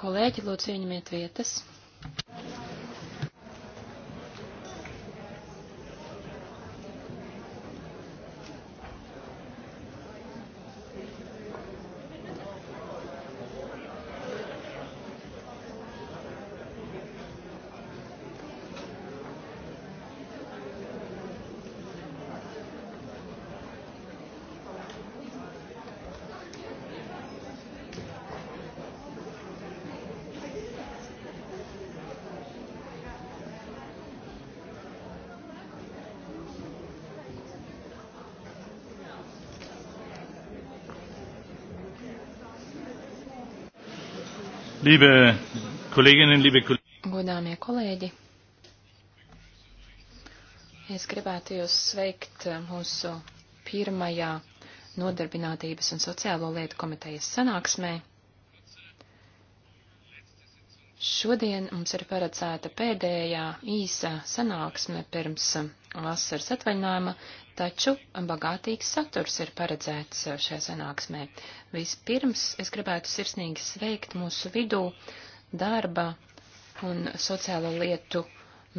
Kolēģi, lūdzu, ieņemiet vietas. Liebe Kolleginnen, liebe Kollegen. Godāmie kolēģi, es gribētu jūs sveikt mūsu pirmajā nodarbinātības un sociālo lietu komitejas sanāksmē. Šodien mums ir paredzēta pēdējā īsa sanāksme pirms vasaras atvaļinājuma, taču bagātīgs saturs ir paredzēts šajā sanāksmē. Vispirms es gribētu sirsnīgi sveikt mūsu vidū darba un sociālo lietu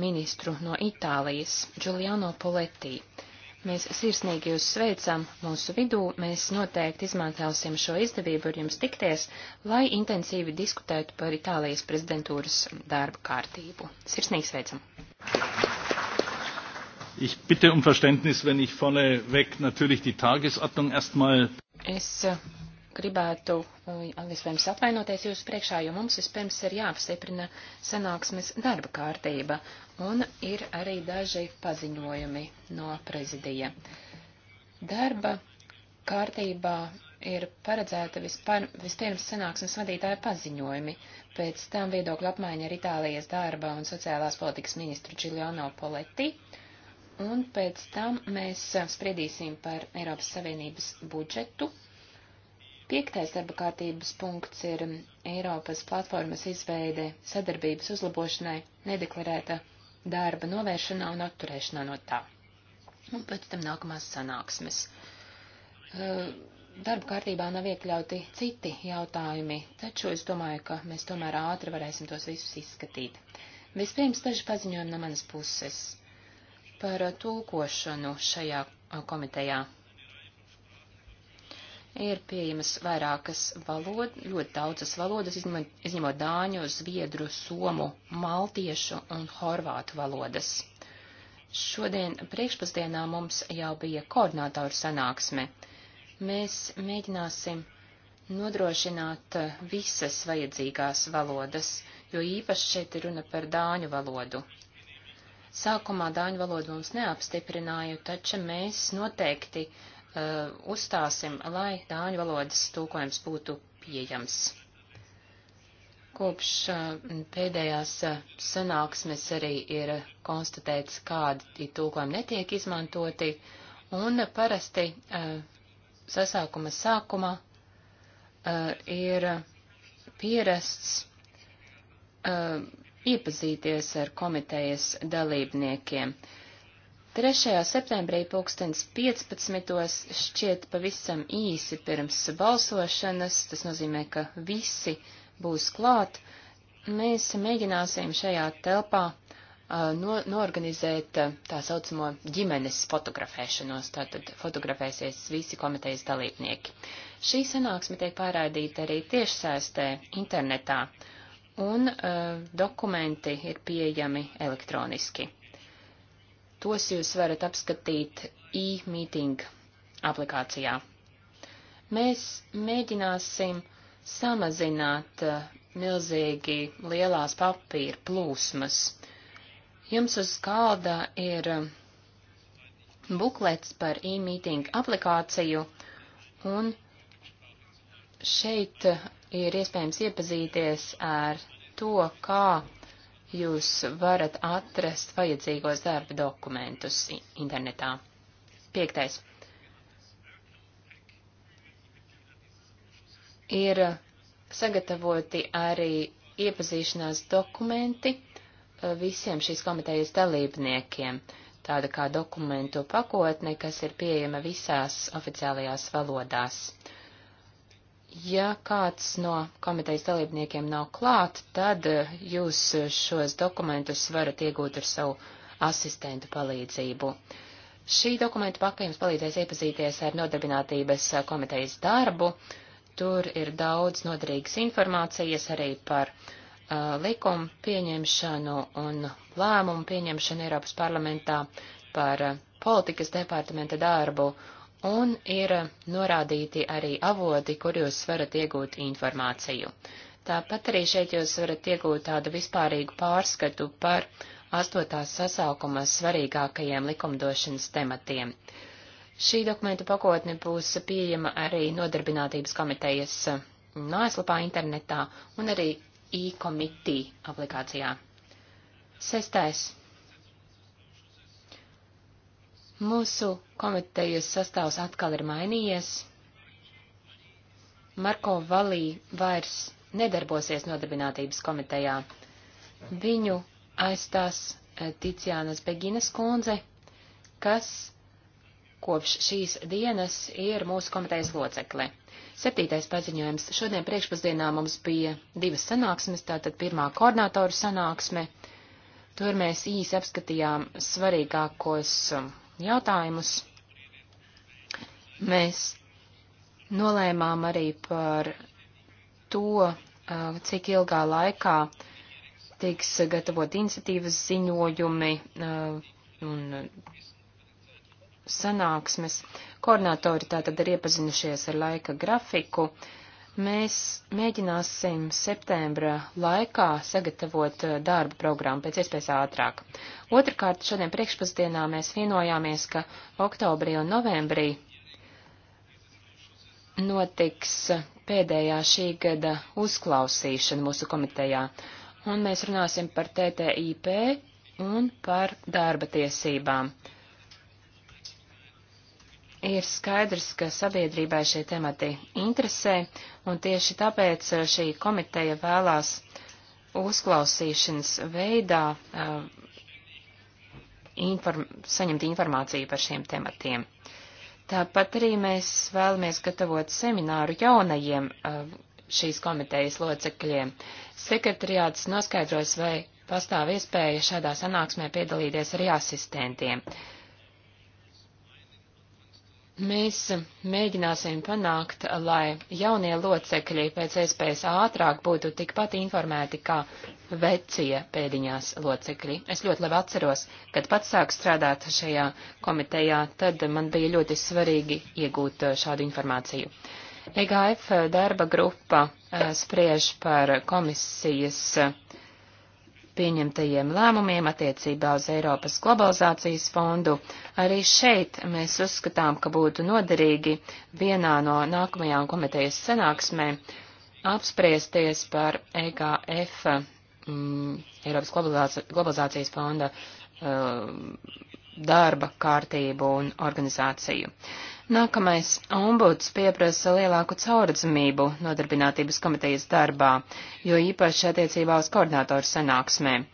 ministru no Itālijas, Giuliano Poletti. Mēs sirsnīgi jūs sveicam mūsu vidū, mēs noteikti izmantosim šo izdevību ar jums tikties, lai intensīvi diskutētu par Itālijas prezidentūras darba kārtību. Sirsnīgi sveicam! Ich bitte um Verständnis, wenn ich vorneweg natürlich die Tagesordnung erstmal. Es gribētu vispirms atvainoties jūsu priekšā, jo mums vispirms ir jāapstiprina sanāksmes darba kārtība, un ir arī daži paziņojumi no prezidija. Darba kārtībā ir paredzēta vispār, vispirms sanāksmes vadītāja paziņojumi, pēc tam viedokļa apmaiņa ar Itālijas darba un sociālās politikas ministru Giuliano Poletti, un pēc tam mēs spriedīsim par Eiropas Savienības budžetu Piektais darba kārtības punkts ir um, Eiropas platformas izveide sadarbības uzlabošanai nedeklarēta darba novēršanā un atturēšanā no tā. Un pēc tam nākamās sanāksmes. Uh, darba kārtībā nav iekļauti citi jautājumi, taču es domāju, ka mēs tomēr ātri varēsim tos visus izskatīt. Vispirms daži paziņojumi no manas puses par tūkošanu šajā uh, komitejā ir pieejamas vairākas valodas, ļoti daudzas valodas, izņemot, izņemot dāņu, zviedru, somu, maltiešu un horvātu valodas. Šodien priekšpusdienā mums jau bija koordinātoru sanāksme. Mēs mēģināsim nodrošināt visas vajadzīgās valodas, jo īpaši šeit ir runa par dāņu valodu. Sākumā dāņu valodu mums neapstiprināja, taču mēs noteikti uh, uh, uzstāsim, lai dāņu valodas tūkojums būtu pieejams. Kopš uh, pēdējās uh, sanāksmes arī ir konstatēts, kādi tūkojumi netiek izmantoti, un parasti sasākuma sākumā ir pierasts iepazīties ar komitejas dalībniekiem. Uh, 3. septembrī pulkstens 15. šķiet pavisam īsi pirms balsošanas, tas nozīmē, ka visi būs klāt. Mēs mēģināsim šajā telpā uh, no, norganizēt uh, tā saucamo ģimenes fotografēšanos, tātad fotografēsies visi komitejas dalībnieki. Šī sanāksme tiek pārādīta arī tiešsaistē internetā, un uh, dokumenti ir pieejami elektroniski. Tos jūs varat apskatīt e-meeting aplikācijā. Mēs mēģināsim samazināt eh, milzīgi lielās papīra plūsmas. Jums uz galda ir eh, buklets par e-meeting aplikāciju, un šeit eh, ir iespējams iepazīties ar to, kā jūs varat atrast vajadzīgos darba dokumentus internetā. Piektais. Ir sagatavoti arī iepazīšanās dokumenti eh, visiem šīs komitejas dalībniekiem, tāda kā dokumentu pakotne, kas ir pieejama visās oficiālajās valodās. Uh, Ja kāds no komitejas dalībniekiem nav klāt, tad eh, jūs eh, šos dokumentus varat iegūt ar savu asistentu palīdzību. Šī dokumentu paka jums palīdzēs iepazīties ar nodarbinātības eh, komitejas darbu. Tur ir daudz noderīgas informācijas arī par uh, likumu pieņemšanu un lēmumu pieņemšanu Eiropas parlamentā, par uh, politikas departamenta darbu un ir norādīti arī avoti, kur jūs varat iegūt informāciju. Tāpat arī šeit jūs varat iegūt tādu vispārīgu pārskatu par astotās sasaukuma svarīgākajiem likumdošanas tematiem. Šī dokumentu pakotne būs pieejama arī nodarbinātības komitejas mājaslapā internetā un arī e-komitī aplikācijā. Sestais Mūsu komitejas sastāvs atkal ir mainījies. Marko Valī vairs nedarbosies nodarbinātības komitejā. Viņu aizstās e, Ticiānas Beginas kundze, kas kopš šīs dienas ir mūsu komitejas locekle. Septītais paziņojums. Šodien priekšpusdienā mums bija divas sanāksmes, tātad pirmā koordinātoru sanāksme. Tur mēs īsi apskatījām svarīgākos um, jautājumus. Mēs nolēmām arī par to, uh, cik ilgā laikā tiks gatavot iniciatīvas ziņojumi uh, un uh, sanāksmes. Koordinatori tātad ir iepazinušies ar laika grafiku. Uh, Mēs mēģināsim septembra laikā sagatavot uh, darba programmu pēc iespējas ātrāk. Otrakārt, šodien priekšpusdienā mēs vienojāmies, ka oktobrī un novembrī notiks uh, pēdējā šī gada uzklausīšana mūsu komitejā, un mēs runāsim par TTIP un par darba tiesībām. Ir skaidrs, ka sabiedrībai šie temati interesē, un tieši tāpēc uh, šī komiteja vēlās uzklausīšanas veidā uh, inform saņemt informāciju par šiem tematiem. Tāpat arī mēs vēlamies gatavot semināru jaunajiem uh, šīs komitejas locekļiem. Sekretariāts noskaidros, vai pastāv iespēja šādā sanāksmē piedalīties arī asistentiem. Uh, Mēs mēģināsim panākt, lai jaunie locekļi pēc iespējas ātrāk būtu tikpat informēti kā vecie pēdiņās locekļi. Es ļoti labi atceros, kad pats sāku strādāt šajā komitejā, tad man bija ļoti svarīgi iegūt eh, šādu informāciju. EGF darba grupa eh, spriež par komisijas eh, pieņemtajiem lēmumiem attiecībā uz Eiropas globalizācijas fondu. Arī šeit mēs uzskatām, ka būtu noderīgi vienā no nākamajām komitejas sanāksmēm apspriesties par EKF, mm, Eiropas globalizācijas fonda, mm, darba kārtību un organizāciju. Uh, Nākamais ombuds pieprasa lielāku caurredzamību nodarbinātības komitejas darbā, jo īpaši attiecībā uz koordinātoru sanāksmēm.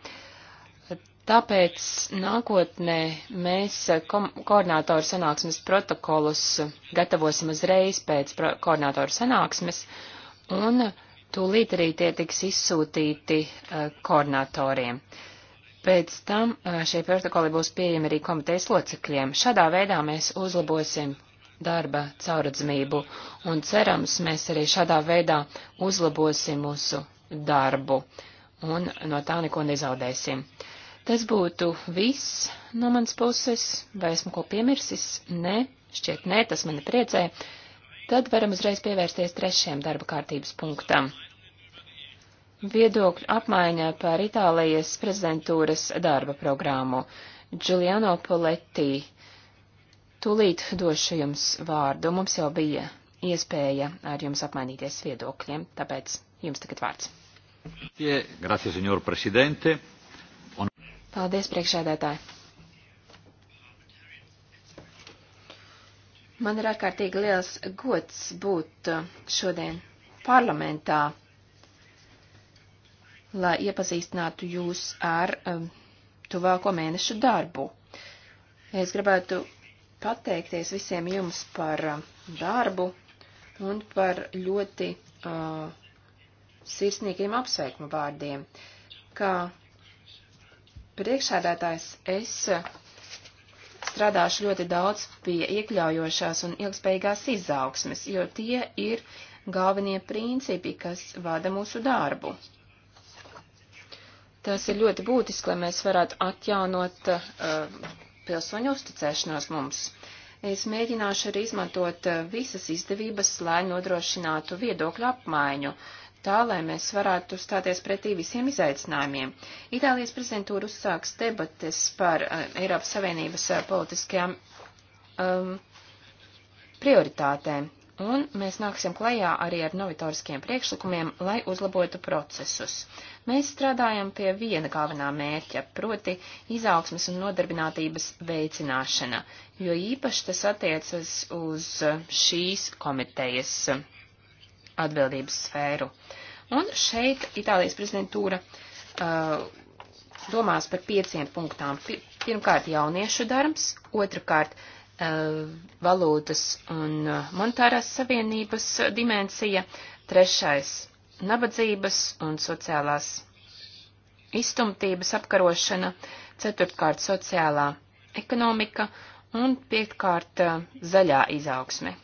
Tāpēc nākotnē mēs ko koordinātoru sanāksmes protokolus gatavosim uzreiz pēc koordinātoru sanāksmes un tūlīt arī tie tiks izsūtīti uh, eh, koordinatoriem. Pēc tam eh, šie protokoli būs pieejami arī komitejas locekļiem. Šādā veidā mēs uzlabosim darba cauradzmību, un cerams, mēs arī šādā veidā uzlabosim mūsu darbu, un no tā neko nezaudēsim. Tas būtu viss no manas puses, vai esmu ko piemirsis? Nē, šķiet nē, tas mani priecē. Tad varam uzreiz pievērsties trešajam darba kārtības punktam. Viedokļu apmaiņā par Itālijas prezidentūras darba programmu. Giuliano Poletti Tūlīt došu jums vārdu. Mums jau bija iespēja ar jums apmainīties viedokļiem, tāpēc jums tagad vārds. Grazie, senor presidente. Un... Paldies, priekšēdētāji. Man ir ārkārtīgi liels gods būt uh, šodien parlamentā, lai iepazīstinātu jūs ar um, tuvāko mēnešu darbu. Es gribētu pateikties visiem jums par uh, darbu un par ļoti uh, sirsnīgiem apsveikumu vārdiem. Kā priekšsēdētājs es uh, strādāšu ļoti daudz pie iekļaujošās un ilgspējīgās izaugsmes, jo tie ir galvenie principi, kas vada mūsu darbu. Tas ir ļoti būtiski, lai mēs varētu atjaunot uh, pilsoņu uzticēšanos mums. Es mēģināšu arī izmantot eh, visas izdevības, lai nodrošinātu viedokļu apmaiņu, tā lai mēs varētu stāties pretī visiem izaicinājumiem. Itālijas prezidentūra uzsāks debates par uh, Eiropas Savienības uh, politiskajām um, prioritātēm un mēs nāksim klajā arī ar novatoriskiem priekšlikumiem, lai uzlabotu procesus. Mēs strādājam pie viena galvenā mērķa, proti izaugsmas un nodarbinātības veicināšana, jo īpaši tas attiecas uz šīs komitejas atbildības sfēru. Un šeit Itālijas prezidentūra uh, domās par pieciem punktām. Pirmkārt, jauniešu darbs, otrkārt, uh, Eh, valūtas un eh, monetārās savienības dimensija, trešais - nabadzības un sociālās izstumtības apkarošana, ceturtkārt - sociālā ekonomika un piektkārt eh, - zaļā izaugsme.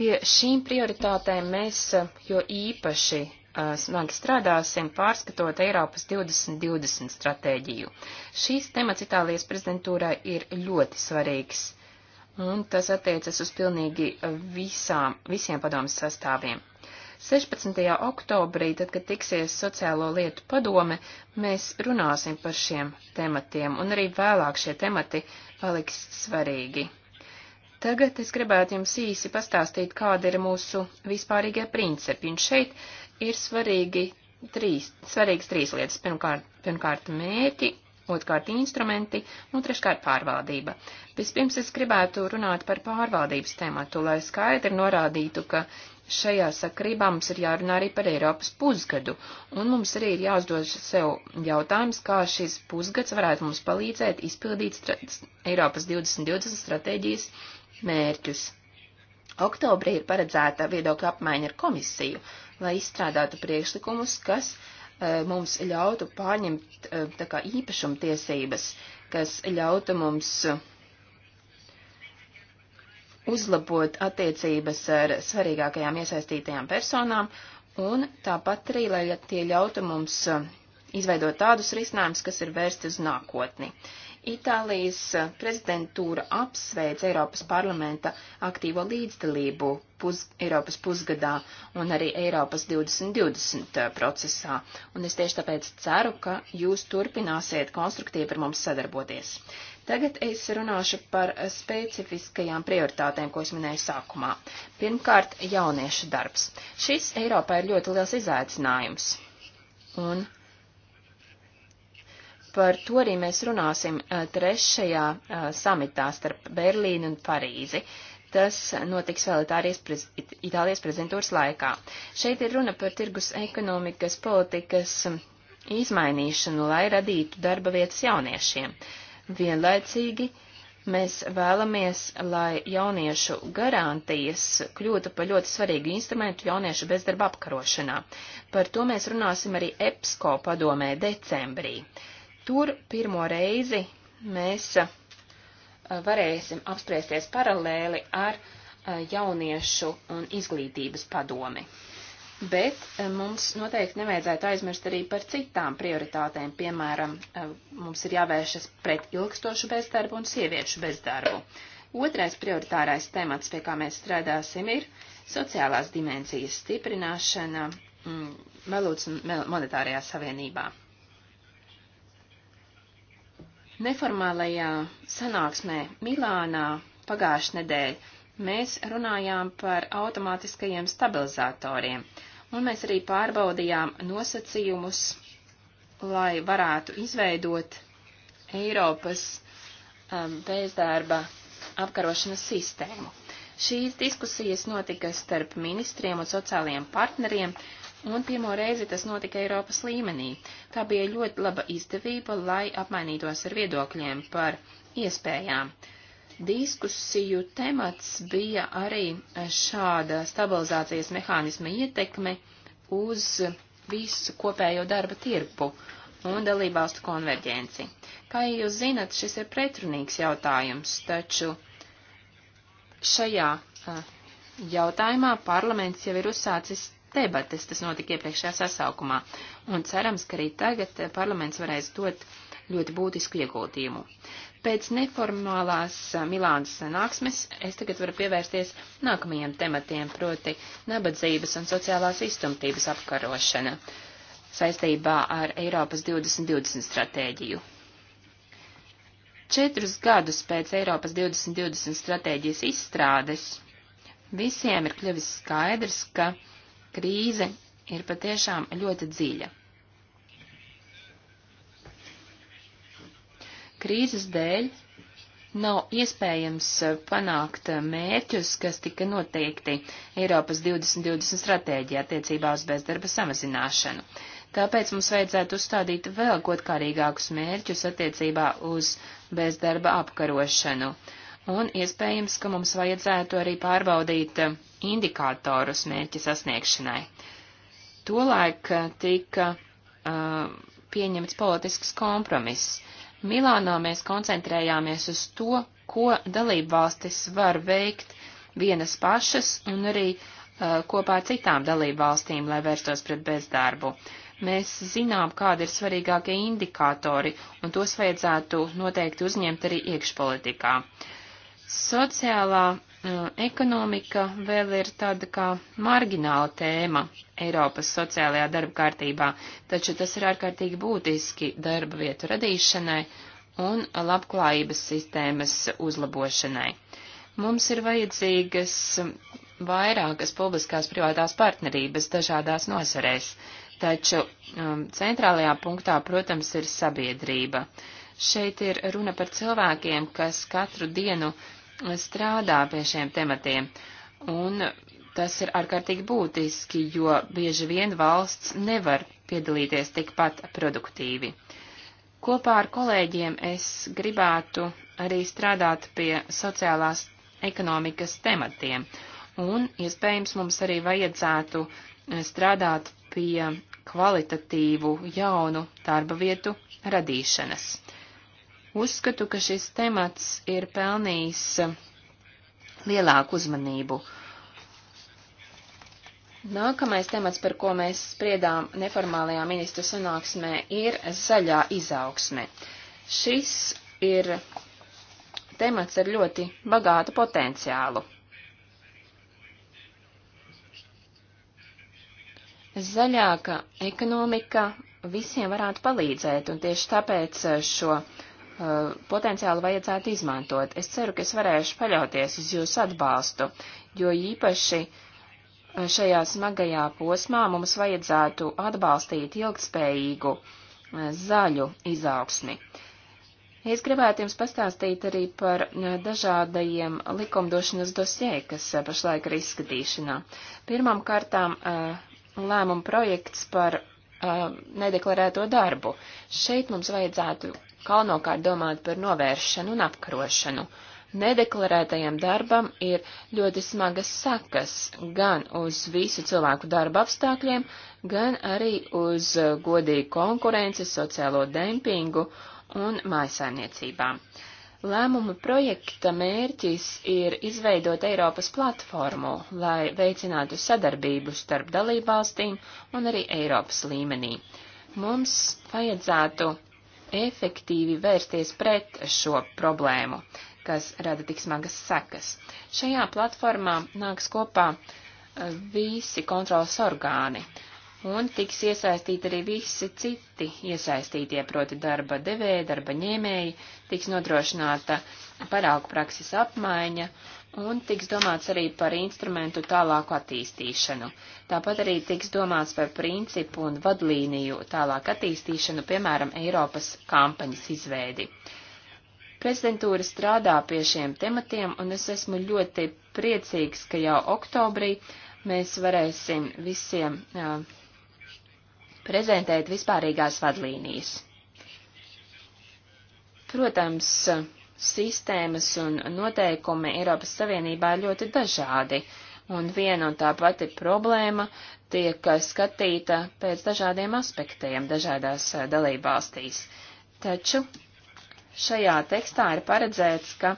Pie šīm prioritātēm mēs jo īpaši Uh, smagi strādāsim, pārskatot Eiropas 2020 stratēģiju. Šīs temats Itālijas prezidentūrai ir ļoti svarīgs, un tas attiecas uz pilnīgi uh, visām, visiem padomas sastāviem. 16. oktobrī, tad, kad tiksies sociālo lietu padome, mēs runāsim par šiem tematiem, un arī vēlāk šie temati paliks svarīgi. Tagad es gribētu jums īsi pastāstīt, kāda ir mūsu vispārīgie principi. Un šeit ir svarīgi trīs, svarīgas trīs lietas. Pirmkārt, pirmkārt mērķi, otrkārt instrumenti un treškārt pārvaldība. Vispirms es gribētu runāt par pārvaldības tēmatu, lai skaidri norādītu, ka šajā sakrībā mums ir jārunā arī par Eiropas pusgadu, un mums arī ir jāuzdod sev jautājums, kā šis pusgads varētu mums palīdzēt izpildīt Eiropas 2020 stratēģijas mērķus. Oktobrī ir paredzēta viedokļa apmaiņa ar komisiju, lai izstrādātu priekšlikumus, kas e, mums ļautu pārņemt e, tā kā īpašumtiesības, kas ļautu mums uzlabot attiecības ar svarīgākajām iesaistītajām personām un tāpat arī, lai tie ļautu mums izveidot tādus risinājumus, kas ir vērsti uz nākotni. Uh, Itālijas prezidentūra apsveic Eiropas parlamenta aktīvo līdzdalību puz, Eiropas pusgadā un arī Eiropas 2020 eh, procesā, un es tieši tāpēc ceru, ka jūs turpināsiet konstruktīvi ar mums sadarboties. Tagad es runāšu par specifiskajām prioritātēm, ko es minēju sākumā. Pirmkārt, jauniešu darbs. Šis Eiropā ir ļoti liels izaicinājums. Un Par to arī mēs runāsim eh, trešajā eh, samitā starp Berlīnu un Parīzi. Tas notiks vēl Itālijas, prez, Itālijas prezidentūras laikā. Šeit ir runa par tirgus ekonomikas politikas izmainīšanu, lai radītu darba vietas jauniešiem. Vienlaicīgi mēs vēlamies, lai jauniešu garantijas kļūtu par ļoti svarīgu instrumentu jauniešu bezdarba apkarošanā. Par to mēs runāsim arī EPSCO padomē decembrī. Uh, Tur pirmo reizi mēs eh, varēsim apspriesties paralēli ar eh, jauniešu un izglītības padomi. Bet eh, mums noteikti nevajadzētu aizmirst arī par citām prioritātēm. Piemēram, mums ir jāvēršas pret ilgstošu bezdarbu un sieviešu bezdarbu. Otrais prioritārais temats, pie kā mēs strādāsim, ir sociālās dimensijas stiprināšana mm, valūtas un monetārajā savienībā. Neformālajā sanāksmē Milānā pagājušajā nedēļā mēs runājām par automātiskajiem stabilizatoriem, un mēs arī pārbaudījām nosacījumus, lai varētu izveidot Eiropas um, bezdarba apkarošanas sistēmu. Šīs diskusijas notika starp ministriem un sociālajiem partneriem, un pirmo reizi tas notika Eiropas līmenī. Tā bija ļoti laba izdevība, lai apmainītos ar viedokļiem par iespējām. Diskusiju temats bija arī šāda stabilizācijas mehānisma ietekme uz visu kopējo darba tirpu un dalībvalstu konverģenci. Kā jūs zinat, šis ir pretrunīgs jautājums, taču šajā jautājumā parlaments jau ir uzsācis debates, tas notika iepriekšējā sasaukumā, un cerams, ka arī tagad parlaments varēs dot ļoti būtisku ieguldījumu. Pēc neformālās Milānas sanāksmes es tagad varu pievērsties nākamajiem tematiem, proti nabadzības un sociālās iztumtības apkarošana saistībā ar Eiropas 2020 stratēģiju. Četrus gadus pēc Eiropas 2020 stratēģijas izstrādes visiem ir kļuvis skaidrs, ka krīze ir patiešām ļoti dziļa. Krīzes dēļ nav iespējams panākt mērķus, kas tika noteikti Eiropas 2020 stratēģijā attiecībā uz bezdarba samazināšanu. Tāpēc mums vajadzētu uzstādīt vēl godkārīgākus mērķus attiecībā uz bezdarba apkarošanu. Uh, un iespējams, ka mums vajadzētu arī pārbaudīt eh, indikātorus mērķa sasniegšanai. Tolaik eh, tika uh, pieņemts politisks kompromiss. Milānā mēs koncentrējāmies uz to, ko dalību valstis var veikt vienas pašas un arī uh, kopā ar citām dalību valstīm, lai vērstos pret bezdarbu. Mēs zinām, kādi ir svarīgākie indikātori, un tos vajadzētu noteikti uzņemt arī iekšpolitikā. Uh, Sociālā uh, ekonomika vēl ir tāda kā margināla tēma Eiropas sociālajā darba kārtībā, taču tas ir ārkārtīgi būtiski darba vietu radīšanai un labklājības sistēmas uzlabošanai. Mums ir vajadzīgas vairākas publiskās privātās partnerības dažādās nosarēs, taču um, centrālajā punktā, protams, ir sabiedrība. Šeit ir runa par cilvēkiem, kas katru dienu uh, strādā pie šiem tematiem. Un tas ir ārkārtīgi būtiski, jo bieži vien valsts nevar piedalīties tikpat produktīvi. Kopā ar kolēģiem es gribētu arī strādāt pie sociālās ekonomikas tematiem, un iespējams mums arī vajadzētu eh, strādāt pie kvalitatīvu jaunu darba vietu radīšanas. Uzskatu, ka šis temats ir pelnījis lielāku uzmanību. Nākamais temats, par ko mēs spriedām neformālajā ministru sanāksmē, ir zaļā izaugsme. Šis ir temats ar ļoti bagātu potenciālu. Zaļāka ekonomika visiem varētu palīdzēt, un tieši tāpēc eh, šo Eh, potenciāli vajadzētu izmantot. Es ceru, ka es varēšu paļauties uz jūsu atbalstu, jo īpaši eh, šajā smagajā posmā mums vajadzētu atbalstīt ilgspējīgu eh, zaļu izaugsmi. Es gribētu jums pastāstīt arī par dažādajiem likumdošanas dosē, kas pašlaik ir izskatīšanā. Pirmām kārtām lēmuma projekts par nedeklarēto darbu. Šeit mums vajadzētu galvenokārt domāt par novēršanu un apkarošanu. Nedeklarētajam darbam ir ļoti smagas sakas gan uz visu cilvēku darba apstākļiem, gan arī uz godīgu konkurenci, sociālo dempingu un mājasājniecībām. Lēmuma projekta mērķis ir izveidot Eiropas platformu, lai veicinātu sadarbību starp dalībvalstīm un arī Eiropas līmenī. Mums vajadzētu efektīvi vērsties pret šo problēmu, kas rada tik smagas sekas. Šajā platformā nāks kopā eh, visi kontrols orgāni, un tiks iesaistīti arī visi citi iesaistītie, proti darba devēja, darba ņēmēji, tiks nodrošināta uh, paraugu prakses apmaiņa un tiks domāts arī par instrumentu tālāku attīstīšanu. Tāpat arī tiks domāts par principu un vadlīniju tālāku attīstīšanu, piemēram, Eiropas kampaņas izveidi. Prezidentūra strādā pie šiem tematiem, un es esmu ļoti priecīgs, ka jau oktobrī mēs varēsim visiem jā, prezentēt vispārīgās vadlīnijas. Protams, sistēmas un noteikumi Eiropas Savienībā ir ļoti dažādi, un viena un tā pati problēma tiek skatīta pēc dažādiem aspektiem dažādās eh, dalībvalstīs. Taču šajā tekstā ir paredzēts, ka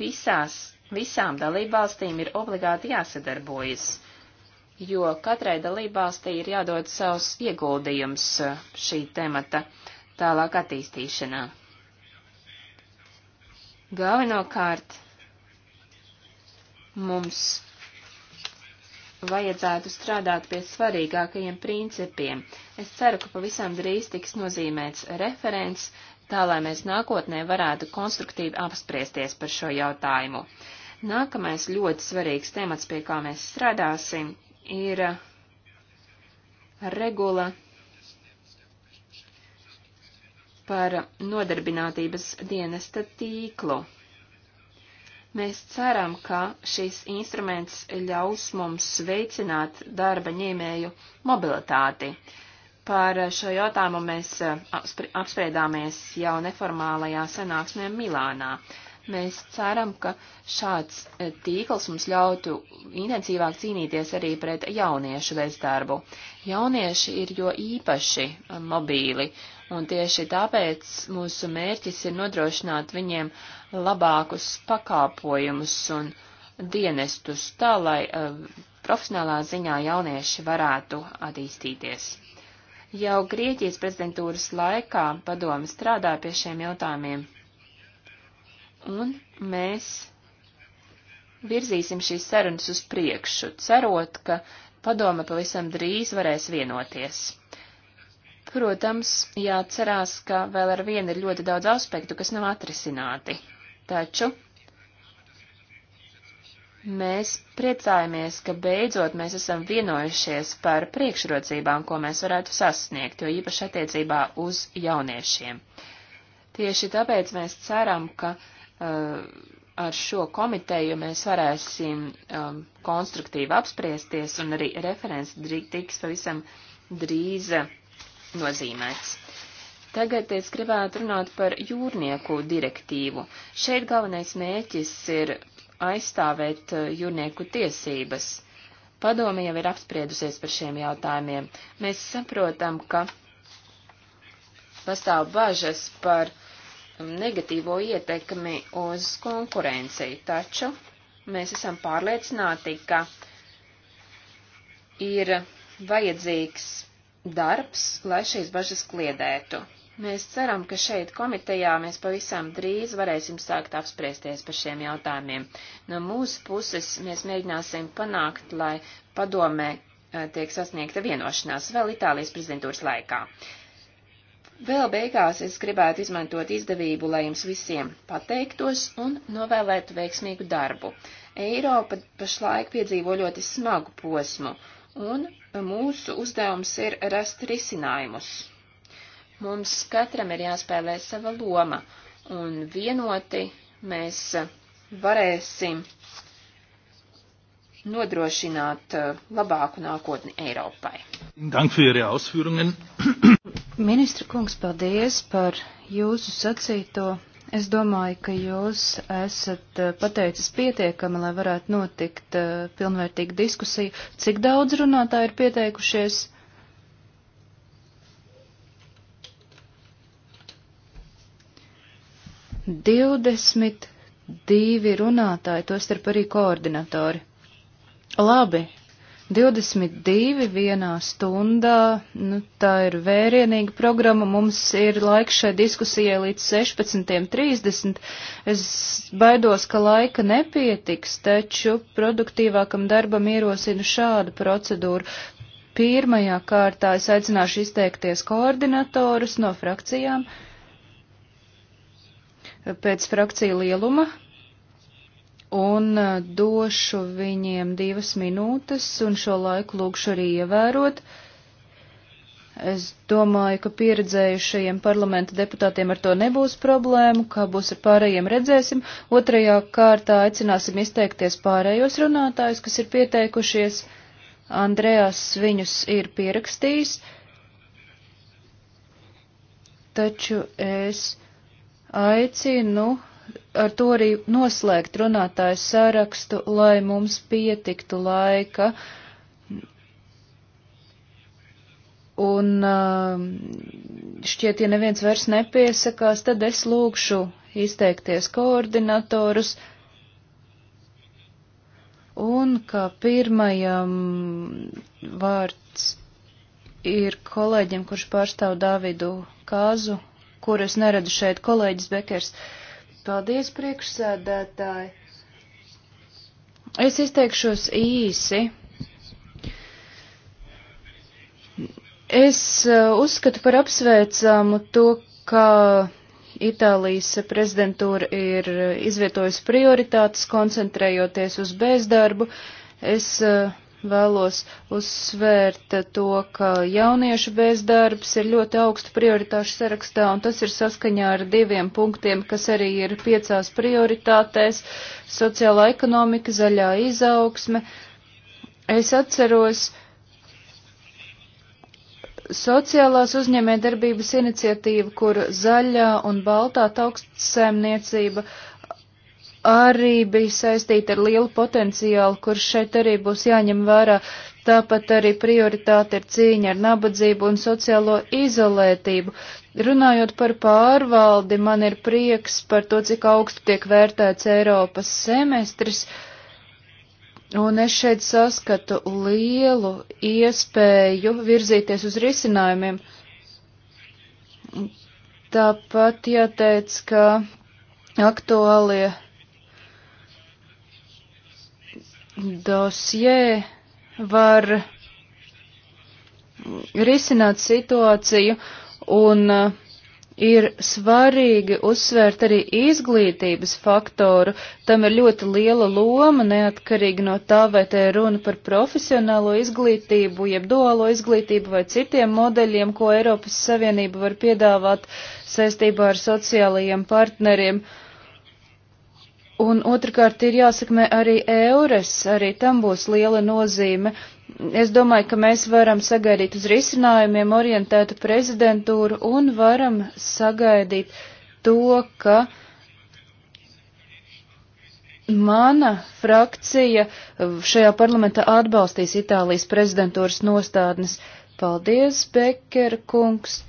visās, visām dalībvalstīm ir obligāti jāsadarbojas, jo katrai dalībvalstī ir jādod savs ieguldījums eh, šī temata tālāk attīstīšanā. Galvenokārt mums vajadzētu strādāt pie svarīgākajiem principiem. Es ceru, ka pavisam drīz tiks nozīmēts referents, tā lai mēs nākotnē varētu konstruktīvi apspriesties par šo jautājumu. Nākamais ļoti svarīgs temats, pie kā mēs strādāsim, ir regula par nodarbinātības dienesta tīklu. Mēs ceram, ka šis instruments ļaus mums veicināt darba ņēmēju mobilitāti. Par šo jautājumu mēs apspriedāmies jau neformālajā sanāksmē Milānā. Mēs ceram, ka šāds e, tīkls mums ļautu intensīvāk cīnīties arī pret jauniešu bezdarbu. Jaunieši ir jo īpaši e, mobīli, Un tieši tāpēc mūsu mērķis ir nodrošināt viņiem labākus pakāpojumus un dienestus tā, lai uh, profesionālā ziņā jaunieši varētu attīstīties. Jau Grieķijas prezidentūras laikā padomi strādā pie šiem jautājumiem, un mēs virzīsim šīs sarunas uz priekšu, cerot, ka padome pavisam drīz varēs vienoties. Protams, jāatcerās, ka vēl ar vienu ir ļoti daudz aspektu, kas nav atrisināti. Taču mēs priecājamies, ka beidzot mēs esam vienojušies par priekšrocībām, ko mēs varētu sasniegt, jo īpaši attiecībā uz jauniešiem. Tieši tāpēc mēs ceram, ka uh, ar šo komiteju mēs varēsim um, konstruktīvi apspriesties un arī referents tiks pavisam drīz. Uh, nozīmēts. Tagad es gribētu runāt par jūrnieku direktīvu. Šeit galvenais mēķis ir aizstāvēt eh, jūrnieku tiesības. Padome jau ir apspriedusies par šiem jautājumiem. Mēs saprotam, ka pastāv bažas par um, negatīvo ietekmi uz konkurenciju, taču mēs esam pārliecināti, ka ir vajadzīgs darbs, lai šīs bažas kliedētu. Mēs ceram, ka šeit komitejā mēs pavisam drīz varēsim sākt apspriesties par šiem jautājumiem. No mūsu puses mēs mēģināsim panākt, lai padomē eh, tiek sasniegta vienošanās vēl Itālijas prezidentūras laikā. Vēl beigās es gribētu izmantot izdevību, lai jums visiem pateiktos un novēlētu veiksmīgu darbu. Eiropa pašlaik piedzīvo ļoti smagu posmu, un mūsu uzdevums ir rast risinājumus. Mums katram ir jāspēlē sava loma, un vienoti mēs varēsim nodrošināt uh, labāku nākotni Eiropai. Ministra kungs, paldies par jūsu sacīto Es domāju, ka jūs esat eh, pateicis pietiekami, lai varētu notikt uh, pilnvērtīga diskusija. Cik daudz runātāji ir pieteikušies? Divdesmit divi runātāji, to starp arī koordinatori. Labi, 22 vienā stundā, nu, tā ir vērienīga programma, mums ir laiks šai diskusijai līdz 16.30. Es baidos, ka laika nepietiks, taču produktīvākam darbam ierosinu šādu procedūru. Pirmajā kārtā es aicināšu izteikties koordinatorus no frakcijām pēc frakciju lieluma, un uh, došu viņiem divas minūtes, un šo laiku lūgšu arī ievērot. Es domāju, ka pieredzējušajiem parlamenta deputātiem ar to nebūs problēmu, kā būs ar pārējiem redzēsim. Otrajā kārtā aicināsim izteikties pārējos runātājus, kas ir pieteikušies. Andrejās viņus ir pierakstījis, taču es aicinu ar to arī noslēgt runātāju sarakstu, lai mums pietiktu laika. Un um, šķiet, ja neviens vairs nepiesakās, tad es lūgšu izteikties koordinatorus. Un kā pirmajam vārds ir kolēģim, kurš pārstāv Davidu Kāzu, kur es neredzu šeit kolēģis Bekers. Uh, Paldies, priekšsēdētāji. Es izteikšos īsi. Es eh, uzskatu par apsveicamu to, ka Itālijas prezidentūra ir eh, izvietojusi prioritātes, koncentrējoties uz bezdarbu. Es uh, Vēlos uzsvērt to, ka jauniešu bezdarbs ir ļoti augstu prioritāšu sarakstā, un tas ir saskaņā ar diviem punktiem, kas arī ir piecās prioritātēs - sociālā ekonomika, zaļā izaugsme. Es atceros, sociālās uzņēmējdarbības iniciatīva, kur zaļā un baltā tauktsēmniecība uh, arī bija saistīta ar lielu potenciālu, kurš šeit arī būs jāņem vērā. Tāpat arī prioritāte ir cīņa ar nabadzību un sociālo izolētību. Runājot par pārvaldi, man ir prieks par to, cik augstu tiek vērtēts Eiropas semestris, un es šeit saskatu lielu iespēju virzīties uz risinājumiem. Tāpat jāteic, ka aktuālie dosjē var risināt situāciju un uh, ir svarīgi uzsvērt arī izglītības faktoru. Tam ir ļoti liela loma, neatkarīgi no tā, vai te runa par profesionālo izglītību, jeb duālo izglītību vai citiem modeļiem, ko Eiropas Savienība var piedāvāt saistībā ar sociālajiem partneriem. Uh, Un otrkārt ir jāsakmē arī eures, arī tam būs liela nozīme. Es domāju, ka mēs varam sagaidīt uz risinājumiem orientētu prezidentūru un varam sagaidīt to, ka mana frakcija šajā parlamentā atbalstīs Itālijas prezidentūras nostādnes. Paldies, Beker kungs.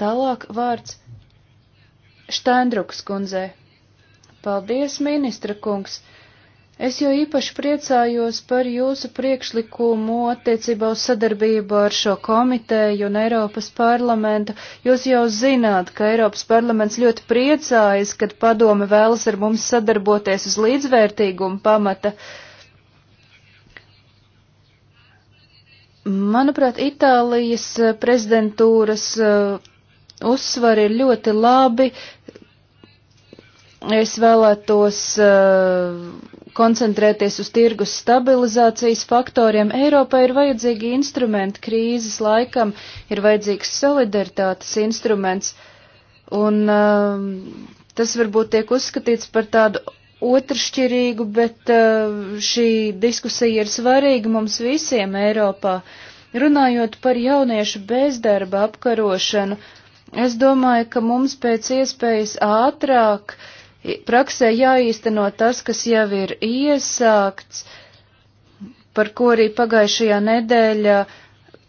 Tālāk vārds Štaindruks kundzei. Paldies, ministra kungs! Es jau īpaši priecājos par jūsu priekšlikumu attiecībā uz sadarbību ar šo komiteju un Eiropas parlamentu. Jūs jau zināt, ka Eiropas parlaments ļoti priecājas, kad padome vēlas ar mums sadarboties uz līdzvērtīgumu pamata. Manuprāt, Itālijas prezidentūras uh, uzsvari ir ļoti labi, es vēlētos uh, koncentrēties uz tirgus stabilizācijas faktoriem. Eiropai ir vajadzīgi instrumenti krīzes laikam, ir vajadzīgs solidaritātes instruments, un uh, tas varbūt tiek uzskatīts par tādu otršķirīgu, bet uh, šī diskusija ir svarīga mums visiem Eiropā. Runājot par jauniešu bezdarba apkarošanu, es domāju, ka mums pēc iespējas ātrāk uh, praksē jāīsteno tas, kas jau ir iesākts, par ko arī pagājušajā nedēļā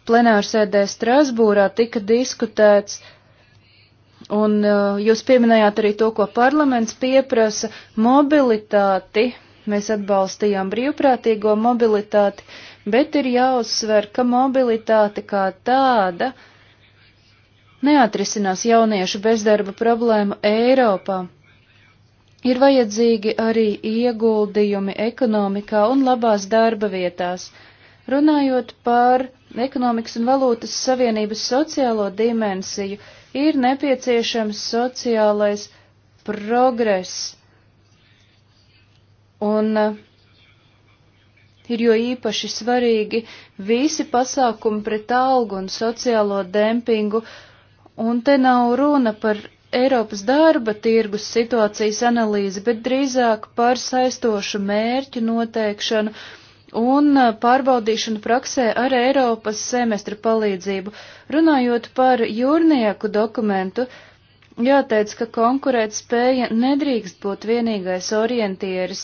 plenārsēdē Strasbūrā tika diskutēts. Un uh, jūs pieminējāt arī to, ko parlaments pieprasa - mobilitāti. Mēs atbalstījām brīvprātīgo mobilitāti, bet ir jāuzsver, ka mobilitāte kā tāda neatrisinās jauniešu bezdarba problēmu Eiropā. Ir vajadzīgi arī ieguldījumi ekonomikā un labās darba vietās. Runājot par ekonomikas un valūtas savienības sociālo dimensiju, ir nepieciešams sociālais progress. Un ir jo īpaši svarīgi visi pasākumi pret algu un sociālo dempingu, un te nav runa par Eiropas darba tirgus situācijas analīzi, bet drīzāk par saistošu mērķu noteikšanu un uh, pārbaudīšanu praksē ar Eiropas semestra palīdzību. Runājot par jūrnieku dokumentu, jāteic, ka konkurēt spēja nedrīkst būt vienīgais orientieris.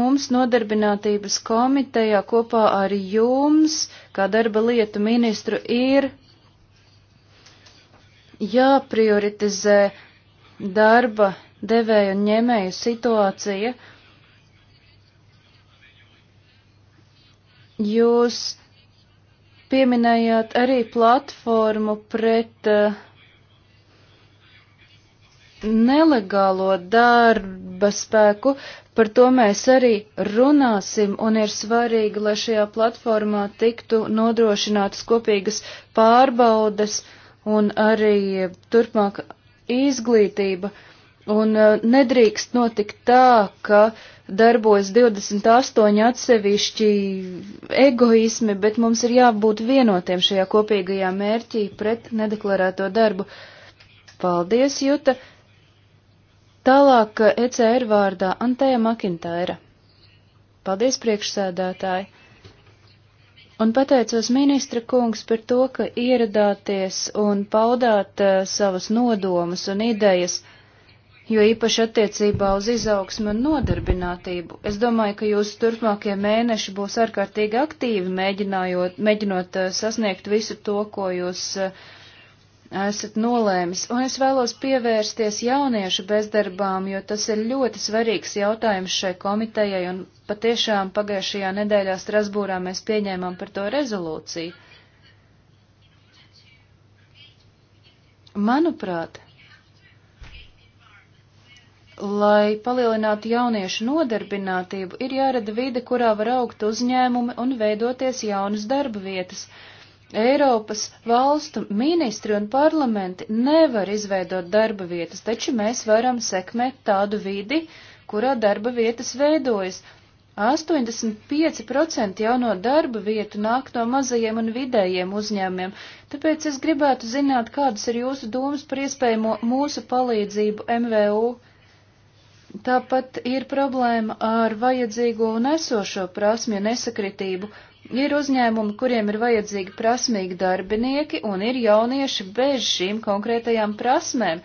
Mums nodarbinātības komitejā kopā ar jums, kā darba lietu ministru, ir jāprioritizē darba devēja un ņēmēja situācija. Jūs pieminējāt arī platformu pret uh, nelegālo darba spēku, par to mēs arī runāsim, un ir svarīgi, lai šajā platformā tiktu nodrošinātas kopīgas pārbaudes uh, un arī turpmāk izglītība. Un uh, nedrīkst notikt tā, ka darbojas 28 atsevišķi egoismi, bet mums ir jābūt vienotiem šajā kopīgajā mērķī pret nedeklarēto darbu. Paldies, Juta! Tālāk uh, ECR vārdā Antēja Makintaira. Paldies, priekšsēdētāji! un pateicos ministra kungs par to, ka ieradāties un paudāt uh, savas nodomas un idejas, jo īpaši attiecībā uz izaugsmu un nodarbinātību. Es domāju, ka jūsu turpmākie mēneši būs ārkārtīgi aktīvi, mēģinot uh, sasniegt visu to, ko jūs uh, esat nolēmis, un es vēlos pievērsties jauniešu bezdarbām, jo tas ir ļoti svarīgs jautājums šai komitejai, un patiešām pagājušajā nedēļā Strasbūrā mēs pieņēmām par to rezolūciju. Manuprāt, lai palielinātu jauniešu nodarbinātību, ir jārada vide, kurā var augt uzņēmumi un veidoties jaunas darba vietas. Uh, Eiropas valstu ministri un parlamenti nevar izveidot darba vietas, taču mēs varam sekmēt tādu vidi, kurā darba vietas veidojas. 85% jauno darba vietu nāk no mazajiem un vidējiem uzņēmumiem, tāpēc es gribētu zināt, kādas ir jūsu domas par iespējamo mūsu palīdzību MVU. Tāpat ir problēma ar vajadzīgo un esošo prasmju nesakritību, Ir uzņēmumi, kuriem ir vajadzīgi prasmīgi darbinieki, un ir jaunieši bez šīm konkrētajām prasmēm.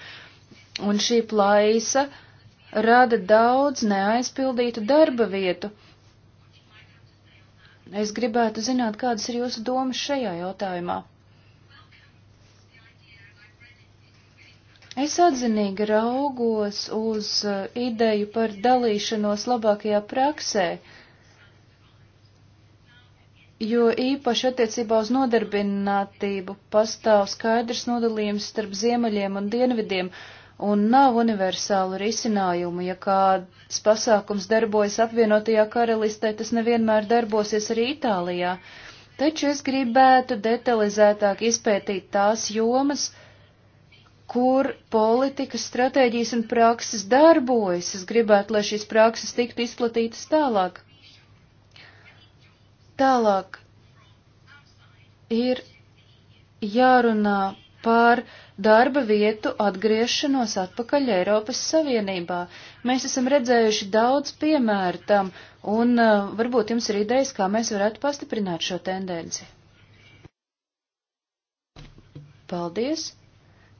Un šī plaisa rada daudz neaizpildītu darba vietu. Es gribētu zināt, kādas ir jūsu domas šajā jautājumā. Es atzinīgi raugos uz uh, ideju par dalīšanos labākajā praksē. Uh, jo īpaši attiecībā uz nodarbinātību pastāv skaidrs nodalījums starp ziemeļiem un dienvidiem, un nav universālu risinājumu. Ja kāds pasākums darbojas apvienotajā karalistē, tas nevienmēr darbosies arī Itālijā, taču es gribētu detalizētāk izpētīt tās jomas, kur politikas stratēģijas un prakses darbojas. Es gribētu, lai šīs prakses tiktu izplatītas tālāk. Tālāk ir jārunā par darba vietu atgriešanos atpakaļ Eiropas Savienībā. Mēs esam redzējuši daudz piemēru tam, un uh, varbūt jums ir idejas, kā mēs varētu pastiprināt šo tendenci. Paldies!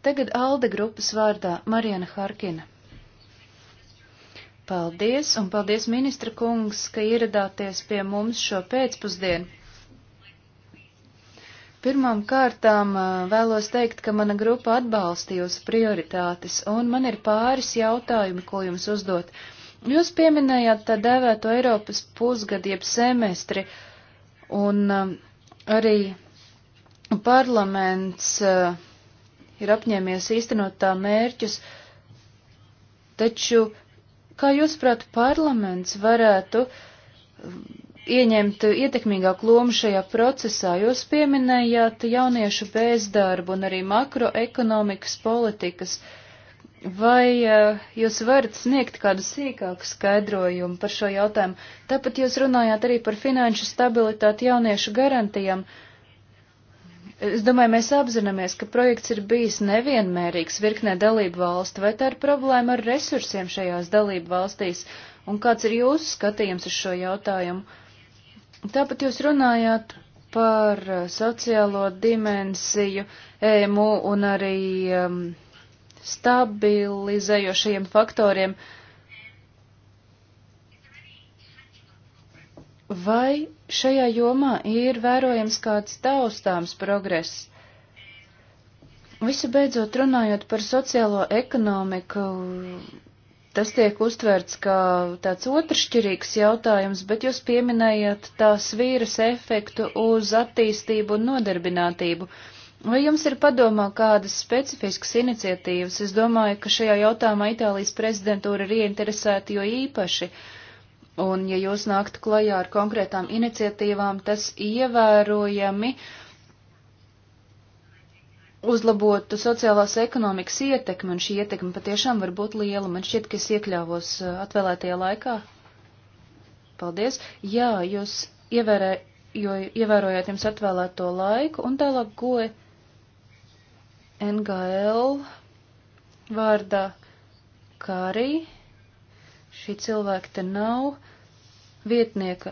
Tagad Alde grupas vārdā Mariana Harkina. Paldies, un paldies, ministra kungs, ka ieradāties pie mums šo pēcpusdienu. Pirmām kārtām vēlos teikt, ka mana grupa atbalsta jūsu prioritātes, un man ir pāris jautājumi, ko jums uzdot. Jūs pieminējāt tā dēvēto Eiropas pusgadu jeb semestri, un arī parlaments ir apņēmies īstenot tā mērķus, taču Kā jūs prāt, parlaments varētu um, ieņemt ietekmīgāku lomu šajā procesā? Jūs pieminējāt jauniešu bezdarbu un arī makroekonomikas politikas. Vai uh, jūs varat sniegt kādu sīkāku skaidrojumu par šo jautājumu? Tāpat jūs runājāt arī par finanšu stabilitāti jauniešu garantijām. Uh, Es domāju, mēs apzināmies, ka projekts ir bijis nevienmērīgs virknē dalību valstu, vai tā ir problēma ar resursiem šajās dalību valstīs, un kāds ir jūsu skatījums uz šo jautājumu? Tāpat jūs runājāt par eh, sociālo dimensiju EMU un arī um, stabilizējošajiem faktoriem. Vai šajā jomā ir vērojams kāds taustāms progress. Visu beidzot runājot par sociālo ekonomiku, tas tiek uztverts kā tāds otršķirīgs jautājums, bet jūs pieminējat tās vīras efektu uz attīstību un nodarbinātību. Vai jums ir padomā kādas specifiskas iniciatīvas? Es domāju, ka šajā jautājumā Itālijas prezidentūra ir ieinteresēta jo īpaši. Uh, Un, ja jūs nāktu klajā ar konkrētām iniciatīvām, tas ievērojami uzlabotu sociālās ekonomikas ietekmi, un šī ietekme patiešām var būt liela. Man šķiet, ka es iekļāvos uh, atvēlētajā laikā. Paldies. Jā, jūs ievērē, jo ievērojāt jums atvēlēto laiku, un tālāk goja NGL vārdā Kārī. Šī cilvēka te nav, vietnieka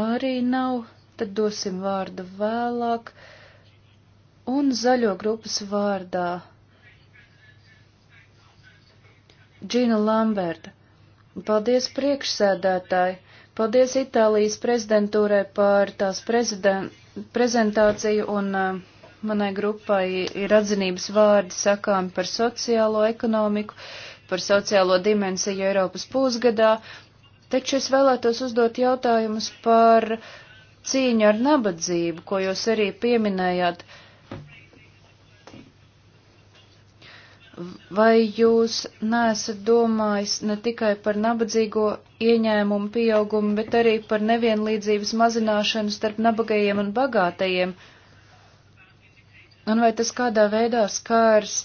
arī nav, tad dosim vārdu vēlāk. Un zaļo grupas vārdā Džina Lamberta. Paldies priekšsēdētāji, paldies Itālijas prezidentūrai par tās prezident, prezentāciju un uh, manai grupai ir atzinības vārdi sakām par sociālo ekonomiku. Uh, par sociālo dimensiju Eiropas pusgadā, taču es vēlētos uzdot jautājumus par cīņu ar nabadzību, ko jūs arī pieminējāt. Vai jūs neesat domājis ne tikai par nabadzīgo ieņēmumu pieaugumu, bet arī par nevienlīdzības mazināšanu starp nabagajiem un bagātajiem? Un vai tas kādā veidā skārs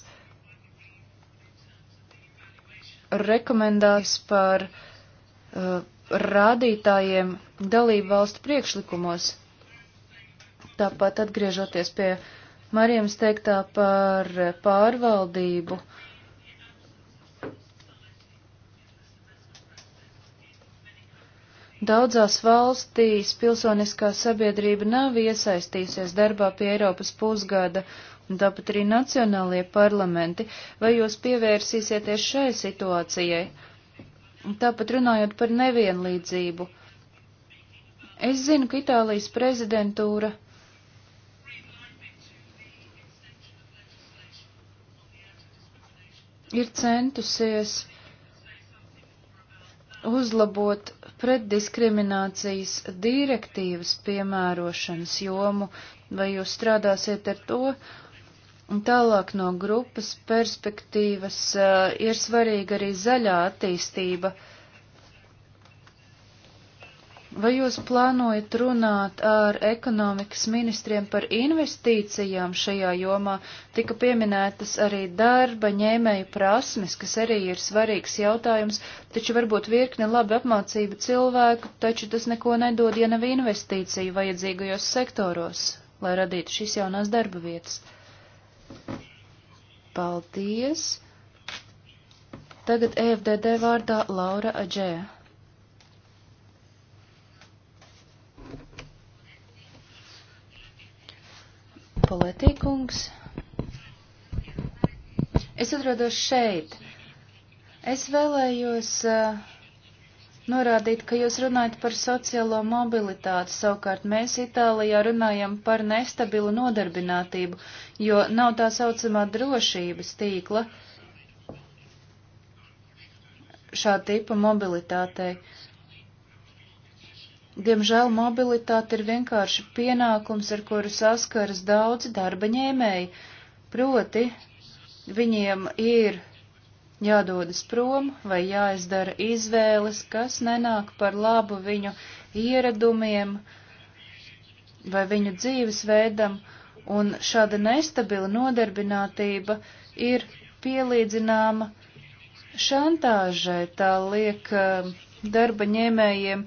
rekomendācijas par uh, rādītājiem dalību valstu priekšlikumos. Tāpat atgriežoties pie Marijas teiktā par pārvaldību. Daudzās valstīs pilsoniskā sabiedrība nav iesaistījusies darbā pie Eiropas pusgada uh, un tāpat arī nacionālie parlamenti, vai jūs pievērsīsieties šai situācijai? Un tāpat runājot par nevienlīdzību. Es zinu, ka Itālijas prezidentūra ir centusies uzlabot pretdiskriminācijas direktīvas piemērošanas jomu, vai jūs strādāsiet ar to, Un tālāk no grupas perspektīvas uh, ir svarīga arī zaļā attīstība. Vai jūs plānojat runāt ar ekonomikas ministriem par investīcijām šajā jomā? Tika pieminētas arī darba ņēmēju prasmes, kas arī ir svarīgs jautājums, taču varbūt virkne labi apmācību cilvēku, taču tas neko nedod, ja nav investīciju vajadzīgajos sektoros, lai radītu šīs jaunās darba vietas. Paldies! Tagad EFDD vārdā Laura Aģēja. Paletīkungs. Es atrodos šeit. Es vēlējos uh, norādīt, ka jūs runājat par sociālo mobilitāti, savukārt mēs Itālijā runājam par nestabilu nodarbinātību, jo nav tā saucamā drošības tīkla šā tipa mobilitātei. Diemžēl mobilitāte ir vienkārši pienākums, ar kuru saskaras daudzi darba ņēmēji, proti viņiem ir jādodas prom vai jāizdara izvēles, kas nenāk par labu viņu ieradumiem vai viņu dzīvesveidam, un šāda nestabila nodarbinātība ir pielīdzināma šantāžai, tā liek eh, darba ņēmējiem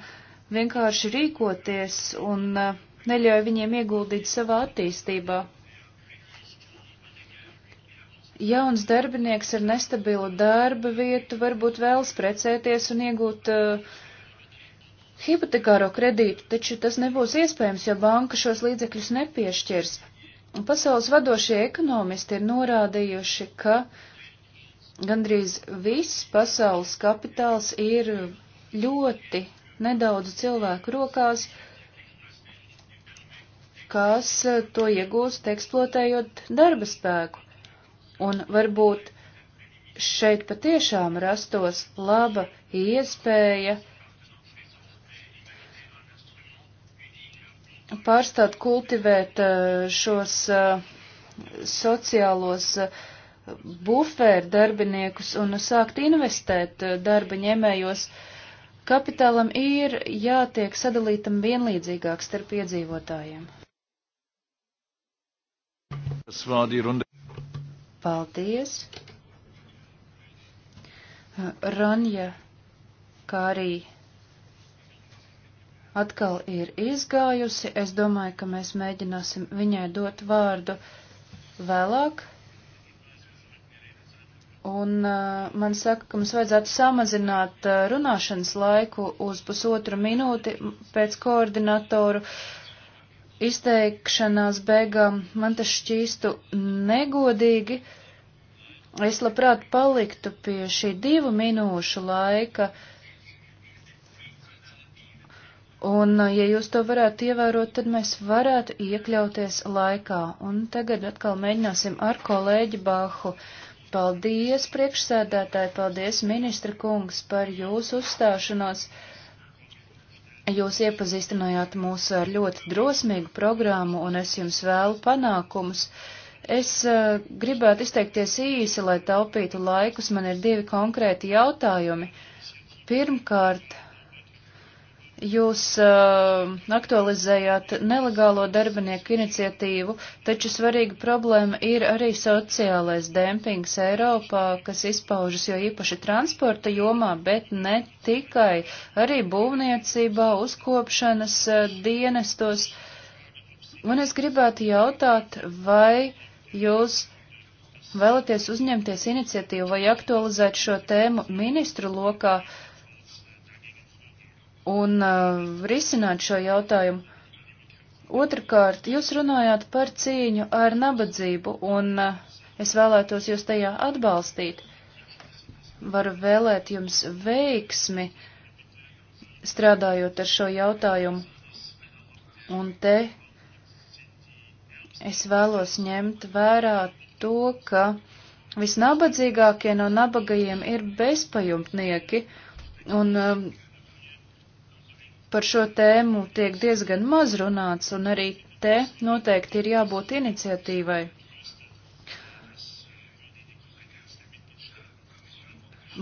vienkārši rīkoties un eh, neļauj viņiem ieguldīt savā attīstībā jauns darbinieks ar nestabilu darba vietu varbūt vēlas precēties un iegūt uh, hipotekāro kredītu, taču tas nebūs iespējams, jo banka šos līdzekļus nepiešķirs. Pasaules vadošie ekonomisti ir norādījuši, ka gandrīz viss pasaules kapitāls ir ļoti nedaudz cilvēku rokās, kas uh, to iegūst eksploatējot darba spēku. Un varbūt šeit patiešām rastos laba iespēja pārstāt kultivēt uh, šos uh, sociālos uh, buferu darbiniekus un sākt investēt darba ņēmējos. Kapitālam ir jātiek sadalītam vienlīdzīgāk starp iedzīvotājiem. Paldies. Uh, Ranja, kā arī atkal ir izgājusi, es domāju, ka mēs mēģināsim viņai dot vārdu vēlāk. Un uh, man saka, ka mums vajadzētu samazināt uh, runāšanas laiku uz pusotru minūti pēc koordinatoru uh, izteikšanās beigām man tas šķīstu negodīgi. Es labprāt paliktu pie šī divu minūšu laika. Un, ja jūs to varētu ievērot, tad mēs varētu iekļauties laikā. Un tagad atkal mēģināsim ar kolēģi Bāhu. Paldies, priekšsēdētāji, paldies, ministra kungs, par jūsu uzstāšanos. Jūs iepazīstinājāt mūs ar ļoti drosmīgu programmu, un es jums vēlu panākumus. Es uh, gribētu izteikties īsi, lai taupītu laikus. Man ir divi konkrēti jautājumi. Pirmkārt, Jūs uh, aktualizējāt nelegālo darbinieku iniciatīvu, taču svarīga problēma ir arī sociālais dempings Eiropā, kas izpaužas jo īpaši transporta jomā, bet ne tikai, arī būvniecībā, uzkopšanas uh, dienestos. Un es gribētu jautāt, vai jūs vēlaties uzņemties iniciatīvu vai aktualizēt šo tēmu ministru lokā? Uh, un uh, risināt šo jautājumu. Otrakārt, jūs runājāt par cīņu ar nabadzību, un uh, es vēlētos jūs tajā atbalstīt. Varu vēlēt jums veiksmi strādājot ar šo jautājumu. Un te es vēlos ņemt vērā to, ka visnabadzīgākie no nabagajiem ir bezpajumtnieki, un um, par šo tēmu tiek diezgan maz runāts, un arī te noteikti ir jābūt iniciatīvai.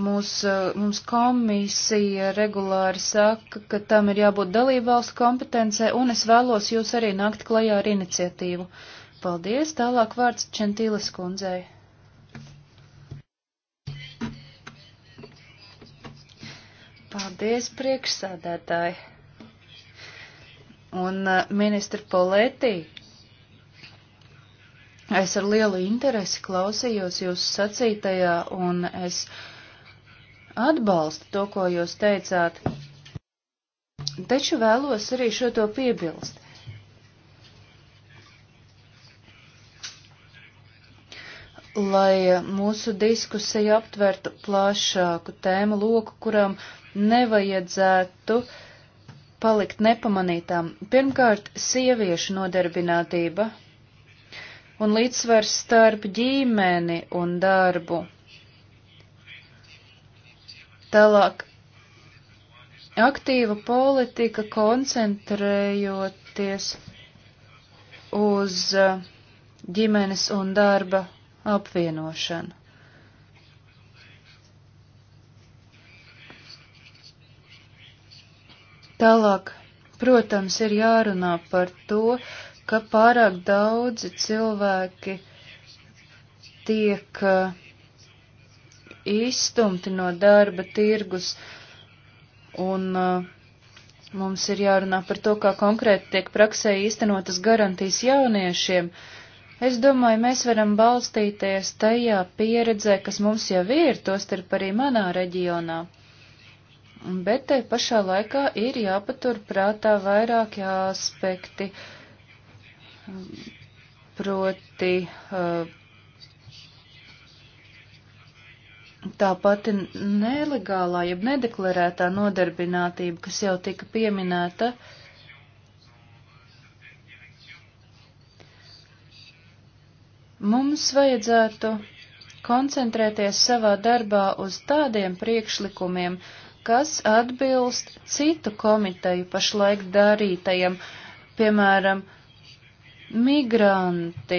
Mūs, eh, mums komisija regulāri saka, ka tam ir jābūt dalībvalstu kompetencē, un es vēlos jūs arī nākt klajā ar iniciatīvu. Paldies, tālāk vārds Čentīles kundzei. Paldies, priekšsādētāji. Un uh, ministra Polētī, es ar lielu interesi klausījos jūsu sacītajā, un es atbalstu to, ko jūs teicāt, taču vēlos arī šo to piebilst. Lai uh, mūsu diskusija aptvertu plašāku tēmu loku, kuram nevajadzētu uh, palikt nepamanītām. Pirmkārt, sieviešu nodarbinātība un līdzsvars starp ģimeni un darbu. Tālāk, aktīva politika koncentrējoties uz ģimenes un darba apvienošanu. Tālāk, protams, ir jārunā par to, ka pārāk daudzi cilvēki tiek uh, izstumti no darba tirgus, un uh, mums ir jārunā par to, kā konkrēti tiek praksē īstenotas garantijas jauniešiem. Es domāju, mēs varam balstīties tajā pieredzē, kas mums jau ir, tostarp arī manā reģionā. Bet te pašā laikā ir jāpatur prātā vairāki aspekti, proti tā pati nelegālā, jeb nedeklarētā nodarbinātība, kas jau tika pieminēta. Mums vajadzētu koncentrēties savā darbā uz tādiem priekšlikumiem, uh, kas atbilst citu komiteju pašlaik darītajam, piemēram, migranti.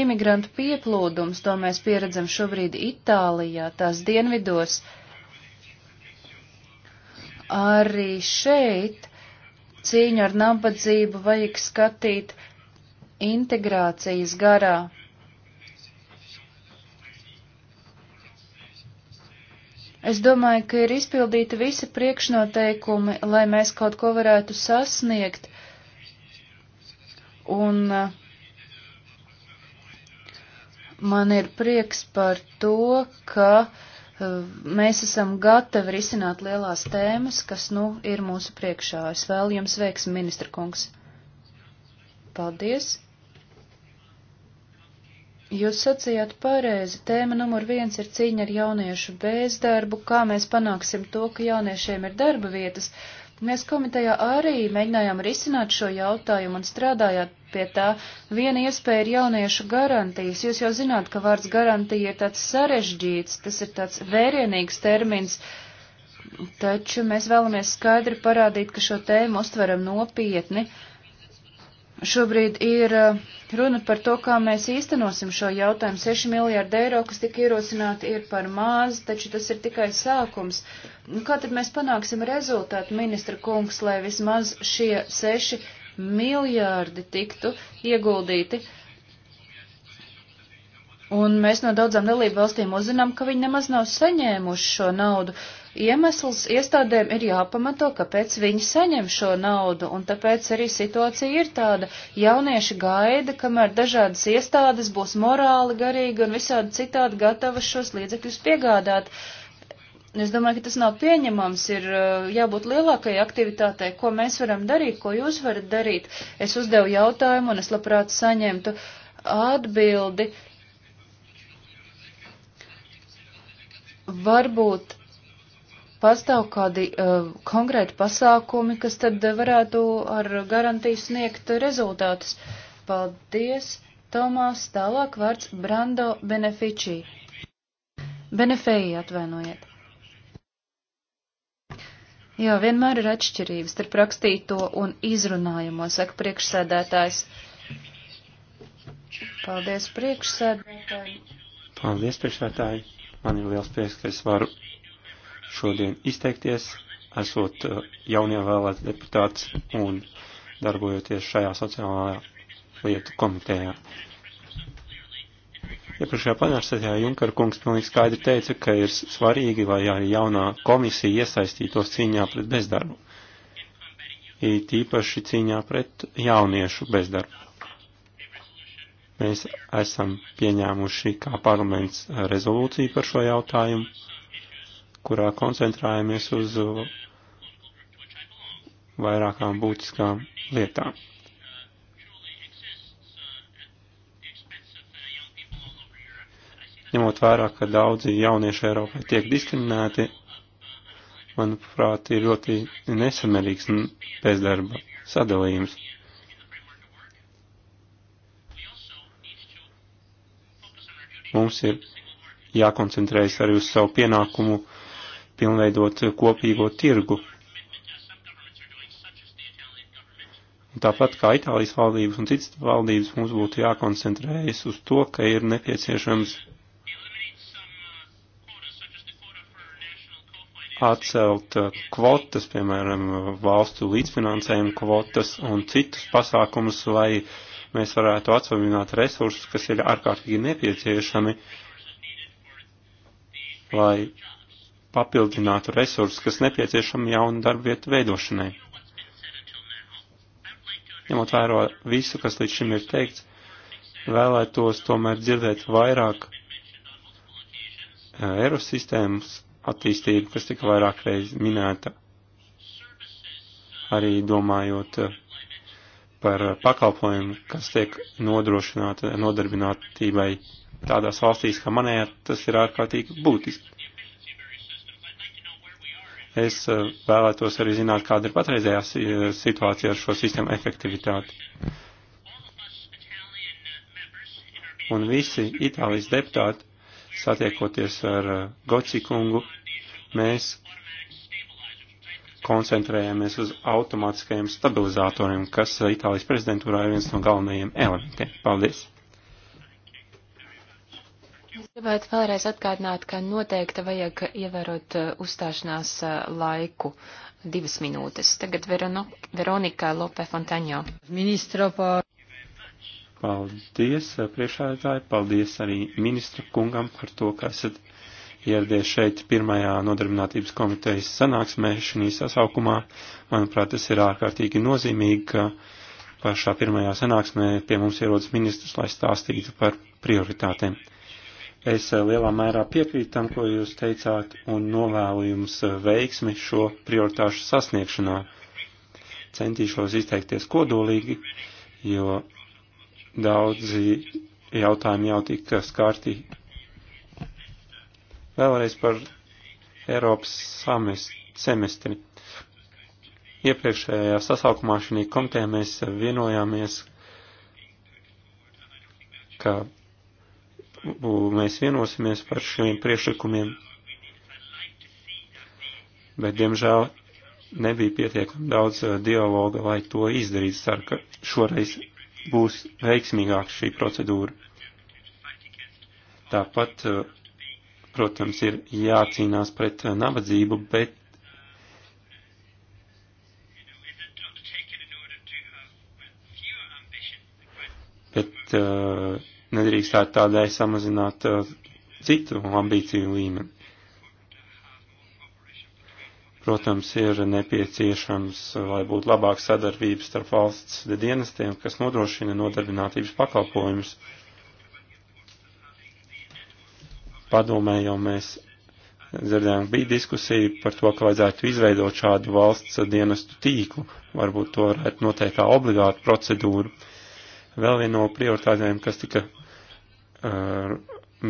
Imigrantu pieplūdums, to mēs pieredzam šobrīd Itālijā, tās dienvidos. Arī šeit cīņu ar nabadzību vajag skatīt integrācijas garā. Es domāju, ka ir izpildīti visi priekšnoteikumi, lai mēs kaut ko varētu sasniegt. Un uh, man ir prieks par to, ka uh, mēs esam gatavi risināt lielās tēmas, kas nu ir mūsu priekšā. Es vēlu jums veiksmi, ministra kungs. Paldies! Jūs sacījāt pareizi, tēma numur viens ir cīņa ar jauniešu bezdarbu, kā mēs panāksim to, ka jauniešiem ir darba vietas. Mēs komitejā arī mēģinājām risināt šo jautājumu un strādājāt pie tā. Viena iespēja ir jauniešu garantijas. Jūs jau zināt, ka vārds garantija ir tāds sarežģīts, tas ir tāds vērienīgs termins, taču mēs vēlamies skaidri parādīt, ka šo tēmu uztveram nopietni. Uh, Šobrīd ir eh, runa par to, kā mēs īstenosim šo jautājumu. 6 miljārdi eiro, kas tika ierosināti, ir par maz, taču tas ir tikai sākums. Nu, kā tad mēs panāksim rezultātu, ministra kungs, lai vismaz šie 6 miljārdi tiktu ieguldīti? Un mēs no daudzām dalību valstīm uzzinām, ka viņi nemaz nav saņēmuši šo naudu. Uh, iemesls iestādēm ir jāpamato, kāpēc viņi saņem šo naudu, un tāpēc arī situācija ir tāda. Jaunieši gaida, kamēr dažādas iestādes būs morāli, garīgi un visādi citādi gatavas šos līdzekļus piegādāt. Es domāju, ka tas nav pieņemams, ir uh, jābūt lielākai aktivitātei, ko mēs varam darīt, ko jūs varat darīt. Es uzdevu jautājumu un es labprāt saņemtu atbildi. Varbūt pastāv kādi uh, konkrēti pasākumi, kas tad eh, varētu ar garantiju sniegt rezultātus. Paldies, Tomās, tālāk vārds Brando Benefici. Benefeji atvainojiet. Jā, vienmēr ir atšķirības starp rakstīto un izrunājamo, saka priekšsēdētājs. Paldies priekšsēdētāji. Paldies priekšsēdētāji. Man ir liels prieks, ka es varu šodien izteikties, esot uh, jaunievēlēts deputāts un darbojoties šajā sociālā lietu komitejā. Iepriekšējā ja plenārsēdē Junkara kungs pilnīgi skaidri teica, ka ir svarīgi, lai arī jaunā komisija iesaistītos cīņā pret bezdarbu. It īpaši cīņā pret jauniešu bezdarbu. Mēs esam pieņēmuši kā parlaments rezolūciju par šo jautājumu kurā koncentrējamies uz vairākām būtiskām lietām. Ņemot vērā, ka daudzi jaunieši Eiropā tiek diskriminēti, manuprāt, ir ļoti nesamērīgs bezdarba sadalījums. Mums ir jākoncentrējas arī uz savu pienākumu uh, pilnveidot kopīgo tirgu. Tāpat kā Itālijas valdības un citas valdības mums būtu jākoncentrējas uz to, ka ir nepieciešams atcelt kvotas, piemēram, valstu līdzfinansējuma kvotas un citus pasākumus, lai mēs varētu atsavināt resursus, kas ir ārkārtīgi nepieciešami, lai papildinātu resursus, kas nepieciešami jaunu darbu vietu veidošanai. Ņemot vērā visu, kas līdz šim ir teikts, vēlētos tomēr dzirdēt vairāk eh, aerosistēmas attīstību, kas tika vairāk reiz minēta, arī domājot eh, par pakalpojumu, kas tiek nodrošināta nodarbinātībai tādās valstīs kā manējā, tas ir ārkārtīgi būtiski. Es eh, vēlētos arī zināt, kāda ir patreizējā eh, situācija ar šo sistēmu efektivitāti. Un visi Itālijas deputāti, satiekoties ar eh, Gocikungu, mēs koncentrējamies uz automātiskajiem stabilizatoriem, kas Itālijas prezidentūrā ir viens no galvenajiem elementiem. Paldies! Gribētu vēlreiz atgādināt, ka noteikti vajag ievērot uh, uzstāšanās uh, laiku divas minūtes. Tagad Verono, Veronika Lope Fontaņo. Ministro par. Paldies, uh, priekšādātāji, paldies arī ministra kungam par to, ka esat ieradies šeit pirmajā nodarbinātības komitejas sanāksmē šī sasaukumā. Manuprāt, tas ir ārkārtīgi nozīmīgi, ka pašā pirmajā sanāksmē pie mums ierodas ministrs, lai stāstītu par prioritātēm. Es eh, lielā mērā piekrītu tam, ko jūs teicāt, un novēlu jums eh, veiksmi šo prioritāšu sasniegšanā. Centīšos izteikties kodolīgi, jo daudzi jautājumi jau tika skārti. Vēlreiz par Eiropas semestri. Iepriekšējā sasaukumā šī komitē mēs eh, vienojāmies, ka mēs vienosimies par šiem priešlikumiem, bet, diemžēl, nebija pietiekami daudz uh, dialoga, lai to izdarītu. Ceru, ka šoreiz būs veiksmīgāk šī procedūra. Tāpat, uh, protams, ir jācīnās pret uh, nabadzību, bet bet uh, nedrīkstētu tādai samazināt uh, citu ambīciju līmeni. Protams, ir nepieciešams, uh, lai būtu labāka sadarbība starp valsts dienestiem, kas nodrošina nodarbinātības pakalpojumus. Padomē jau mēs dzirdējām, bija diskusija par to, ka vajadzētu izveidot šādu valsts dienestu tīklu. Varbūt to varētu noteikt kā obligātu procedūru. Uh, Vēl viena no prioritātēm, kas tika uh,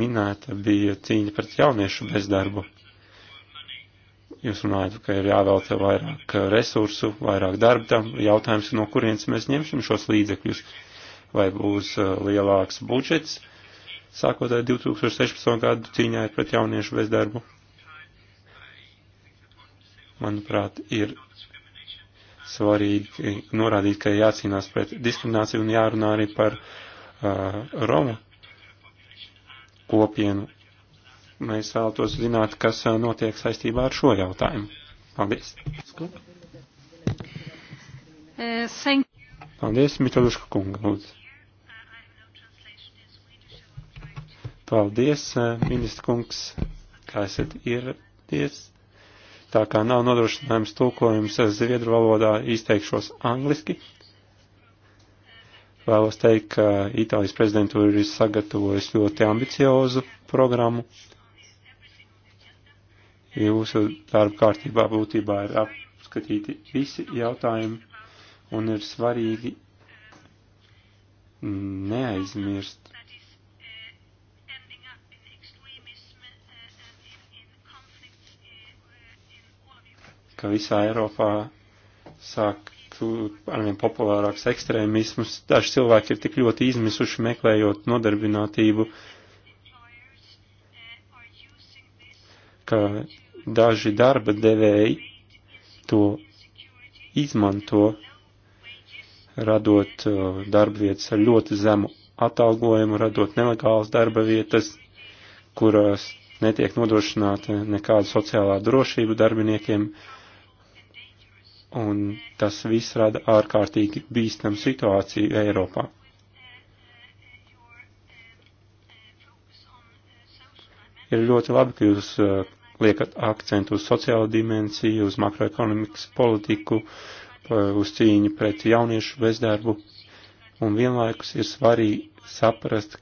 minēta, bija cīņa pret jauniešu bezdarbu. Jūs runājat, ka ir jāvelta vairāk resursu, vairāk darba tam. Jautājums, no kurienes mēs ņemsim šos līdzekļus? Vai būs uh, lielāks budžets, sākot ar 2016. gadu cīņai pret jauniešu bezdarbu? Manuprāt, ir svarīgi norādīt, ka jācīnās pret diskrimināciju un jārunā arī par uh, Romu kopienu. Mēs vēlētos zināt, kas uh, notiek saistībā ar šo jautājumu. Paldies. Uh, Paldies, Mitaluška kunga, lūdzu. Paldies, uh, ministra kungs, kā esat ieradies. Tā kā nav nodrošinājums tulkojums zviedru valodā, izteikšos angliski. Vēlos teikt, ka Itālijas prezidentūra ir sagatavojusi ļoti ambiciozu programmu. Jūsu darba kārtībā būtībā ir apskatīti visi jautājumi un ir svarīgi neaizmirst ka visā Eiropā sāk arvien populārāks ekstrēmismus. Daži cilvēki ir tik ļoti izmisuši meklējot nodarbinātību, ka daži darba devēji to izmanto, radot uh, darba vietas ar ļoti zemu atalgojumu, radot nelegālas darba vietas, kurās netiek nodrošināta nekāda sociālā drošība darbiniekiem. Uh, un tas viss rada ārkārtīgi bīstam situāciju Eiropā. Ir ļoti labi, ka jūs uh, liekat akcentu uz sociālo dimensiju, uz makroekonomikas politiku, uh, uz cīņu pret jauniešu bezdarbu, un vienlaikus ir svarīgi saprast,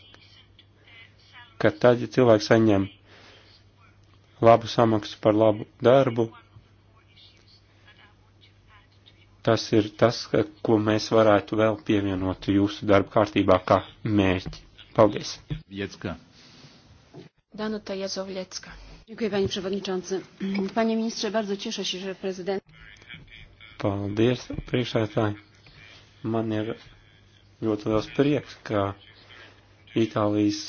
ka tad, ja cilvēks saņem labu samaksu par labu darbu, tas ir tas, ko mēs varētu vēl pievienot jūsu darba kārtībā kā mērķi. Paldies. Jecka. Danuta Jezowlecka. Dziękuję Panie Przewodniczący. Panie Ministrze, bardzo cieszę się, że prezydent... Paldies, priekšētāji. Man ir ļoti liels prieks, ka Itālijas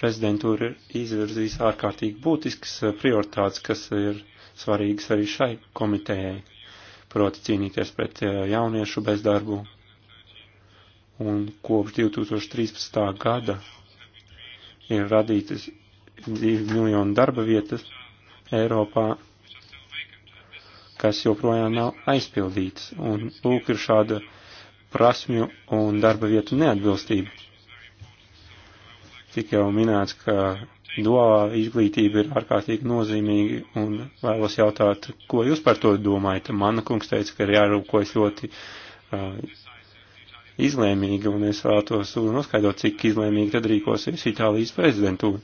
prezidentūra ir izvirzījis ārkārtīgi būtiskas prioritātes, kas ir svarīgas arī šai komitejai proti cīnīties pret eh, jauniešu bezdarbu. Un kopš 2013. gada ir radītas 2 miljonu darba vietas Eiropā, kas joprojām nav aizpildītas. Un lūk ir šāda prasmju un darba vietu neatbilstība. Tik jau minēts, ka duālā izglītība ir ārkārtīgi nozīmīga un vēlos jautāt, ko jūs par to domājat? Mana kungs teica, ka ir jārūkojas ļoti uh, izlēmīgi un es vēlētos noskaidrot, cik izlēmīgi tad rīkosies Itālijas prezidentūra.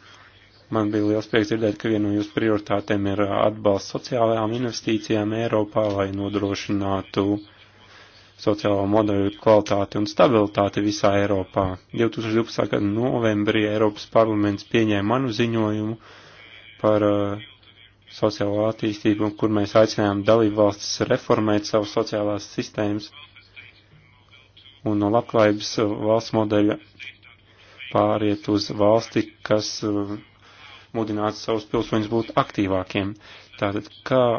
Man bija liels prieks dzirdēt, ka viena no jūsu prioritātēm ir uh, atbalsts sociālajām investīcijām Eiropā, lai nodrošinātu uh, sociālo modeļu kvalitāti un stabilitāti visā Eiropā. 2012. gada novembrī Eiropas parlaments pieņēma manu ziņojumu par uh, sociālo attīstību, kur mēs aicinājām dalību valstis reformēt savas sociālās sistēmas un no labklājības uh, valsts modeļa pāriet uz valsti, kas uh, mudinātu savus pilsoņus būt aktīvākiem. Tātad, kā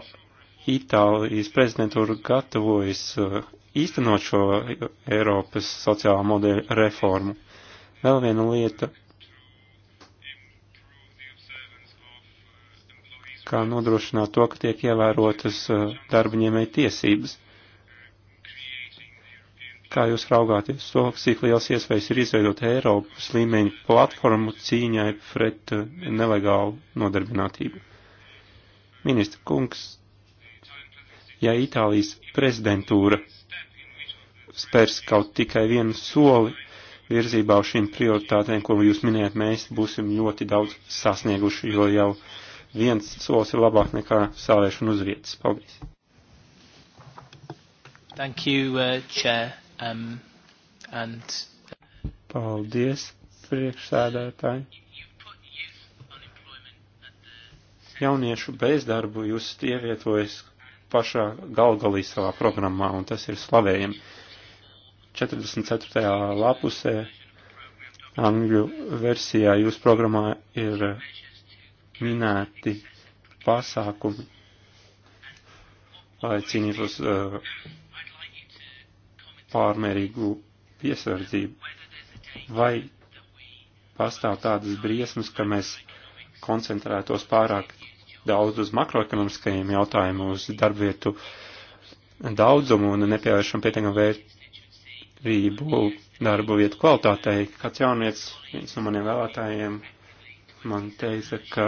Itālijas prezidentūra gatavojas uh, īstenot šo Eiropas sociālā modeļa reformu. Vēl viena lieta, kā nodrošināt to, ka tiek ievērotas eh, darbaņēmēja tiesības. Kā jūs raugāties to, cik liels iespējas ir izveidot Eiropas līmeņu platformu cīņai pret eh, nelegālu nodarbinātību? Ministra kungs, ja Itālijas prezidentūra spērs kaut tikai vienu soli virzībā uz šīm prioritātēm, ko jūs minējat, mēs būsim ļoti daudz sasnieguši, jo jau viens solis ir labāk nekā sāvēšana uz vietas. Paldies! Thank you, uh, Chair. Um, and... Paldies, priekšsēdētāji. Jauniešu bezdarbu jūs ievietojat pašā galgalī savā programmā, un tas ir slavējami. 44. lapusē angļu versijā jūs programmā ir minēti pasākumi, lai cīnītos uh, pārmērīgu piesardzību. Vai pastāv tādas briesmas, ka mēs koncentrētos pārāk daudz uz makroekonomiskajiem jautājumiem, uz darbvietu daudzumu un nepievēršam pietiekam vērt vērību darbu vietu kvalitātei. Kāds jaunietis, viens no maniem vēlētājiem, man teica, ka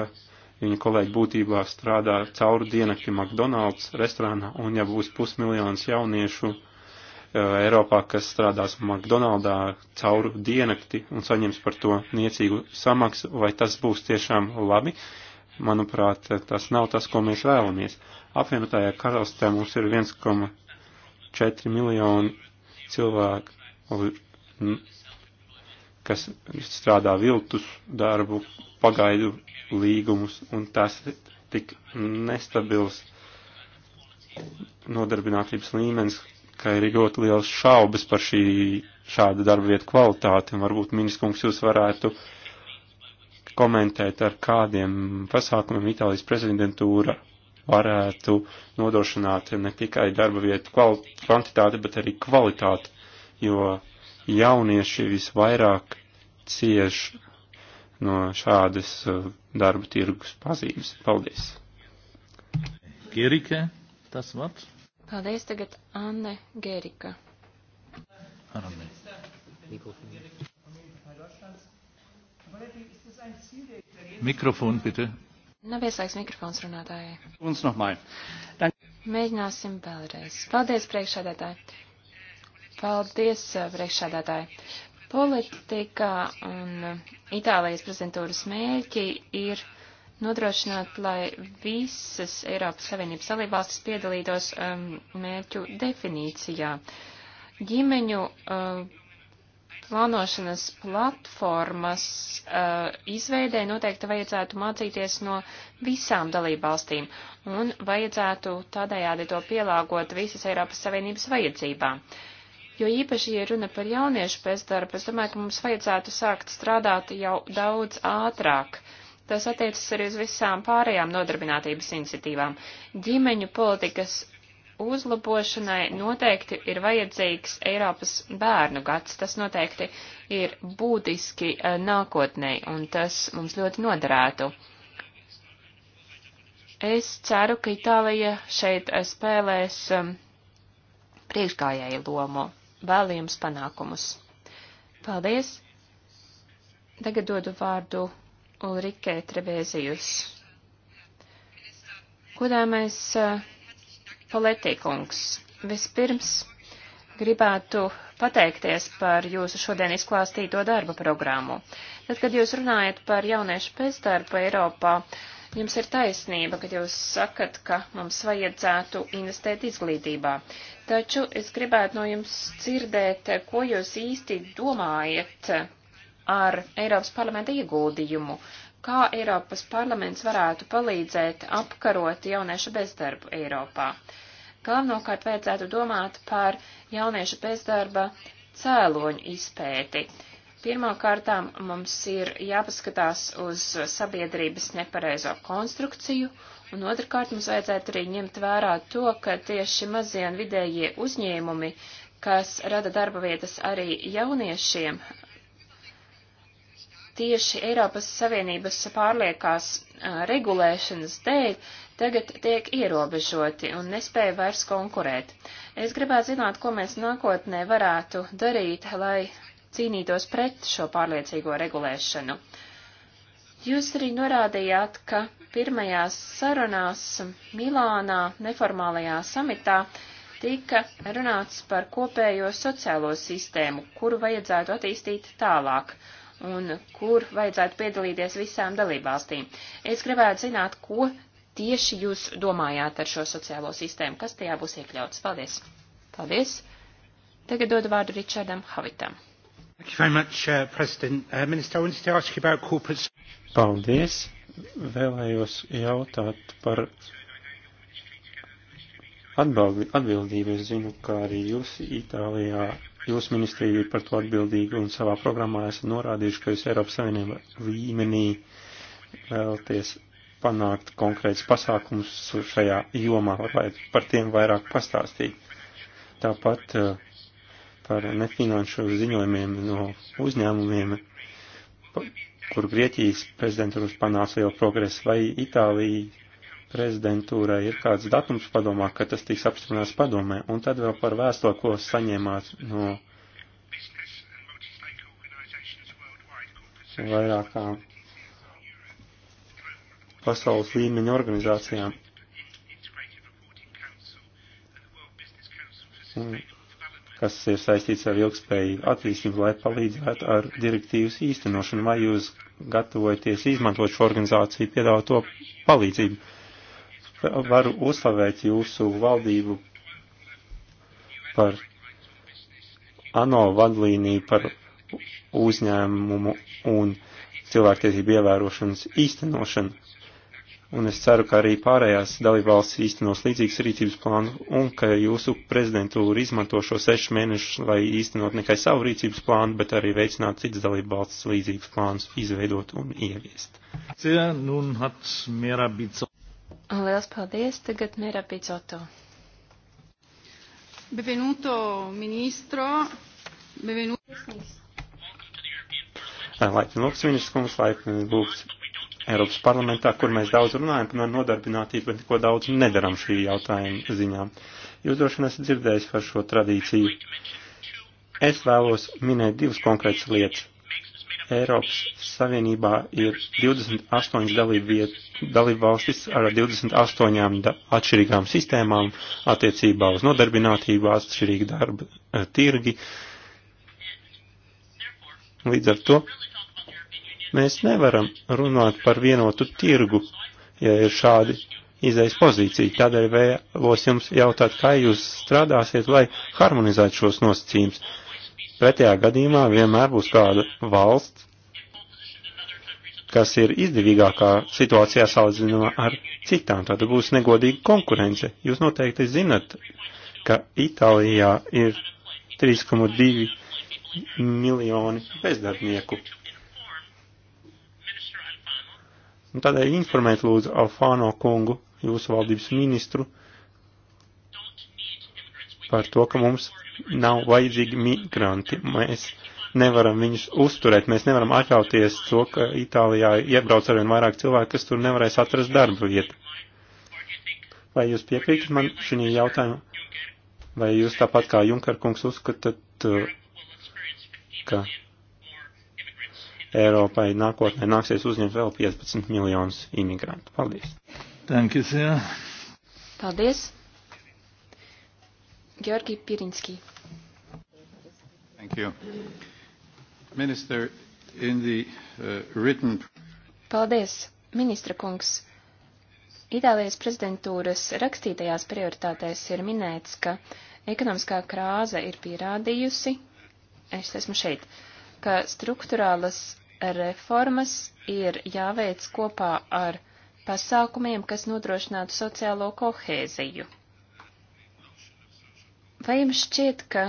viņa kolēģi būtībā strādā cauru dienakti McDonald's restorānā, un ja būs pusmiljons jauniešu eh, Eiropā, kas strādās McDonaldā cauru dienakti un saņems par to niecīgu samaksu, vai tas būs tiešām labi? Manuprāt, tas nav tas, ko mēs vēlamies. Apvienotajā karalistē mums ir 1,4 miljoni cilvēki, mm, kas strādā viltus darbu, pagaidu līgumus, un tas tik nestabils nodarbinātības līmenis, ka ir ļoti liels šaubas par šī šāda darba vietu kvalitāti, un varbūt ministrs jūs varētu komentēt, ar kādiem pasākumiem Itālijas prezidentūra varētu nodrošināt ne tikai darba vietu kvantitāti, bet arī kvalitāti, jo jaunieši visvairāk cieš no šādas uh, darba tirgus pazīmes. Paldies! Gerike, tas vārds. Paldies tagad Anne Gerika. Anne. Mikrofon, bitte. Nav ieslēgts mikrofons runātājai. Uns nohmāj. Mēģināsim vēlreiz. Paldies, priekšādātāji. Paldies, eh, priekšādātāji. Politika un Itālijas prezidentūras mērķi ir nodrošināt, lai visas Eiropas Savienības dalībvalstis piedalītos um, mērķu definīcijā. Ģimeņu uh, plānošanas platformas uh, eh, izveidē noteikti vajadzētu mācīties no visām dalībvalstīm un vajadzētu tādējādi to pielāgot visas Eiropas Savienības vajadzībām. Jo īpaši, ja runa par jauniešu bezdarbu, es domāju, ka mums vajadzētu sākt strādāt jau daudz ātrāk. Tas attiecas arī uz visām pārējām nodarbinātības iniciatīvām. Ģimeņu politikas uzlabošanai noteikti ir vajadzīgs Eiropas bērnu gads. Tas noteikti ir būtiski eh, nākotnē, un tas mums ļoti noderētu. Es ceru, ka Itālija šeit eh, spēlēs eh, priekšgājēju lomu. Vēlījums panākumus. Paldies! Tagad dodu vārdu Ulrike Trevēzijus. Kodāmais uh, Poletīkungs, vispirms gribētu pateikties par jūsu šodien izklāstīto darba programmu. Tad, kad jūs runājat par jauniešu bezdarbu Eiropā, jums ir taisnība, kad jūs sakat, ka mums vajadzētu investēt izglītībā. Taču es gribētu no jums dzirdēt, ko jūs īsti domājat ar Eiropas parlamenta ieguldījumu kā Eiropas parlaments varētu palīdzēt apkarot jauniešu bezdarbu Eiropā. Galvenokārt vajadzētu domāt par jauniešu bezdarba cēloņu izpēti. Pirmkārtām mums ir jāpaskatās uz sabiedrības nepareizo konstrukciju, un otrkārt mums vajadzētu arī ņemt vērā to, ka tieši mazie un vidējie uzņēmumi, kas rada darba vietas arī jauniešiem, tieši Eiropas Savienības pārliekās regulēšanas dēļ tagad tiek ierobežoti un nespēja vairs konkurēt. Es gribētu zināt, ko mēs nākotnē varētu darīt, lai cīnītos pret šo pārliecīgo regulēšanu. Jūs arī norādījāt, ka pirmajās sarunās Milānā neformālajā samitā tika runāts par kopējo sociālo sistēmu, kuru vajadzētu attīstīt tālāk un kur vajadzētu piedalīties visām dalībvalstīm. Es gribētu zināt, ko tieši jūs domājāt ar šo sociālo sistēmu, kas tajā būs iekļauts. Paldies! Paldies! Tagad dodu vārdu Ričardam Havitam. Uh, uh, Paldies! Vēlējos jautāt par atbildību. Es zinu, ka arī jūs Itālijā Jūsu ministrija ir par to atbildīga un savā programmā esat norādījuši, ka jūs Eiropas Savienība līmenī vēlaties panākt konkrēts pasākums šajā jomā, varbūt par tiem vairāk pastāstīt. Tāpat eh, par nefinanšu ziņojumiem no uzņēmumiem, kur Grieķijas prezidentūras panāca lielu progresu, vai Itālija prezidentūrai ir kāds datums padomā, ka tas tiks apstiprināts padomē, un tad vēl par vēstuli, ko saņēmāt no vairākām pasaules līmeņa organizācijām. Un, kas ir saistīts ar ilgspējīgu attīstību, lai palīdzētu ar direktīvas īstenošanu, vai jūs gatavojaties izmantot šo organizāciju, piedāvāt to palīdzību varu uzslavēt jūsu valdību par ANO vadlīniju par uzņēmumu un cilvēktiesību ievērošanas īstenošanu. Un es ceru, ka arī pārējās dalībvalsts īstenos līdzīgas rīcības plānu un ka jūsu prezidentūra izmanto šo sešu mēnešu, lai īstenot ne tikai savu rīcības plānu, bet arī veicināt citas dalībvalsts līdzīgas plānus izveidot un ieviest. Liels paldies. Tagad Mira Picoto. Benvenuto, ministro. Benvenuto. Laipni lūgts, ministrs kungs, laipni lūgts Eiropas parlamentā, kur mēs daudz runājam par nodarbinātību, bet neko daudz nedaram šī jautājuma ziņā. Jūs droši vien esat dzirdējis par šo tradīciju. Es vēlos minēt divas konkrētas lietas. Eiropas Savienībā ir 28 dalību valstis ar 28 da atšķirīgām sistēmām attiecībā uz nodarbinātību, atšķirīgi darba eh, tirgi. Līdz ar to mēs nevaram runāt par vienotu tirgu, ja ir šādi izejas pozīcija. Tādēļ vēlos jums jautāt, kā jūs strādāsiet, lai harmonizētu šos nosacījumus Pretējā gadījumā vienmēr būs kāda valsts, kas ir izdevīgākā situācijā salīdzinājumā ar citām. Tad būs negodīga konkurence. Jūs noteikti zinat, ka Itālijā ir 3,2 miljoni bezdarbnieku. Un tādēļ informēt lūdzu Alfāno kungu, jūsu valdības ministru, par to, ka mums nav vajadzīgi migranti. Mēs nevaram viņus uzturēt, mēs nevaram atļauties to, ka Itālijā iebrauc arvien vairāk cilvēku, kas tur nevarēs atrast darba vietu. Vai jūs piekrītat man šī jautājuma? Vai jūs tāpat kā Junkarkungs uzskatāt, ka Eiropai nākotnē nāksies uzņemt vēl 15 miljonus imigrantu. Paldies. Thank you, sir. Paldies. Georgi Pirinski. Thank you. Minister, in the uh, written... Paldies, ministra kungs. Itālijas prezidentūras rakstītajās prioritātēs ir minēts, ka ekonomiskā krāze ir pierādījusi, es esmu šeit, ka struktūrālas reformas ir jāveic kopā ar pasākumiem, kas nodrošinātu sociālo kohēziju. Vai jums šķiet, ka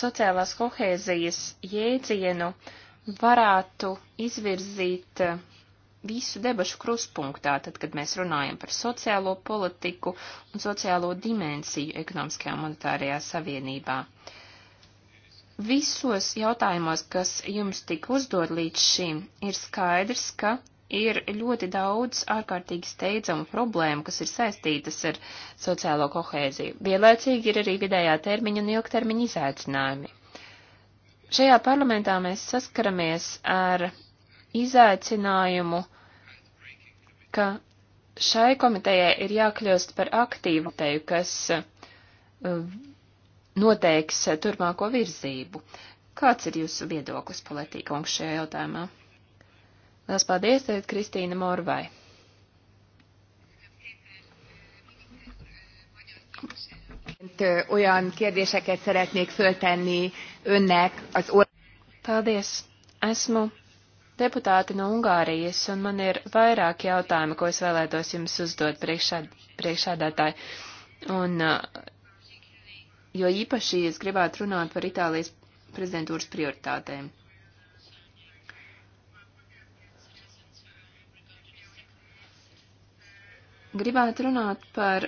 sociālās kohēzijas jēdzienu varētu izvirzīt eh, visu debašu kruspunktā, tad, kad mēs runājam par sociālo politiku un sociālo dimensiju ekonomiskajā un monetārajā savienībā. Visos jautājumos, kas jums tika uzdod līdz šim, ir skaidrs, ka ir ļoti daudz ārkārtīgi steidzamu problēmu, kas ir saistītas ar sociālo kohēziju. Vienlaicīgi ir arī vidējā termiņa un ilgtermiņa izaicinājumi. Šajā parlamentā mēs saskaramies ar izaicinājumu, ka šai komitejai ir jākļūst par aktīvu teju, kas uh, noteiks turpmāko virzību. Kāds ir jūsu viedoklis, politika, un šajā jautājumā? Lielas paldies, tagad Kristīna Morvai. Olyan kérdéseket szeretnék föltenni önnek az... Paldies. Esmu deputāti no Ungārijas, un man ir vairāk jautājumi, ko es vēlētos jums uzdot priekšād, priekšādātāji. Un, uh, jo īpaši es gribētu runāt par Itālijas prezidentūras prioritātēm. Gribētu runāt par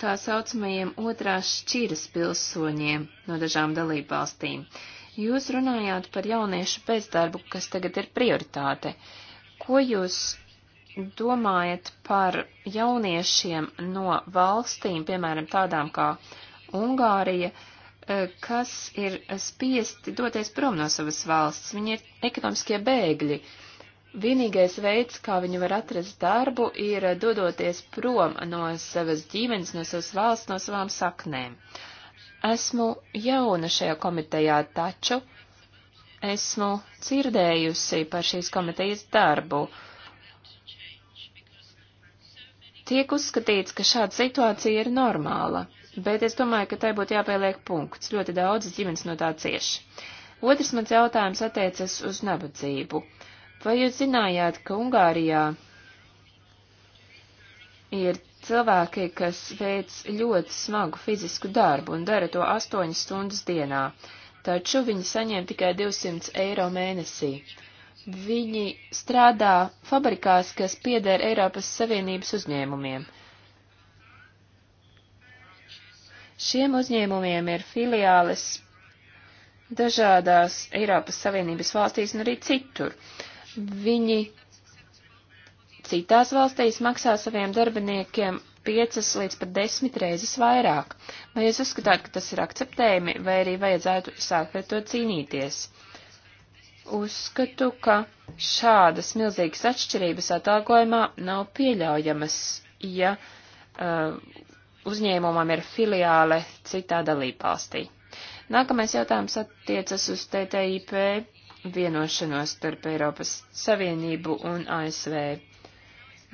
tā saucamajiem otrās šķiras pilsoņiem no dažām dalībvalstīm. Jūs runājāt par jauniešu bezdarbu, kas tagad ir prioritāte. Ko jūs domājat par jauniešiem no valstīm, piemēram, tādām kā Ungārija, eh, kas ir spiesti doties prom no savas valsts? Viņi ir ekonomiskie bēgļi. Uh, Vienīgais veids, kā viņi var atrast darbu, ir dodoties prom no savas ģimenes, no savas valsts, no savām saknēm. Esmu jauna šajā komitejā, taču esmu dzirdējusi par šīs komitejas darbu. Tiek uzskatīts, ka šāda situācija ir normāla, bet es domāju, ka tai būtu jāpieliek punkts. Ļoti daudzas ģimenes no tā cieši. Otrs mans jautājums attiecas uz nabadzību. Uh, Vai jūs zinājāt, ka Ungārijā ir cilvēki, kas veic ļoti smagu fizisku darbu un dara to 8 stundas dienā, taču viņi saņem tikai 200 eiro mēnesī. Viņi strādā fabrikās, kas pieder Eiropas Savienības uzņēmumiem. Šiem uzņēmumiem ir filiāles dažādās Eiropas Savienības valstīs un arī citur. Uh, Viņi citās valstīs maksā saviem darbiniekiem 5 līdz pat 10 reizes vairāk. Vai jūs uzskatāt, ka tas ir akceptējami, vai arī vajadzētu sākt pret to cīnīties? Uzskatu, ka šādas milzīgas atšķirības atalgojumā nav pieļaujamas, ja uh, uzņēmumam ir filiāle citā dalībvalstī. Nākamais jautājums attiecas uz TTIP vienošanos starp Eiropas Savienību un ASV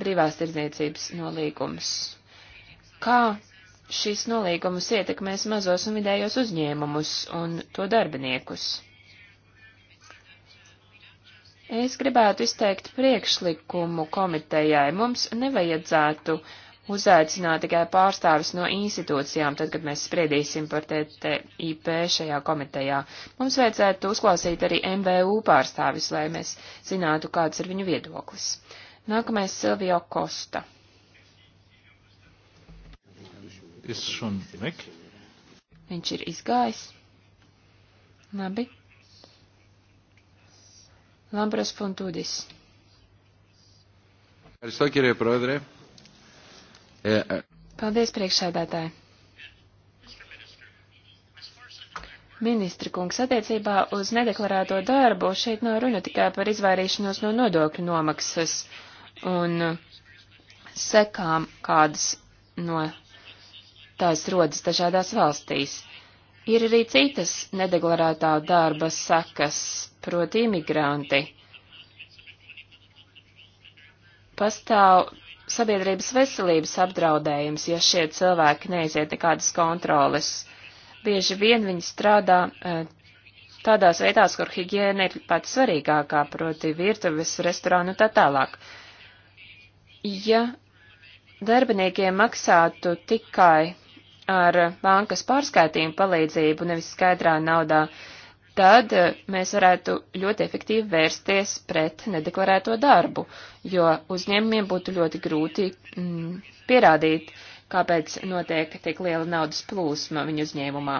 brīvās tirdzniecības nolīgums. Kā šis nolīgums ietekmēs mazos un vidējos uzņēmumus un to darbiniekus? Es gribētu izteikt priekšlikumu komitejai. Mums nevajadzētu uh, uzaicināt tikai pārstāvis no institūcijām, tad, kad mēs spriedīsim par TTIP šajā komitejā. Mums vajadzētu uzklausīt arī MBU pārstāvis, lai mēs zinātu, kāds ir viņu viedoklis. Nākamais Silvio Kosta. Viņš ir izgājis. Labi. Lambras Fontūdis. Ευχαριστώ κύριε Πρόεδρε. Paldies, priekšsēdētāji. Ministri kungs, attiecībā uz nedeklarēto darbu šeit nav runa tikai par izvairīšanos no nodokļu nomaksas un sekām, kādas no tās rodas dažādās valstīs. Ir arī citas nedeklarētā darba sekas, proti imigranti. Pastāv sabiedrības veselības apdraudējums, ja šie cilvēki neiziet nekādas kontroles. Bieži vien viņi strādā eh, tādās vietās, kur higiēna ir pats svarīgākā, proti virtuves, restorānu tā tālāk. Ja darbiniekiem maksātu tikai ar bankas pārskaitījumu palīdzību, nevis skaidrā naudā, uh, tad eh, mēs varētu ļoti efektīvi vērsties pret nedeklarēto darbu, jo uzņēmumiem būtu ļoti grūti mm, pierādīt, kāpēc notiek tik liela naudas plūsma viņu uzņēmumā.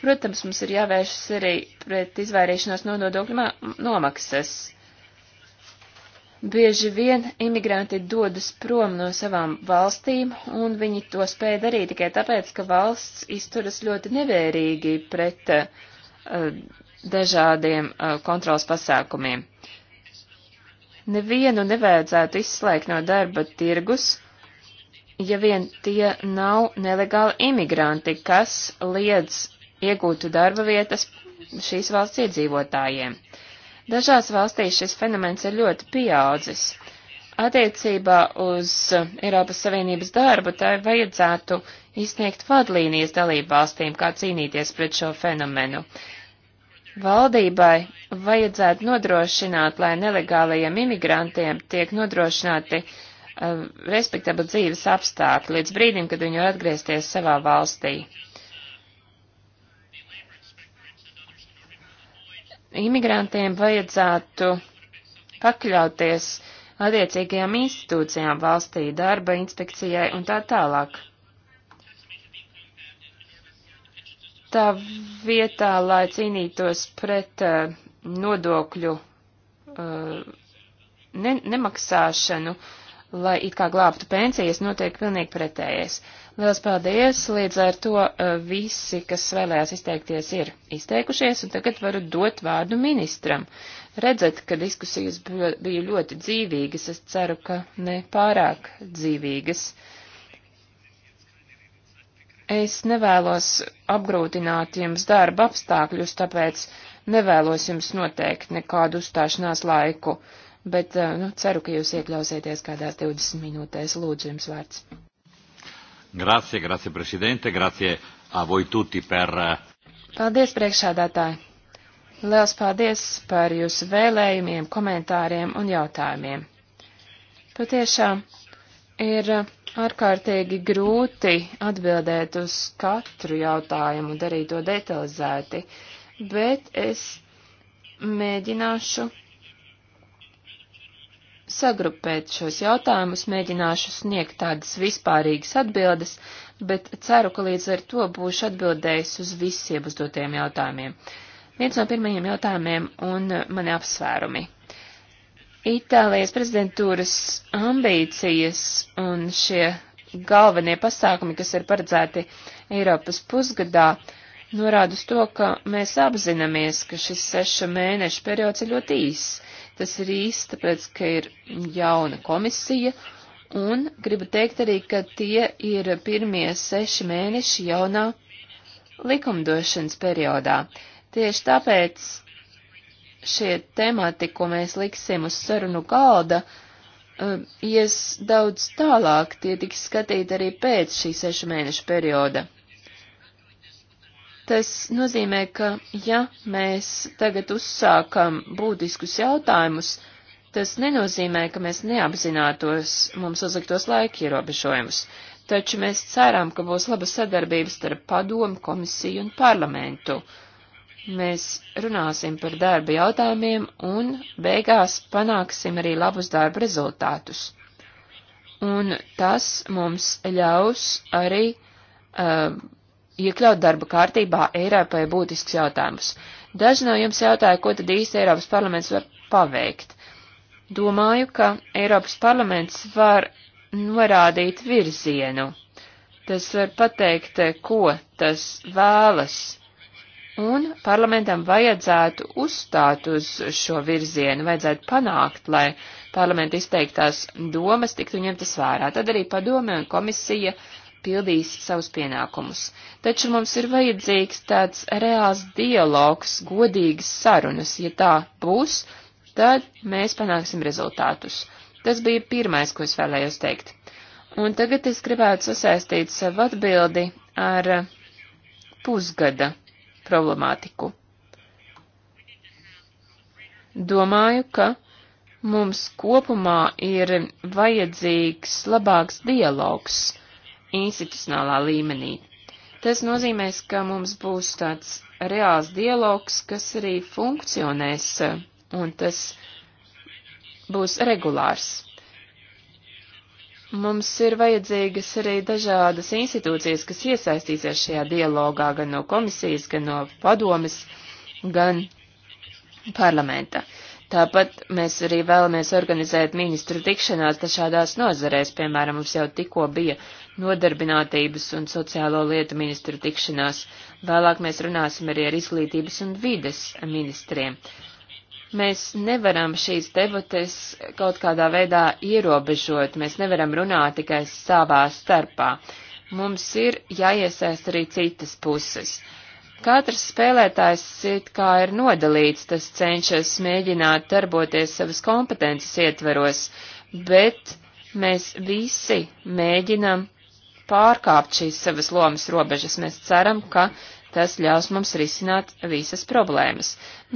Protams, mums ir jāvēršas arī pret izvairīšanos no nodokļu nomaksas. Bieži vien imigranti dodas prom no savām valstīm, un viņi to spēja darīt tikai tāpēc, ka valsts izturas ļoti nevērīgi pret uh, Eh, dažādiem eh, kontrols pasākumiem. Nevienu nevajadzētu izslēgt no darba tirgus, ja vien tie nav nelegāli imigranti, kas liedz iegūtu darba vietas šīs valsts iedzīvotājiem. Dažās valstīs šis fenomens ir ļoti pieaudzis. Attiecībā uz Eiropas Savienības darbu tai vajadzētu izsniegt vadlīnijas dalību valstīm, kā cīnīties pret šo fenomenu. Valdībai vajadzētu nodrošināt, lai nelegālajiem imigrantiem tiek nodrošināti uh, respektabli dzīves apstākļi līdz brīdim, kad viņi var atgriezties savā valstī. Imigrantiem vajadzētu pakļauties attiecīgajām institūcijām valstī, darba inspekcijai un tā tālāk. tā vietā, lai cīnītos pret uh, nodokļu uh, ne, nemaksāšanu, lai it kā glābtu pensijas, notiek pilnīgi pretējais. Liels paldies! Līdz ar to uh, visi, kas vēlējās izteikties, ir izteikušies, un tagad varu dot vārdu ministram. Redzat, ka diskusijas bija ļoti dzīvīgas, es ceru, ka ne pārāk dzīvīgas. Uh, Es nevēlos apgrūtināt jums darba apstākļus, tāpēc nevēlos jums noteikt nekādu uzstāšanās laiku, bet eh, nu, ceru, ka jūs iekļausieties kādās 20 minūtēs. Lūdzu, jums vārds. Grazie, grazie, prezidente, grazie a voi tutti per. Eh, paldies, priekšādātāji. Liels paldies par jūsu vēlējumiem, komentāriem un jautājumiem. Patiešām ir eh, ārkārtīgi grūti atbildēt uz katru jautājumu, darīt to detalizēti, bet es mēģināšu sagrupēt šos jautājumus, mēģināšu sniegt tādas vispārīgas atbildes, bet ceru, ka līdz ar to būšu atbildējis uz visiem uzdotajiem jautājumiem. Viens no pirmajiem jautājumiem un mani apsvērumi. Itālijas prezidentūras ambīcijas un šie galvenie pasākumi, kas ir paredzēti Eiropas pusgadā, norāda uz to, ka mēs apzināmies, ka šis sešu mēnešu periods ir ļoti īss. Tas ir īsts, tāpēc, ka ir jauna komisija, un gribu teikt arī, ka tie ir pirmie seši mēneši jaunā likumdošanas periodā. Tieši tāpēc šie temati, ko mēs liksim uz sarunu galda, um, ies daudz tālāk, tie tiks skatīti arī pēc šī sešu mēnešu perioda. Tas nozīmē, ka ja mēs tagad uzsākam būtiskus jautājumus, tas nenozīmē, ka mēs neapzinātos mums uzliktos laika ierobežojumus, taču mēs ceram, ka būs laba sadarbība starp padomu, komisiju un parlamentu. Uh, Mēs runāsim par darba jautājumiem un beigās panāksim arī labus darba rezultātus. Un tas mums ļaus arī uh, iekļaut darba kārtībā Eiropai būtisks jautājumus. Daži no jums jautāja, ko tad īsti Eiropas parlaments var paveikt. Domāju, ka Eiropas parlaments var norādīt virzienu. Tas var pateikt, ko tas vēlas Un parlamentam vajadzētu uzstāt uz šo virzienu, vajadzētu panākt, lai parlamenta izteiktās domas tiktu ņemtas vērā. Tad arī padome un komisija pildīs savus pienākumus. Taču mums ir vajadzīgs tāds reāls dialogs, godīgas sarunas. Ja tā būs, tad mēs panāksim rezultātus. Tas bija pirmais, ko es vēlējos teikt. Un tagad es gribētu sasaistīt savu atbildi ar pusgada problemātiku. Domāju, ka mums kopumā ir vajadzīgs labāks dialogs institucionālā līmenī. Tas nozīmēs, ka mums būs tāds reāls dialogs, kas arī funkcionēs, un tas būs regulārs. Mums ir vajadzīgas arī dažādas institūcijas, kas iesaistīsies šajā dialogā, gan no komisijas, gan no padomes, gan parlamenta. Tāpat mēs arī vēlamies organizēt ministru tikšanās dažādās nozarēs, piemēram, mums jau tikko bija nodarbinātības un sociālo lietu ministru tikšanās. Vēlāk mēs runāsim arī ar izglītības un vides ministriem. Mēs nevaram šīs debates kaut kādā veidā ierobežot, mēs nevaram runāt tikai savā starpā. Mums ir jāiesaist arī citas puses. Katrs spēlētājs it kā ir nodalīts, tas cenšas mēģināt darboties savas kompetences ietveros, bet mēs visi mēģinam pārkāpt šīs savas lomas robežas. Mēs ceram, ka Tas ļaus mums risināt visas problēmas.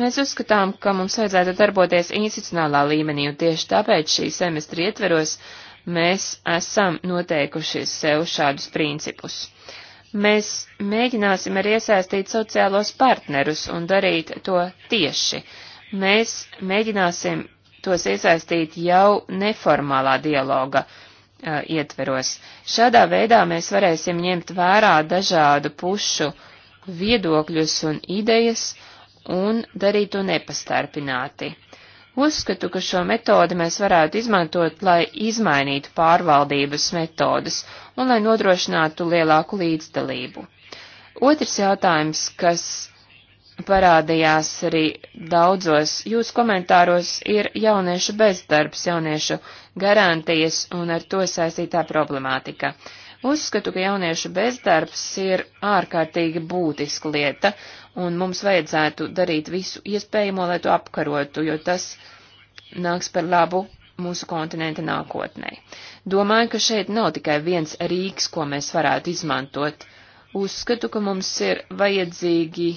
Mēs uzskatām, ka mums vajadzētu darboties institucionālā līmenī, un tieši tāpēc šī semestra ietveros mēs esam noteikuši sev šādus principus. Mēs mēģināsim arī iesaistīt sociālos partnerus un darīt to tieši. Mēs mēģināsim tos iesaistīt jau neformālā dialoga uh, ietveros. Šādā veidā mēs varēsim ņemt vērā dažādu pušu uh, viedokļus un idejas un darīt to nepastarpināti. Uzskatu, ka šo metodi mēs varētu izmantot, lai izmainītu pārvaldības metodas un lai nodrošinātu lielāku līdzdalību. Otrs jautājums, kas parādījās arī daudzos jūsu komentāros, ir jauniešu bezdarbs, jauniešu garantijas un ar to saistītā problemātika. Uh, Uzskatu, ka jauniešu bezdarbs ir ārkārtīgi būtiska lieta, un mums vajadzētu darīt visu iespējamo, lai to apkarotu, jo tas nāks par labu mūsu kontinenta nākotnē. Domāju, ka šeit nav tikai viens rīks, ko mēs varētu izmantot. Uzskatu, ka mums ir vajadzīgi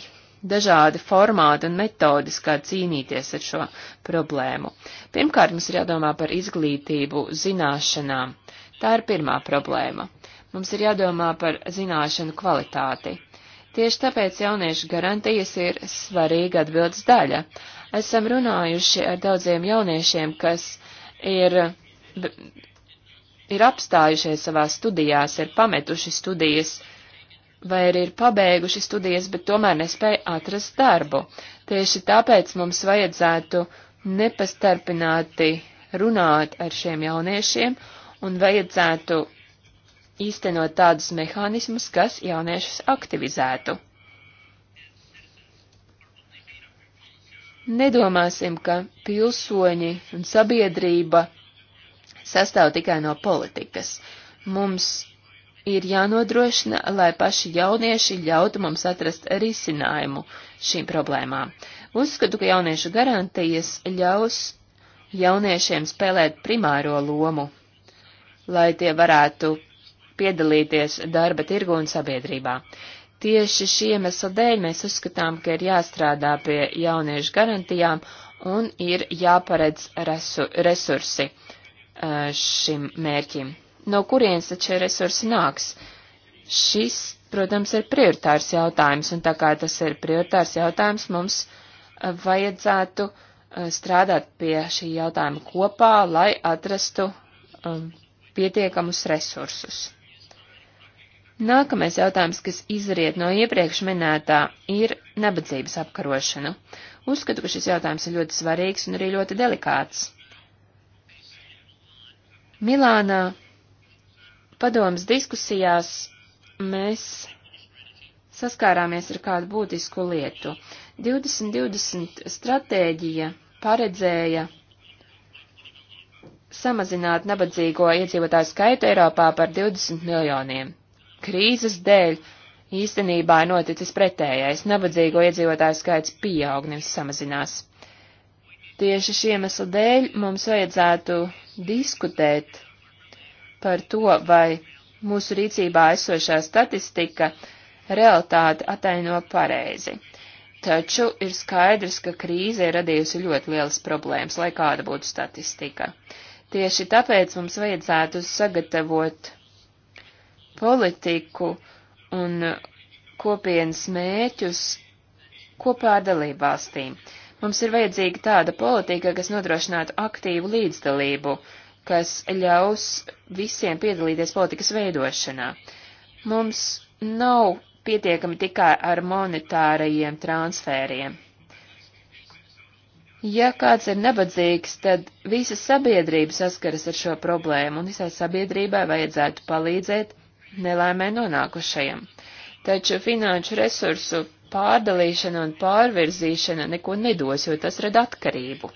dažādi formāti un metodas, kā cīnīties ar šo problēmu. Pirmkārt, mums ir jādomā par izglītību, zināšanām. Tā ir pirmā problēma. Mums ir jādomā par zināšanu kvalitāti. Tieši tāpēc jauniešu garantijas ir svarīga atbildes daļa. Esam runājuši ar daudziem jauniešiem, kas ir, ir apstājušies savās studijās, ir pametuši studijas vai arī ir pabeiguši studijas, bet tomēr nespēja atrast darbu. Tieši tāpēc mums vajadzētu nepastarpināti runāt ar šiem jauniešiem un vajadzētu īstenot tādus mehānismus, kas jauniešus aktivizētu. Nedomāsim, ka pilsoņi un sabiedrība sastāv tikai no politikas. Mums ir jānodrošina, lai paši jaunieši ļautu mums atrast risinājumu šīm problēmām. Uzskatu, ka jauniešu garantijas ļaus jauniešiem spēlēt primāro lomu, lai tie varētu piedalīties darba tirgu un sabiedrībā. Tieši šī iemesla dēļ mēs uzskatām, ka ir jāstrādā pie jauniešu garantijām un ir jāparedz resu, resursi eh, šim mērķim. No kurienes tad šie resursi nāks? Šis, protams, ir prioritārs jautājums, un tā kā tas ir prioritārs jautājums, mums eh, vajadzētu eh, strādāt pie šī jautājuma kopā, lai atrastu um, pietiekamus resursus. Nākamais jautājums, kas izriet no iepriekš minētā, ir nabadzības apkarošana. Uzskatu, ka šis jautājums ir ļoti svarīgs un arī ļoti delikāts. Milānā padomas diskusijās mēs saskārāmies ar kādu būtisku lietu. 2020 stratēģija paredzēja samazināt nabadzīgo iedzīvotāju skaitu Eiropā par 20 miljoniem krīzes dēļ īstenībā ir noticis pretējais. Nabadzīgo iedzīvotāju skaits pieaug, nevis samazinās. Tieši šī iemesla dēļ mums vajadzētu diskutēt par to, vai mūsu rīcībā esošā statistika realitāti ataino pareizi. Taču ir skaidrs, ka krīze ir radījusi ļoti lielas problēmas, lai kāda būtu statistika. Tieši tāpēc mums vajadzētu sagatavot politiku un kopienas mēķus kopā ar dalībvalstīm. Mums ir vajadzīga tāda politika, kas nodrošinātu aktīvu līdzdalību, kas ļaus visiem piedalīties politikas veidošanā. Mums nav pietiekami tikai ar monetārajiem transfēriem. Ja kāds ir nabadzīgs, tad visa sabiedrība saskaras ar šo problēmu, un visai sabiedrībai vajadzētu palīdzēt nelēmē nonākušajam. Taču finanšu resursu pārdalīšana un pārvirzīšana neko nedos, jo tas rada atkarību.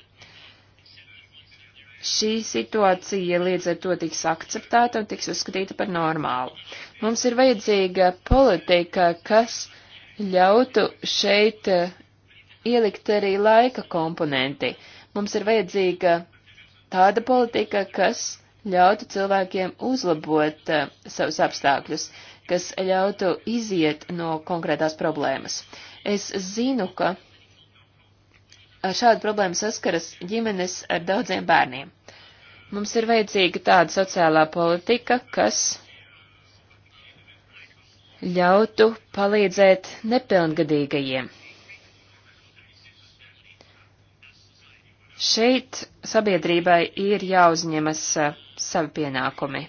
Šī situācija līdz ar to tiks akceptēta un tiks uzskatīta par normālu. Mums ir vajadzīga politika, kas ļautu šeit eh, ielikt arī laika komponenti. Mums ir vajadzīga tāda politika, kas ļautu cilvēkiem uzlabot uh, savus apstākļus, kas ļautu iziet no konkrētās problēmas. Es zinu, ka ar šādu problēmu saskaras ģimenes ar daudziem bērniem. Mums ir vajadzīga tāda sociālā politika, kas ļautu palīdzēt nepilngadīgajiem. Šeit sabiedrībai ir jāuzņemas eh, savi pienākumi.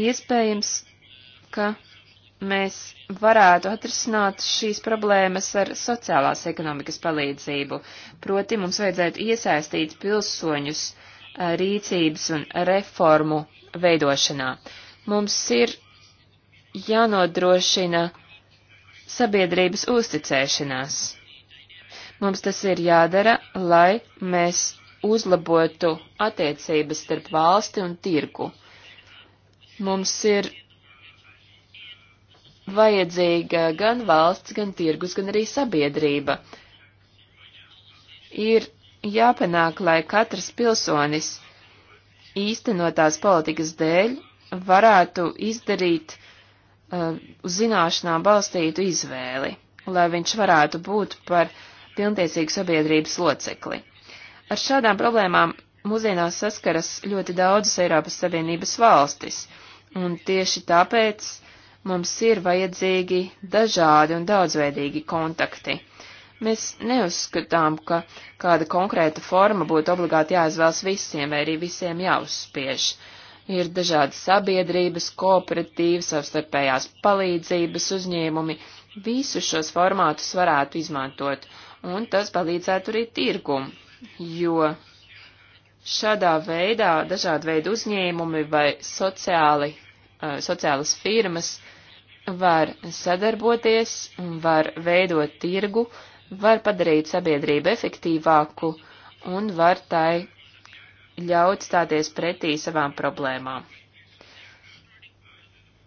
Iespējams, ka mēs varētu atrisināt šīs problēmas ar sociālās ekonomikas palīdzību, proti mums vajadzētu iesaistīt pilsoņus eh, rīcības un reformu veidošanā. Mums ir jānodrošina sabiedrības uzticēšanās. Mums tas ir jādara, lai mēs uzlabotu attiecības starp valsti un tirgu. Mums ir vajadzīga gan valsts, gan tirgus, gan arī sabiedrība. Ir jāpanāk, lai katrs pilsonis īstenotās politikas dēļ varētu izdarīt uh, uz zināšanām balstītu izvēli, lai viņš varētu būt par uh, pilntiesīgu sabiedrības locekli. Ar šādām problēmām mūsdienās saskaras ļoti daudzas Eiropas Savienības valstis, un tieši tāpēc mums ir vajadzīgi dažādi un daudzveidīgi kontakti. Mēs neuzskatām, ka kāda konkrēta forma būtu obligāti jāizvēlas visiem vai arī visiem jāuzspiež. Ir dažādas sabiedrības, kooperatīvas, savstarpējās palīdzības uzņēmumi, visus šos formātus varētu izmantot, un tas palīdzētu arī tirgumu, jo šādā veidā dažādi veidi uzņēmumi vai sociāli, uh, sociālas firmas var sadarboties, var veidot tirgu, var padarīt sabiedrību efektīvāku un var tai ļaut stāties pretī savām problēmām.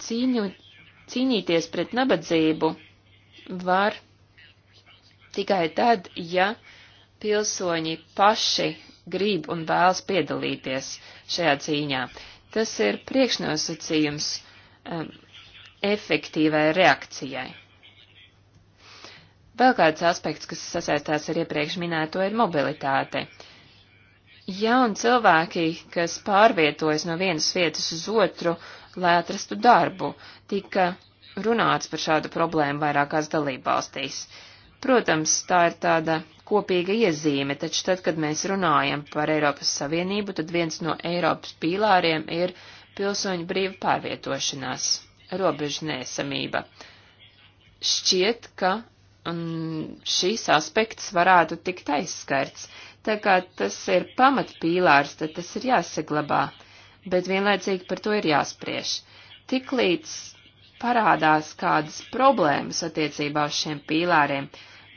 Cīņu, cīnīties pret nabadzību var tikai tad, ja pilsoņi paši grib un vēlas piedalīties šajā cīņā. Tas ir priekšnosacījums um, efektīvai reakcijai. Vēl kāds aspekts, kas sasaistās ar iepriekš minēto, ir mobilitāte. Jauni cilvēki, kas pārvietojas no vienas vietas uz otru, lai atrastu darbu, tika runāts par šādu problēmu vairākās dalībvalstīs. Protams, tā ir tāda kopīga iezīme, taču tad, kad mēs runājam par Eiropas Savienību, tad viens no Eiropas pīlāriem ir pilsoņu brīva pārvietošanās, robežu nēsamība. Šķiet, ka mm, šīs aspekts varētu tikt aizskarts, tā kā tas ir pamatpīlārs, tad tas ir jāsaglabā, bet vienlaicīgi par to ir jāspriež. Tiklīdz parādās kādas problēmas attiecībā uz šiem pīlāriem,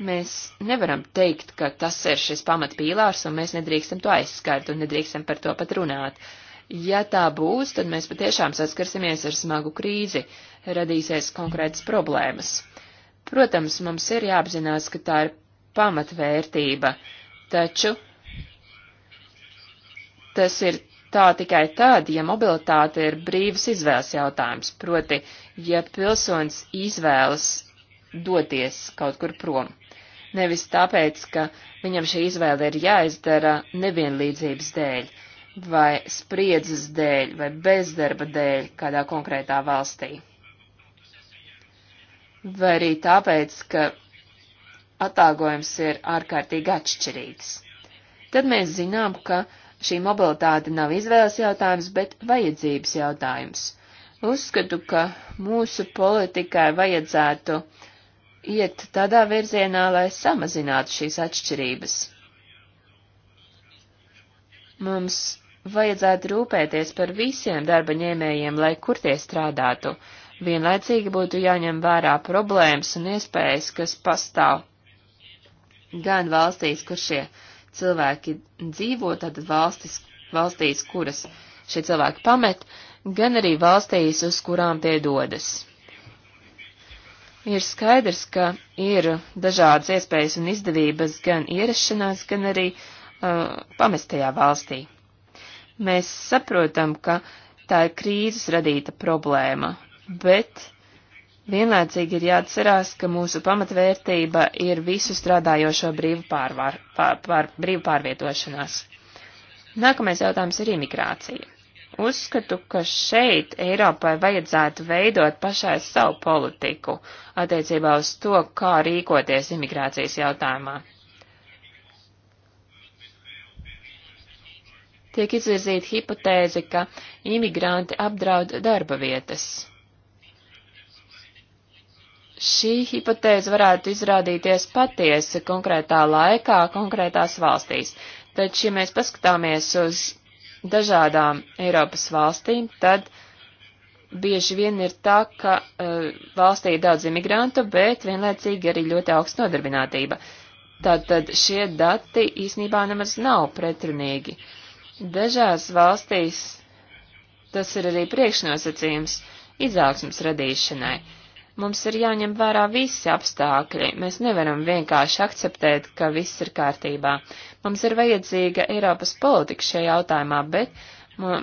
mēs nevaram teikt, ka tas ir šis pamatpīlārs un mēs nedrīkstam to aizskart un nedrīkstam par to pat runāt. Ja tā būs, tad mēs patiešām saskarsimies ar smagu krīzi, radīsies konkrētas problēmas. Protams, mums ir jāapzinās, ka tā ir pamatvērtība, taču tas ir tā tikai tad, ja mobilitāte ir brīvas izvēles jautājums, proti, ja pilsonis izvēlas doties kaut kur prom. Nevis tāpēc, ka viņam šī izvēle ir jāizdara nevienlīdzības dēļ, vai spriedzes dēļ, vai bezdarba dēļ kādā konkrētā valstī. Vai arī tāpēc, ka atāgojums ir ārkārtīgi atšķirīgs. Tad mēs zinām, ka uh, Šī mobilitāte nav izvēles jautājums, bet vajadzības jautājums. Uzskatu, ka mūsu politikai vajadzētu iet tādā virzienā, lai samazinātu šīs atšķirības. Mums vajadzētu rūpēties par visiem darba ņēmējiem, lai kur tie strādātu. Vienlaicīgi būtu jāņem vērā problēmas un iespējas, kas pastāv gan valstīs, kur šie cilvēki dzīvo, tātad valstis, valstīs, kuras šie cilvēki pamet, gan arī valstīs, uz kurām tie dodas. Ir skaidrs, ka ir dažādas iespējas un izdevības gan ierašanās, gan arī uh, pamestajā valstī. Mēs saprotam, ka tā ir krīzes radīta problēma, bet uh, Vienlaicīgi ir jāatcerās, ka mūsu pamatvērtība ir visu strādājošo brīvu, pārvār, pār, pār, brīvu pārvietošanās. Nākamais jautājums ir imigrācija. Uzskatu, ka šeit Eiropai vajadzētu veidot pašai savu politiku attiecībā uz to, kā rīkoties imigrācijas jautājumā. Tiek izvirzīta hipotēze, ka imigranti apdraud darba vietas šī hipotēze varētu izrādīties patiesa konkrētā laikā, konkrētās valstīs. Taču, ja mēs paskatāmies uz dažādām Eiropas valstīm, tad bieži vien ir tā, ka uh, valstī ir daudz imigrantu, bet vienlaicīgi arī ļoti augsta nodarbinātība. Tātad šie dati īsnībā nemaz nav pretrunīgi. Dažās valstīs tas ir arī priekšnosacījums izaugsmas radīšanai. Uh, Mums ir jāņem vērā visi apstākļi. Mēs nevaram vienkārši akceptēt, ka viss ir kārtībā. Mums ir vajadzīga Eiropas politika šajā jautājumā, bet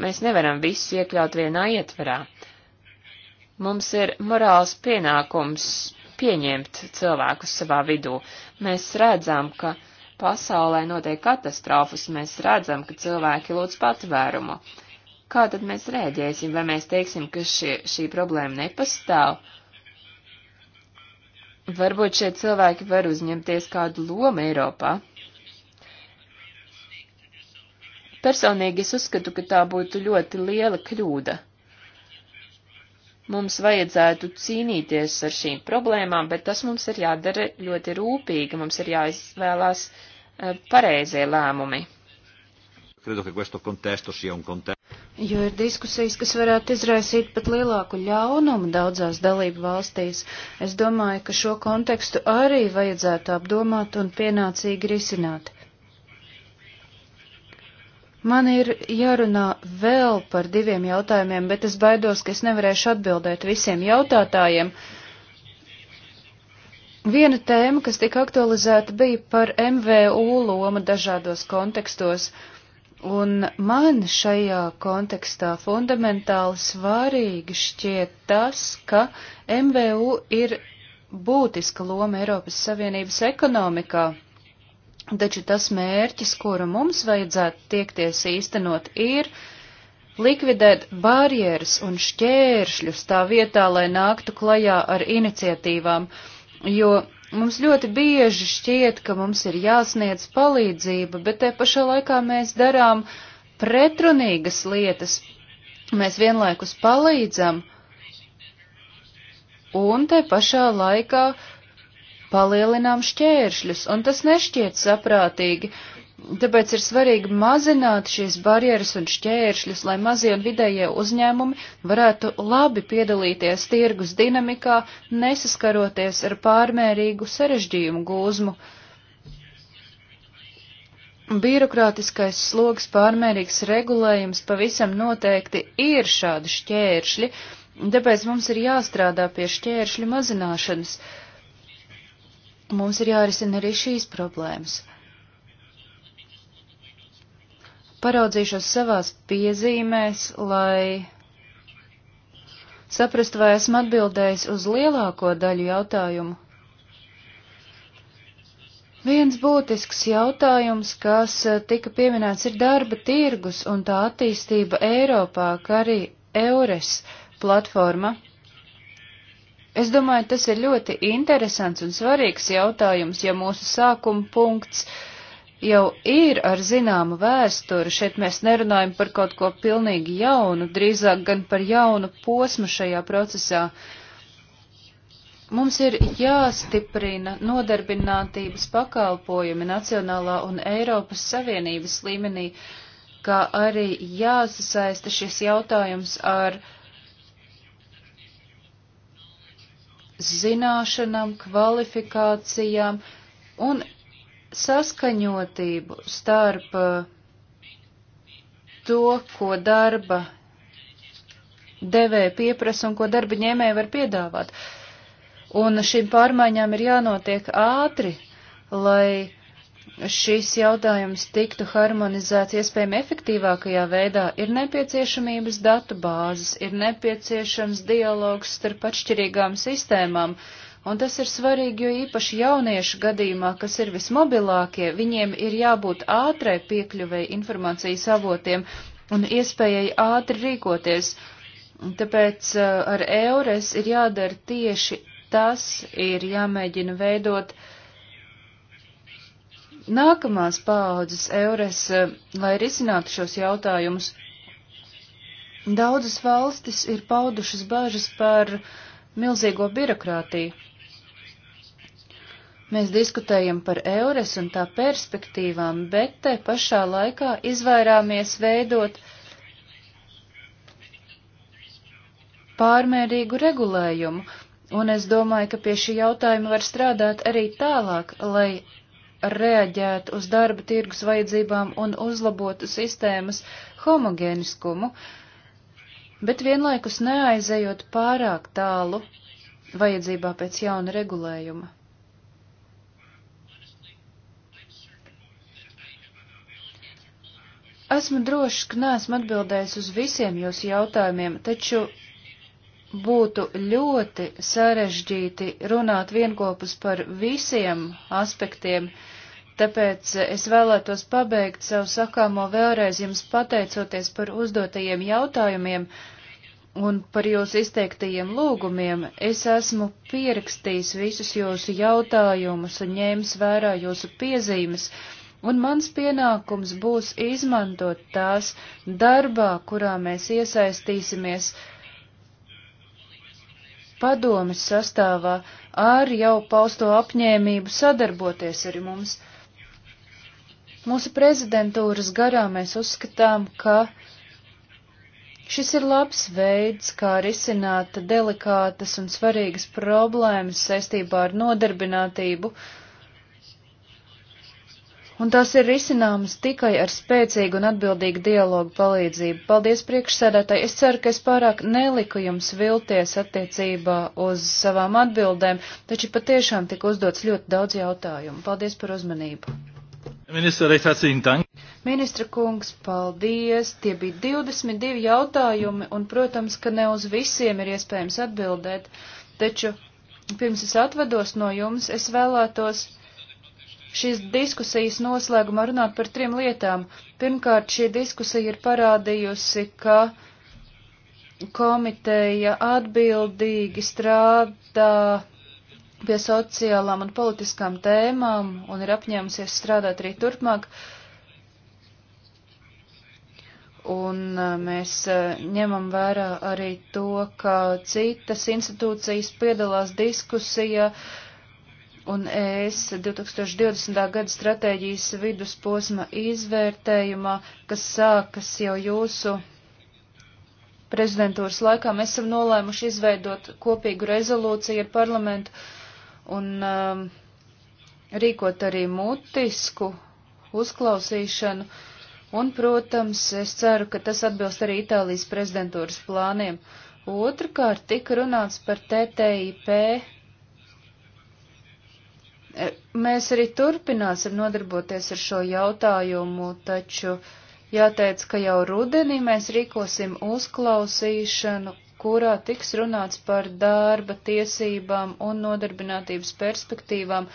mēs nevaram visu iekļaut vienā ietverā. Mums ir morāls pienākums pieņemt cilvēkus savā vidū. Mēs redzam, ka pasaulē notiek katastrofas, mēs redzam, ka cilvēki lūdz patvērumu. Kā tad mēs rēģēsim, vai mēs teiksim, ka šie, šī problēma nepastāv? Varbūt šie cilvēki var uzņemties kādu lomu Eiropā. Personīgi es uzskatu, ka tā būtu ļoti liela kļūda. Mums vajadzētu cīnīties ar šīm problēmām, bet tas mums ir jādara ļoti rūpīgi, mums ir jāizvēlās eh, pareizie lēmumi. Credo che questo contesto sia un contesto jo ir diskusijas, kas varētu izraisīt pat lielāku ļaunumu daudzās dalību valstīs. Es domāju, ka šo kontekstu arī vajadzētu apdomāt un pienācīgi risināt. Man ir jārunā vēl par diviem jautājumiem, bet es baidos, ka es nevarēšu atbildēt visiem jautātājiem. Viena tēma, kas tika aktualizēta, bija par MVU lomu dažādos kontekstos. Uh, Un man šajā kontekstā fundamentāli svarīgi šķiet tas, ka MVU ir būtiska loma Eiropas Savienības ekonomikā. Taču tas mērķis, kuru mums vajadzētu tiekties īstenot, ir likvidēt barjeras un šķēršļus tā vietā, lai nāktu klajā ar iniciatīvām, jo Mums ļoti bieži šķiet, ka mums ir jāsniedz palīdzība, bet te pašā laikā mēs darām pretrunīgas lietas. Mēs vienlaikus palīdzam un te pašā laikā palielinām šķēršļus, un tas nešķiet saprātīgi. Uh, Tāpēc ir svarīgi mazināt šīs barjeras un šķēršļus, lai mazie un vidējie uzņēmumi varētu labi piedalīties tirgus dinamikā, nesaskaroties ar pārmērīgu sarežģījumu gūzmu. Birokrātiskais slogs, pārmērīgs regulējums pavisam noteikti ir šādi šķēršļi, tāpēc mums ir jāstrādā pie šķēršļu mazināšanas. Mums ir jārisina arī šīs problēmas. paraudzīšos savās piezīmēs, lai saprastu, vai esmu atbildējis uz lielāko daļu jautājumu. Viens būtisks jautājums, kas eh, tika pieminēts, ir darba tirgus un tā attīstība Eiropā, kā arī Eures platforma. Es domāju, tas ir ļoti interesants un svarīgs jautājums, ja mūsu sākuma punkts uh, jau ir ar zināmu vēsturi. Šeit mēs nerunājam par kaut ko pilnīgi jaunu, drīzāk gan par jaunu posmu šajā procesā. Mums ir jāstiprina nodarbinātības pakalpojumi nacionālā un Eiropas Savienības līmenī, kā arī jāsasaista šis jautājums ar zināšanām, kvalifikācijām un saskaņotību starp eh, to, ko darba devēja pieprasa un ko darba ņēmēja var piedāvāt. Un šīm pārmaiņām ir jānotiek ātri, lai šis jautājums tiktu harmonizēts iespējami efektīvākajā veidā, ir nepieciešamības datu bāzes, ir nepieciešams dialogs starp atšķirīgām sistēmām. Uh, Un tas ir svarīgi, jo īpaši jauniešu gadījumā, kas ir vismobilākie, viņiem ir jābūt ātrai piekļuvēji informācijas avotiem un iespējai ātri rīkoties. Tāpēc uh, ar eures ir jādara tieši tas, ir jāmēģina veidot nākamās paaudzes eures, uh, lai risinātu šos jautājumus. Daudzas valstis ir paudušas bažas par milzīgo birokrātiju. Mēs diskutējam par eures un tā perspektīvām, bet te pašā laikā izvairāmies veidot pārmērīgu regulējumu, un es domāju, ka pie šī jautājuma var strādāt arī tālāk, lai reaģētu uz darba tirgus vajadzībām un uzlabotu sistēmas homogēniskumu, bet vienlaikus neaizejot pārāk tālu vajadzībā pēc jauna regulējuma. Esmu drošs, ka neesmu atbildējis uz visiem jūsu jautājumiem, taču būtu ļoti sarežģīti runāt vienkopus par visiem aspektiem, tāpēc es vēlētos pabeigt savu sakāmo vēlreiz jums pateicoties par uzdotajiem jautājumiem un par jūsu izteiktajiem lūgumiem. Es esmu pierakstījis visus jūsu jautājumus un ņēmis vērā jūsu piezīmes un mans pienākums būs izmantot tās darbā, kurā mēs iesaistīsimies padomis sastāvā ar jau pausto apņēmību sadarboties ar mums. Mūsu prezidentūras garā mēs uzskatām, ka šis ir labs veids, kā risināt delikātas un svarīgas problēmas saistībā ar nodarbinātību, uh, un tās ir risināmas tikai ar spēcīgu un atbildīgu dialogu palīdzību. Paldies priekšsēdētāji. Es ceru, ka es pārāk neliku jums vilties attiecībā uz savām atbildēm, taču patiešām tika uzdots ļoti daudz jautājumu. Paldies par uzmanību. Ministra kungs, paldies. Tie bija 22 jautājumi, un, protams, ka ne uz visiem ir iespējams atbildēt, taču pirms es atvados no jums, es vēlētos šīs diskusijas noslēgumā runāt par trim lietām. Pirmkārt, šī diskusija ir parādījusi, ka komiteja atbildīgi strādā pie sociālām un politiskām tēmām un ir apņēmusies strādāt arī turpmāk. Un mēs ņemam vērā arī to, ka citas institūcijas piedalās diskusijā uh, un ES 2020. gada stratēģijas vidusposma izvērtējumā, kas sākas jau jūsu prezidentūras laikā, mēs esam nolēmuši izveidot kopīgu rezolūciju ar parlamentu un um, rīkot arī mutisku uzklausīšanu. Un, protams, es ceru, ka tas atbilst arī Itālijas prezidentūras plāniem. Otrakārt tika runāts par TTIP Mēs arī turpināsim nodarboties ar šo jautājumu, taču jāteic, ka jau rudenī mēs rīkosim uzklausīšanu, kurā tiks runāts par darba tiesībām un nodarbinātības perspektīvām.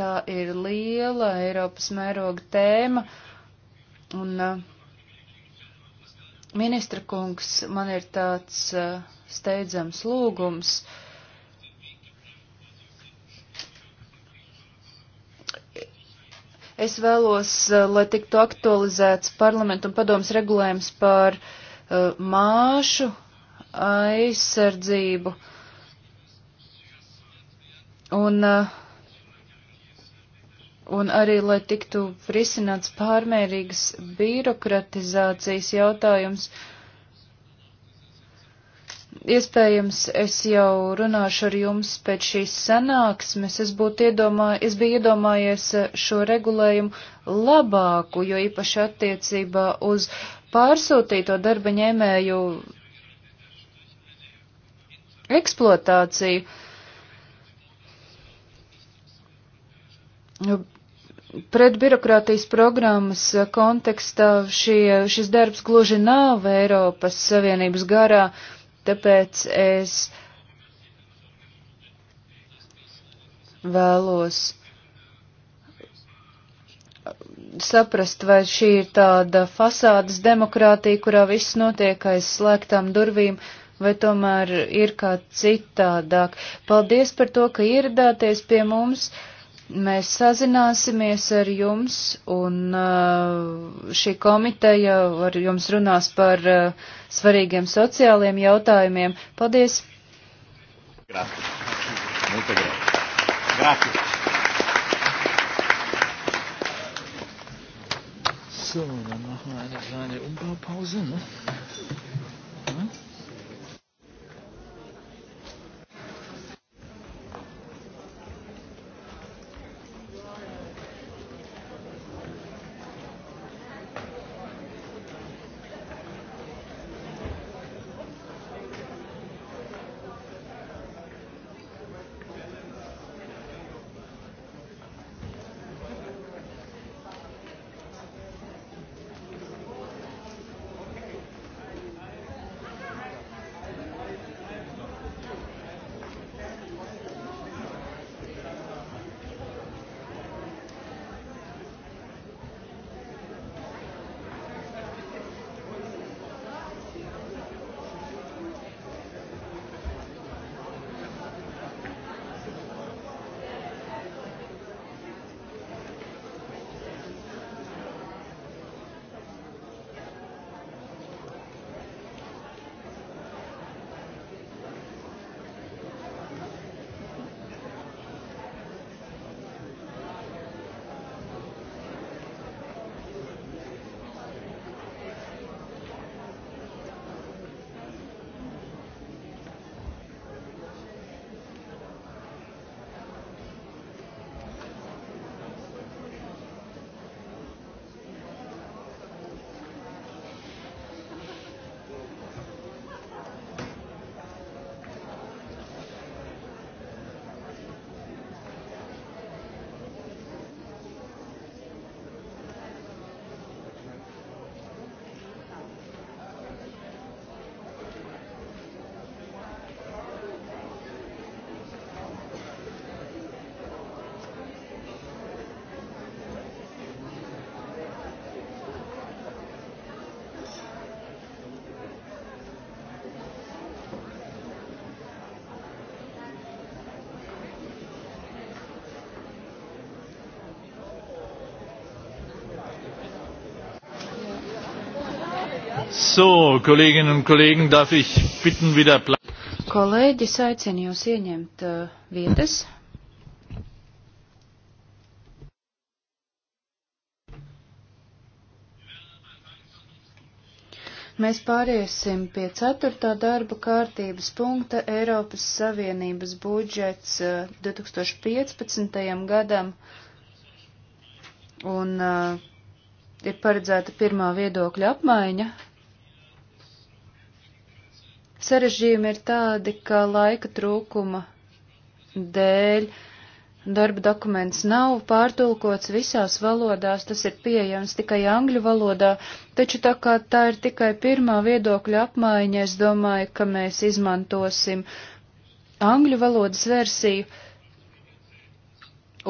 Tā ir liela Eiropas mēroga tēma, un uh, ministra kungs man ir tāds uh, steidzams lūgums. Uh, Es vēlos, eh, lai tiktu aktualizēts parlamentu un padomas regulējums par uh, māšu aizsardzību. Un, uh, un arī, lai tiktu risināts pārmērīgas birokratizācijas jautājums. Uh, Iespējams, es jau runāšu ar jums pēc šīs sanāksmes. Es, iedomā, es biju iedomājies šo regulējumu labāku, jo īpaši attiecībā uz pārsūtīto darba ņēmēju eksploatāciju. Pret birokrātijas programmas kontekstā šie, šis darbs gluži nav Eiropas Savienības garā. Uh, Tāpēc es vēlos saprast, vai šī ir tāda fasādes demokrātija, kurā viss notiek aiz slēgtām durvīm, vai tomēr ir kā citādāk. Paldies par to, ka ieradāties pie mums. Uh, Mēs sazināsimies ar jums, un uh, šī komiteja ar jums runās par uh, svarīgiem sociāliem jautājumiem. Paldies! So, dann machen wir eine kleine Umbaupause. Ne? So, Kolleginnen un Kollegen, darf ich bitten wieder Platz. Kolēģi, aicinu jūs ieņemt uh, vietas. Mēs pāriesim pie ceturtā darba kārtības punkta Eiropas Savienības budžets uh, 2015. gadam. Un uh, ir paredzēta pirmā viedokļa apmaiņa Sarežģījumi ir tādi, ka laika trūkuma dēļ darba dokuments nav pārtulkots visās valodās, tas ir pieejams tikai angļu valodā, taču tā kā tā ir tikai pirmā viedokļa apmaiņa, es domāju, ka mēs izmantosim angļu valodas versiju.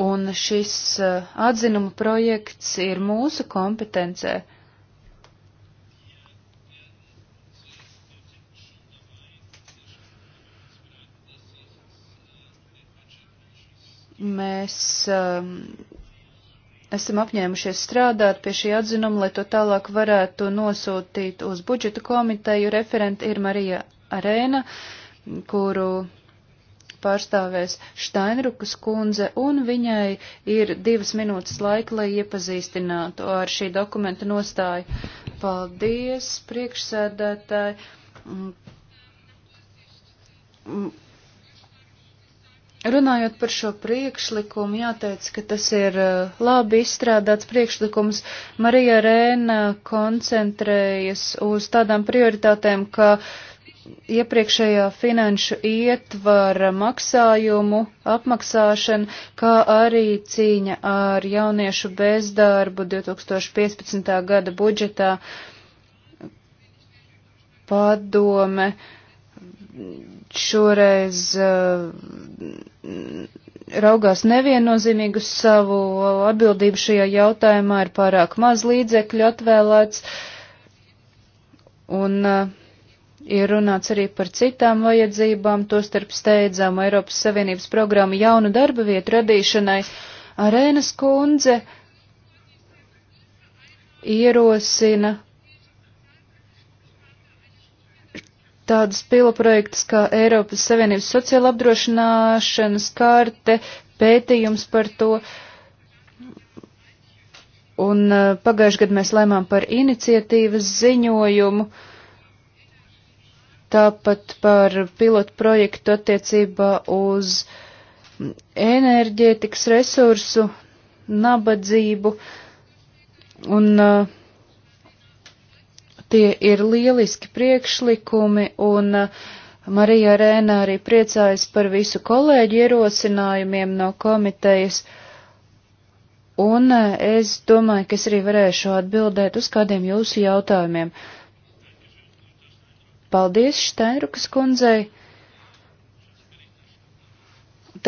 Un šis eh, atzinuma projekts ir mūsu kompetencē. Mēs um, esam apņēmušies strādāt pie šī atzinuma, lai to tālāk varētu nosūtīt uz budžeta komiteju. Referente ir Marija Arēna, kuru pārstāvēs Štainrukas kundze, un viņai ir divas minūtes laika, lai iepazīstinātu ar šī dokumenta nostāju. Paldies, priekšsēdētāji! Mm. Runājot par šo priekšlikumu, jāteic, ka tas ir uh, labi izstrādāts priekšlikums. Marija Rēna koncentrējas uz tādām prioritātēm, kā iepriekšējā finanšu ietvara maksājumu apmaksāšana, kā arī cīņa ar jauniešu bezdarbu 2015. gada budžetā padome. Uh, šoreiz raugās neviennozīmīgi uz savu atbildību šajā jautājumā, ir pārāk maz līdzekļu atvēlēts, un ir runāts arī par citām vajadzībām, tostarp steidzām Eiropas Savienības programmu jaunu darba vietu radīšanai. Arēnas kundze ierosina tādus piloprojektus kā Eiropas Savienības sociāla apdrošināšanas karte, pētījums par to. Un eh, pagājuši gadu mēs lēmām par iniciatīvas ziņojumu, tāpat par pilotu projektu attiecībā uz enerģētikas resursu nabadzību. Un uh, Tie ir lieliski priekšlikumi, un uh, Marija Rēna arī priecājas par visu kolēģi ierosinājumiem no komitejas. Un uh, es domāju, ka es arī varēšu atbildēt uz kādiem jūsu jautājumiem. Paldies Štērukas kundzei.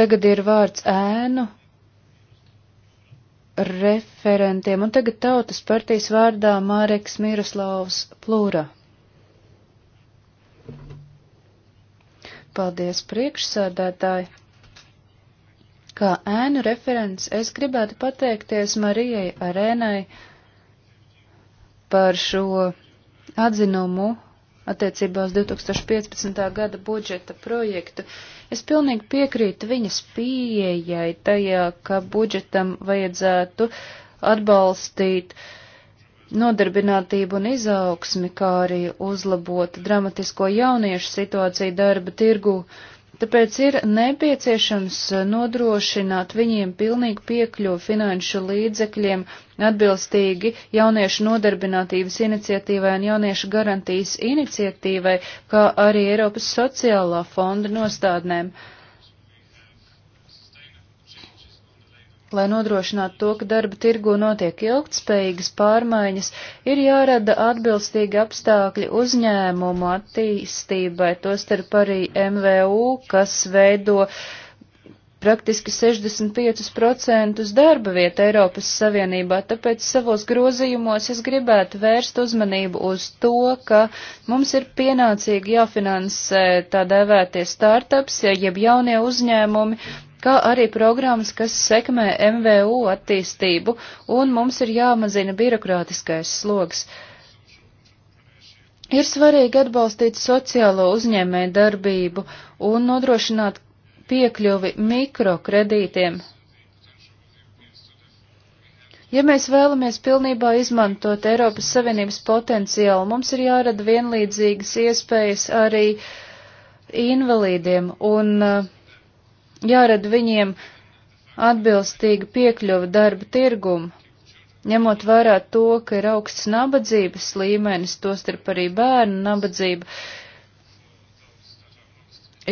Tagad ir vārds ēnu referentiem, un tagad tautas partijas vārdā Māreks Miroslavs Plūra. Paldies, priekšsādātāji! Kā ēnu referents es gribētu pateikties Marijai Arēnai par šo atzinumu attiecībā uz 2015. gada budžeta projektu. Es pilnīgi piekrītu viņas pieejai tajā, ka budžetam vajadzētu atbalstīt nodarbinātību un izaugsmi, kā arī uzlabot dramatisko jauniešu situāciju darba tirgu. Uh, Tāpēc ir nepieciešams eh, nodrošināt viņiem pilnīgu piekļuvu finanšu līdzekļiem atbilstīgi jauniešu nodarbinātības iniciatīvai un jauniešu garantijas iniciatīvai, kā arī Eiropas sociālā fonda nostādnēm. Uh, Lai nodrošinātu to, ka darba tirgu notiek ilgtspējīgas pārmaiņas, ir jārada atbilstīgi apstākļi uzņēmumu attīstībai, tostarp arī MVU, kas veido praktiski 65% darba vieta Eiropas Savienībā, tāpēc savos grozījumos es gribētu vērst uzmanību uz to, ka mums ir pienācīgi jāfinansē tā dēvētie startups, jeb jaunie uzņēmumi, kā arī programmas, kas sekmē MVU attīstību, un mums ir jāmazina birokrātiskais sloks. Ir svarīgi atbalstīt sociālo uzņēmēju darbību un nodrošināt piekļuvi mikrokredītiem. Ja mēs vēlamies pilnībā izmantot Eiropas Savienības potenciālu, mums ir jārada vienlīdzīgas iespējas arī invalīdiem, un uh, jārada viņiem atbilstīga piekļuva darba tirgumu, ņemot vērā to, ka ir augsts nabadzības līmenis, tostarp arī bērnu nabadzība,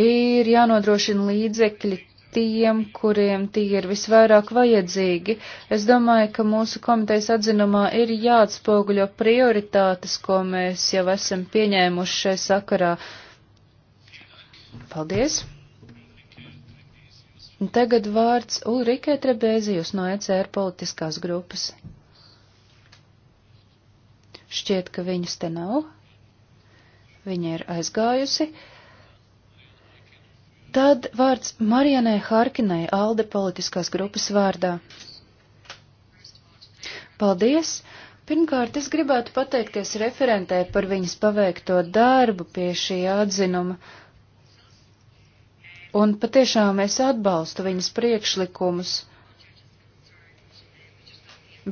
ir jānodrošina līdzekļi tiem, kuriem tie ir visvairāk vajadzīgi. Es domāju, ka mūsu komitejas atzinumā ir jāatspoguļo prioritātes, ko mēs jau esam pieņēmuši šai sakarā. Paldies! Tagad vārds Ulrike Trebēzijus no ECR politiskās grupas. Šķiet, ka viņas te nav. Viņa ir aizgājusi. Tad vārds Marijanai Harkinai Alde politiskās grupas vārdā. Paldies! Pirmkārt, es gribētu pateikties referentē par viņas paveikto darbu pie šī atzinuma. Uh, Un patiešām es atbalstu viņas priekšlikumus.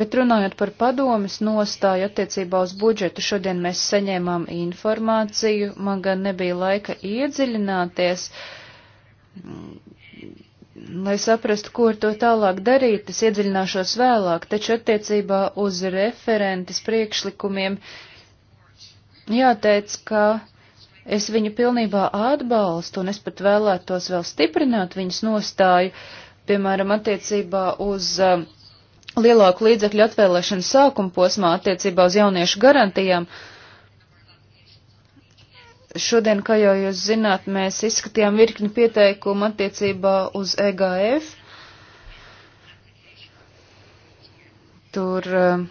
Bet runājot par padomis nostāju attiecībā uz budžetu, šodien mēs saņēmām informāciju, man gan nebija laika iedziļināties, mm, lai saprastu, ko ar to tālāk darīt, es iedziļināšos vēlāk, taču attiecībā uz referentes priekšlikumiem jāteic, ka Es viņu pilnībā atbalstu, un es pat vēlētos vēl stiprināt viņas nostāju, piemēram, attiecībā uz uh, lielāku līdzekļu atvēlēšanu sākuma posmā attiecībā uz jauniešu garantijām. Šodien, kā jau jūs zināt, mēs izskatījām virkni pieteikumu attiecībā uz EGF. Tur uh,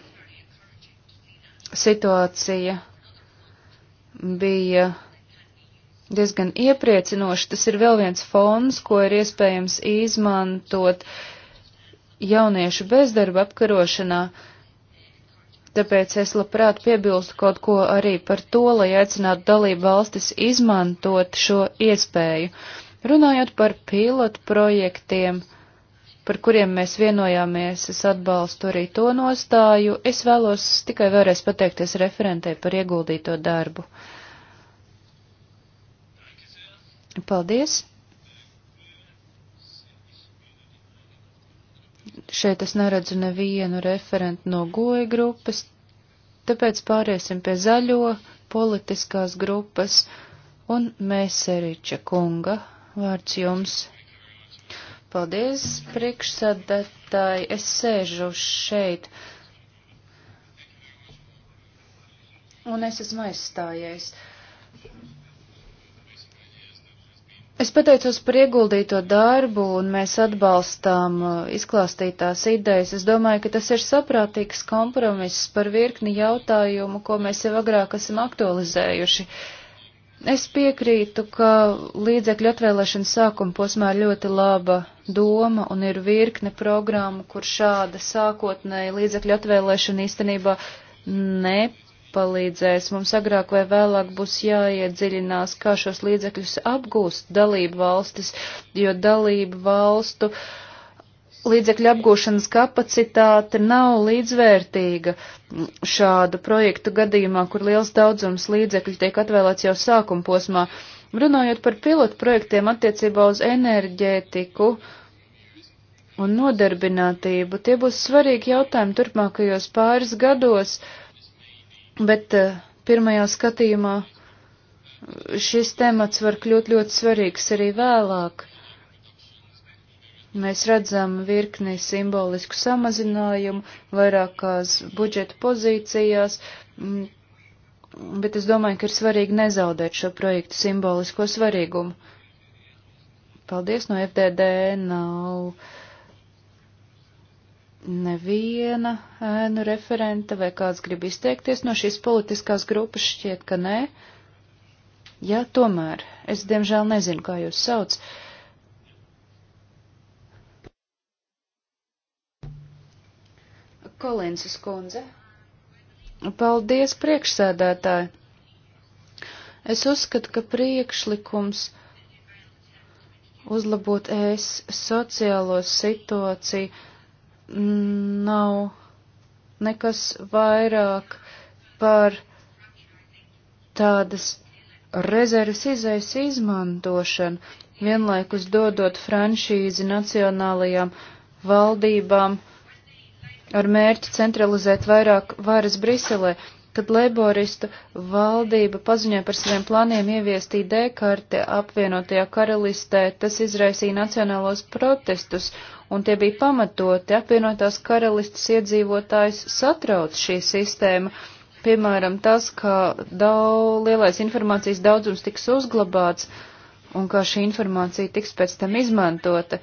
situācija bija diezgan iepriecinoši. Tas ir vēl viens fonds, ko ir iespējams izmantot jauniešu bezdarba apkarošanā. Tāpēc es labprāt piebilstu kaut ko arī par to, lai aicinātu dalību valstis izmantot šo iespēju. Runājot par pilotu projektiem, par kuriem mēs vienojāmies, es atbalstu arī to nostāju. Es vēlos tikai vēlreiz pateikties referentei par ieguldīto darbu. Paldies! Šeit es neredzu nevienu referentu no goja grupas, tāpēc pāriesim pie zaļo politiskās grupas un Mēseriča kunga. Vārds jums. Paldies, priekšsadatāji, es sēžu šeit. Un es esmu aizstājies. Uh, Es pateicos par ieguldīto darbu, un mēs atbalstām uh, izklāstītās idejas. Es domāju, ka tas ir saprātīgs kompromiss par virkni jautājumu, ko mēs jau agrāk esam aktualizējuši. Es piekrītu, ka līdzekļu atvēlēšana sākuma posmā ir ļoti laba doma, un ir virkne programma, kur šāda sākotnēja līdzekļu atvēlēšana īstenībā nepārāk palīdzēs. Mums agrāk vai vēlāk būs jāiedziļinās, kā šos līdzekļus apgūst dalību valstis, jo dalību valstu līdzekļu apgūšanas kapacitāte nav līdzvērtīga šādu projektu gadījumā, kur liels daudzums līdzekļu tiek atvēlēts jau sākuma posmā. Runājot par pilotu projektiem attiecībā uz enerģētiku, uh, un nodarbinātību. Tie būs svarīgi jautājumi turpmākajos pāris gados, bet eh, pirmajā skatījumā šis temats var kļūt ļoti svarīgs arī vēlāk. Mēs redzam virkni simbolisku samazinājumu vairākās budžeta pozīcijās, bet es domāju, ka ir svarīgi nezaudēt šo projektu simbolisko svarīgumu. Paldies no FDD, nav. No neviena ēnu referenta vai kāds grib izteikties no šīs politiskās grupas, šķiet, ka nē. Jā, tomēr, es diemžēl nezinu, kā jūs sauc. Kolinsas kundze. Paldies, priekšsēdētāji. Es uzskatu, ka priekšlikums uzlabot ēs sociālo situāciju nav nekas vairāk par tādas rezerves izaisa izmantošanu, vienlaikus dodot franšīzi nacionālajām valdībām ar mērķi centralizēt vairāk varas Briselē, kad leiboristu valdība paziņoja par saviem plāniem ieviest ID karti apvienotajā karalistē, tas izraisīja nacionālos protestus un tie bija pamatoti. Apvienotās karalistas iedzīvotājs satrauc šī sistēma. Piemēram, tas, ka daudz, lielais informācijas daudzums tiks uzglabāts un kā šī informācija tiks pēc tam izmantota.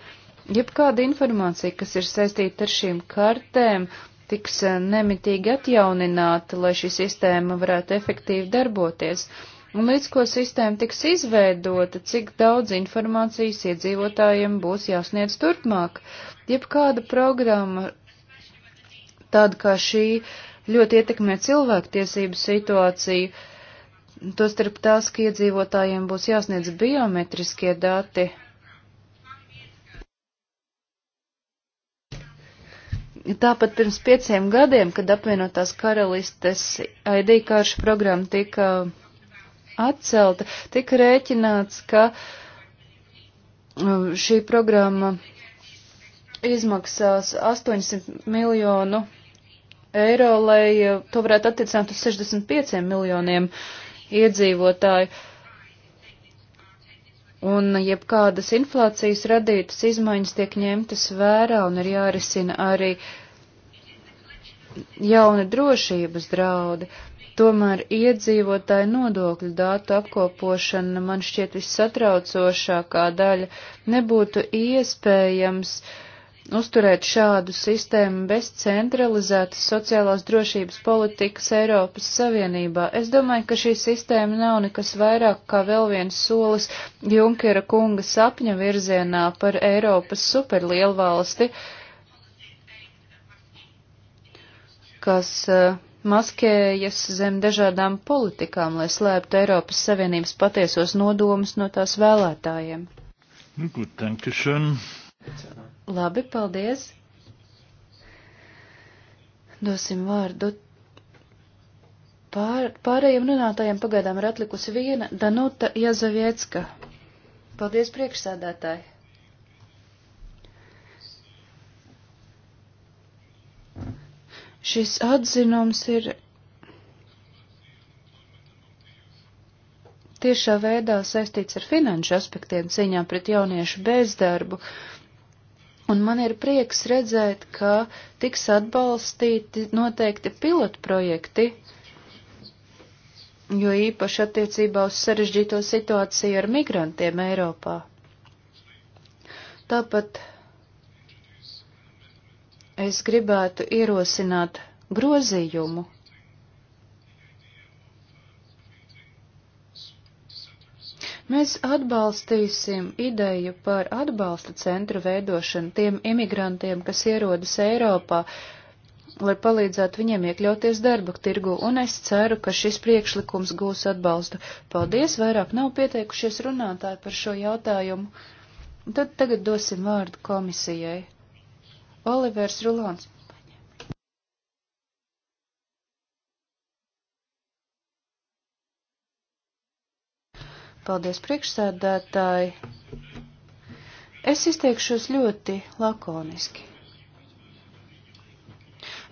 Jebkāda informācija, kas ir saistīta ar šīm kartēm, tiks eh, nemitīgi atjaunināta, lai šī sistēma varētu efektīvi darboties. Uh, Un līdz ko sistēma tiks izveidota, cik daudz informācijas iedzīvotājiem būs jāsniedz turpmāk. Jebkāda programma, tāda kā šī, ļoti ietekmē cilvēktiesību situāciju. Tostarp tās, ka iedzīvotājiem būs jāsniedz biometriskie dati. Tāpat pirms pieciem gadiem, kad apvienotās karalistes ID karšu programma tika atcelta, tika rēķināts, ka um, šī programma izmaksās 800 miljonu eiro, lai uh, to varētu attiecināt uz 65 miljoniem iedzīvotāju. Un jebkādas inflācijas radītas izmaiņas tiek ņemtas vērā un ir jārisina arī jauni drošības draudi. Tomēr iedzīvotāju nodokļu dātu apkopošana man šķiet vissatraucošākā daļa nebūtu iespējams uzturēt šādu sistēmu bez centralizētas sociālās drošības politikas Eiropas Savienībā. Es domāju, ka šī sistēma nav nekas vairāk kā vēl viens solis Junkera kunga sapņa virzienā par Eiropas superlielvalsti, kas uh, maskējas zem dažādām politikām, lai slēptu Eiropas Savienības patiesos nodomus no tās vēlētājiem. Nu, Good, Labi, paldies. Dosim vārdu Pār, pārējiem runātājiem pagaidām ir atlikusi viena Danuta Jazaviecka. Paldies priekšsēdētāji! Šis atzinums ir tiešā veidā saistīts ar finanšu aspektiem cīņā pret jauniešu bezdarbu. Un man ir prieks redzēt, ka tiks atbalstīti noteikti pilotprojekti, jo īpaši attiecībā uz sarežģīto situāciju ar migrantiem Eiropā. Tāpat es gribētu ierosināt grozījumu, Mēs atbalstīsim ideju par atbalsta centru veidošanu tiem imigrantiem, kas ierodas Eiropā, lai palīdzētu viņiem iekļauties darba tirgu, un es ceru, ka šis priekšlikums gūs atbalstu. Paldies, vairāk nav pieteikušies runātāji par šo jautājumu. Tad tagad dosim vārdu komisijai. Olivers Rulons. Paldies priekšsēdētāji. Es izteikšos ļoti lakoniski.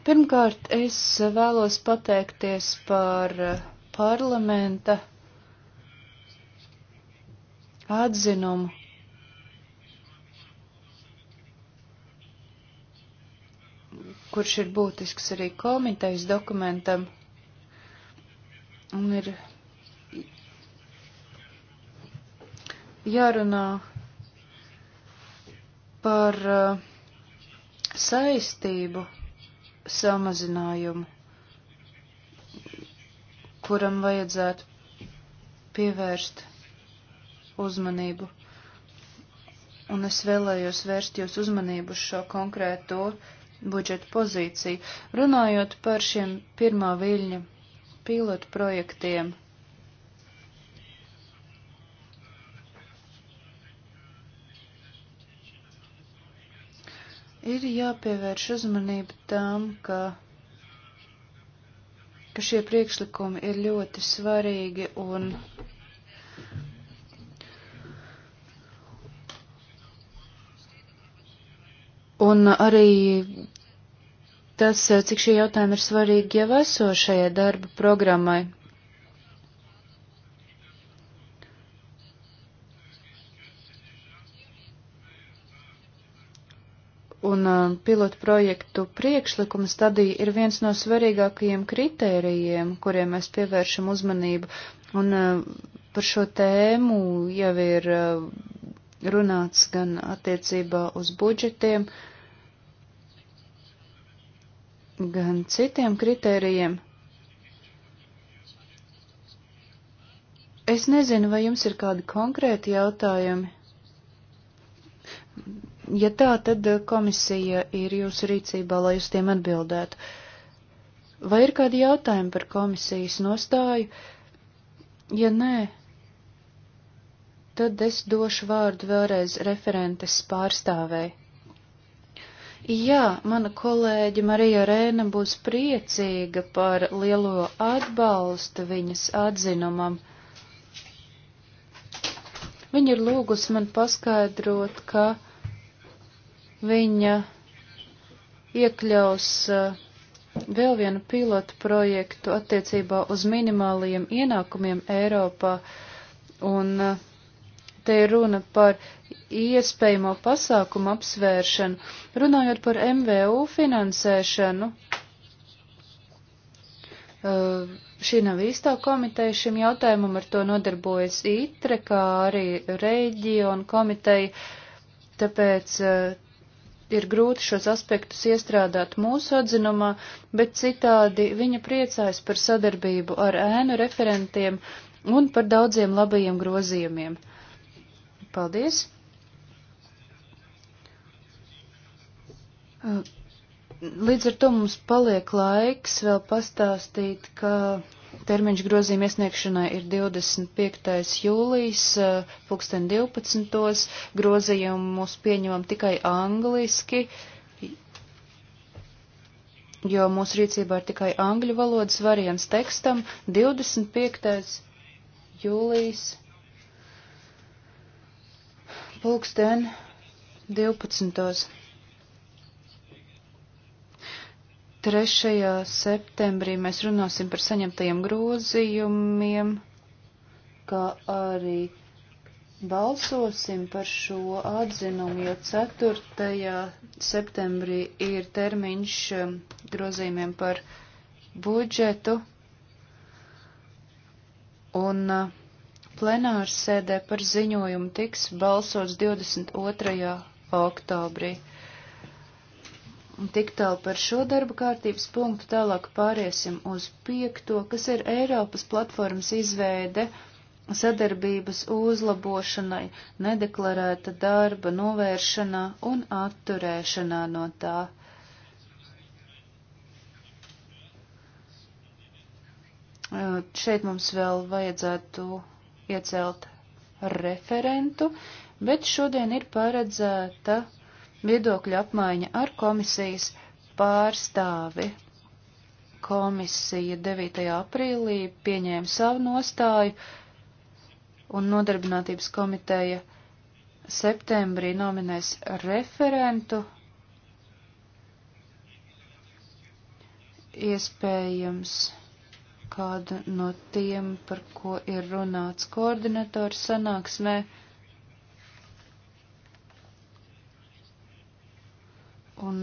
Pirmkārt, es vēlos pateikties par parlamenta atzinumu kurš ir būtisks arī komitejas dokumentam un ir jārunā par uh, saistību samazinājumu, kuram vajadzētu pievērst uzmanību. Un es vēlējos vērst jūs uzmanību uz šo konkrēto budžeta pozīciju. Runājot par šiem pirmā viļņa pilotu projektiem, ir jāpievērš uzmanība tām, ka, ka šie priekšlikumi ir ļoti svarīgi un Un arī tas, cik šie jautājumi ir svarīgi jau esošajai darba programmai. Un uh, pilotu projektu priekšlikuma stadija ir viens no svarīgākajiem kritērijiem, kuriem mēs pievēršam uzmanību. Un uh, par šo tēmu jau ir uh, runāts gan attiecībā uz budžetiem, uh, gan citiem kritērijiem. Es nezinu, vai jums ir kādi konkrēti jautājumi. Ja tā, tad eh, komisija ir jūsu rīcībā, lai uz tiem atbildētu. Vai ir kādi jautājumi par komisijas nostāju? Ja nē, tad es došu vārdu vēlreiz referentes pārstāvēji. Jā, mana kolēģe Marija Rēna būs priecīga par lielo atbalstu viņas atzinumam. Viņa ir lūgusi man paskaidrot, ka viņa iekļaus uh, vēl vienu pilotu projektu attiecībā uz minimālajiem ienākumiem Eiropā un uh, Te ir runa par iespējamo pasākumu apsvēršanu. Runājot par MVU finansēšanu, uh, šī nav īstā komiteja šim jautājumam, ar to nodarbojas ITRE, kā arī reģiona komiteja, tāpēc uh, ir grūti šos aspektus iestrādāt mūsu atzinumā, bet citādi viņa priecājas par sadarbību ar ēnu referentiem un par daudziem labajiem grozījumiem. Paldies! Uh, līdz ar to mums paliek laiks vēl pastāstīt, ka termiņš grozījuma iesniegšanai ir 25. jūlijas, uh, pulksten 12. grozījumus pieņemam tikai angliski, jo mūsu rīcībā ir tikai angļu valodas variants tekstam 25. jūlijas pulksten 12. 3. septembrī mēs runāsim par saņemtajiem grozījumiem, kā arī balsosim par šo atzinumu, jo 4. septembrī ir termiņš um, grozījumiem par budžetu. Un uh, Plenāra sēdē par ziņojumu tiks balsots 22. oktobrī. Tik tālu par šo darba kārtības punktu, tālāk pāriesim uz piekto, kas ir Eiropas platformas izveide sadarbības uzlabošanai, nedeklarēta darba novēršanā un atturēšanā no tā. Šeit mums vēl vajadzētu iecelt referentu, bet šodien ir paredzēta viedokļa apmaiņa ar komisijas pārstāvi. Komisija 9. aprīlī pieņēma savu nostāju un nodarbinātības komiteja septembrī nominēs referentu. Iespējams kādu no tiem, par ko ir runāts koordinatoru sanāksmē. Un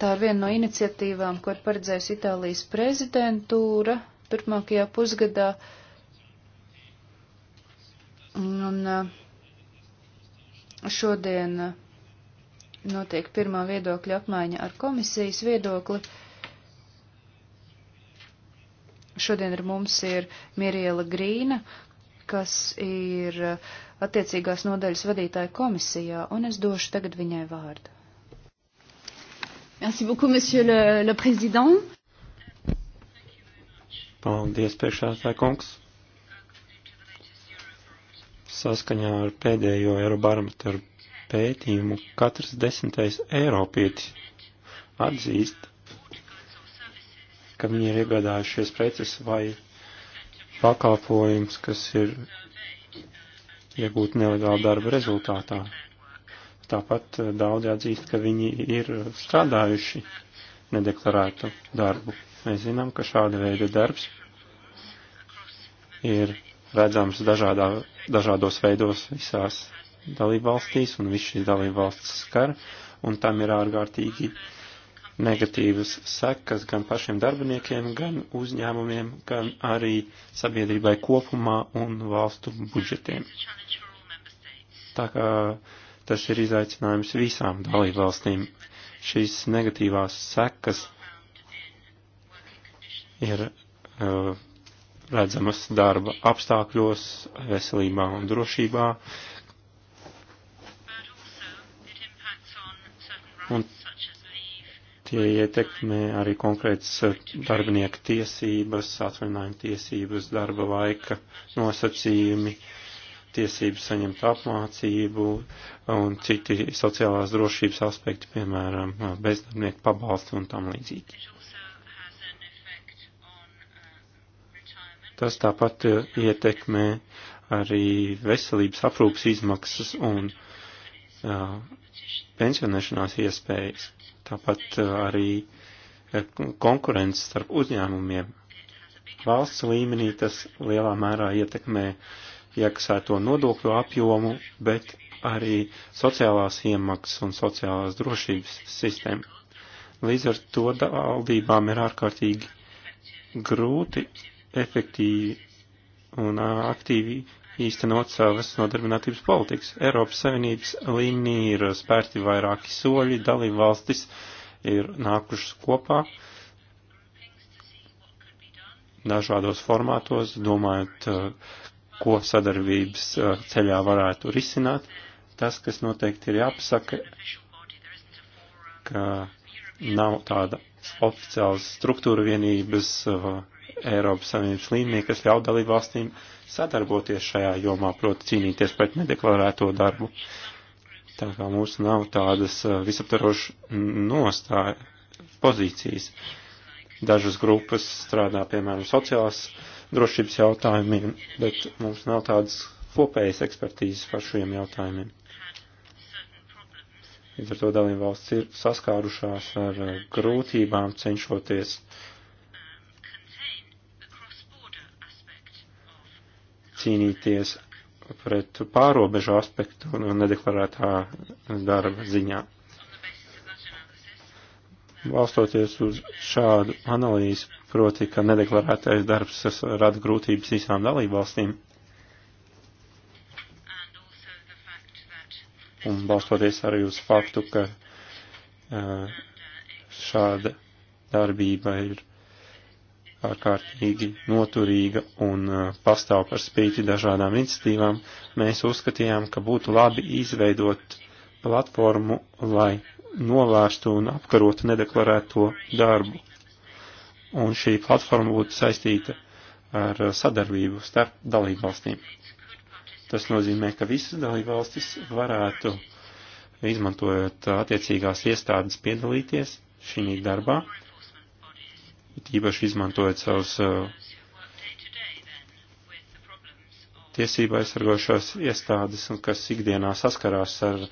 tā ir viena no iniciatīvām, ko ir paredzējusi Itālijas prezidentūra turpmākajā pusgadā. Un šodien notiek pirmā viedokļa apmaiņa ar komisijas viedokli. Šodien ar mums ir Miriela Grīna, kas ir attiecīgās nodaļas vadītāja komisijā, un es došu tagad viņai vārdu. Merci beaucoup, monsieur le, le président. Paldies, priekšsēdētāj kungs. Saskaņā ar pēdējo Eirobarometru pētījumu katrs desmitais Eiropietis atzīst, ka viņi ir iegādājušies preces vai pakalpojums, kas ir iegūti nelegāla darba rezultātā. Tāpat eh, daudzi atzīst, ka viņi ir strādājuši nedeklarētu darbu. Mēs zinām, ka šāda veida darbs ir redzams dažādā, dažādos veidos visās dalībvalstīs, un viss šīs dalībvalstis skar, un tam ir ārkārtīgi uh, negatīvas sekas gan pašiem darbiniekiem, gan uzņēmumiem, gan arī sabiedrībai kopumā un valstu budžetiem. Tā kā tas ir izaicinājums visām dalībvalstīm. Šīs negatīvās sekas ir uh, redzamas darba apstākļos, veselībā un drošībā. Un Tie ietekmē arī konkrētas eh, darbinieku tiesības, atvaļinājuma tiesības, darba laika nosacījumi, tiesības saņemt apmācību un citi sociālās drošības aspekti, piemēram, eh, bezdarbnieku pabalstu un tam līdzīgi. Tas tāpat eh, ietekmē arī veselības aprūpas izmaksas un uh, pensionēšanās iespējas. Tāpat uh, arī uh, konkurence starp uzņēmumiem. Valsts līmenī tas lielā mērā ietekmē iekasēto nodokļu apjomu, bet arī sociālās iemaksas un sociālās drošības sistēmu. Līdz ar to valdībām ir ārkārtīgi grūti efektīvi un uh, aktīvi īstenot savas nodarbinātības politikas. Eiropas Savienības līmenī ir spērti vairāki soļi, dalību valstis ir nākušas kopā dažādos formātos, domājot, eh, ko sadarbības eh, ceļā varētu risināt. Tas, kas noteikti ir jāpasaka, ka nav tāda oficiālas struktūra vienības eh, Eiropas Savienības līmenī, kas ļauj dalību valstīm sadarboties šajā jomā, proti cīnīties pret nedeklarēto darbu. Tā kā mums nav tādas uh, visaptarošas nostāja pozīcijas. Dažas grupas strādā, piemēram, sociālās drošības jautājumiem, bet mums nav tādas kopējas ekspertīzes par šiem jautājumiem. Līdz ar to dalībvalsts ir saskārušās ar uh, grūtībām cenšoties uh, cīnīties pret pārobežu aspektu un nedeklarētā darba ziņā. Balstoties uz šādu analīzi, proti, ka nedeklarētais darbs rada grūtības visām dalībvalstīm, un balstoties arī uz faktu, ka eh, šāda darbība ir ārkārtīgi noturīga un uh, pastāv par spīti dažādām iniciatīvām, mēs uzskatījām, ka būtu labi izveidot platformu, lai novērstu un apkarotu nedeklarēto darbu. Un šī platforma būtu saistīta ar uh, sadarbību starp dalībvalstīm. Tas nozīmē, ka visas dalībvalstis varētu, izmantojot uh, attiecīgās iestādes, piedalīties šī darbā it īpaši izmantojot savus uh, tiesība aizsargošās iestādes, kas ikdienā saskarās ar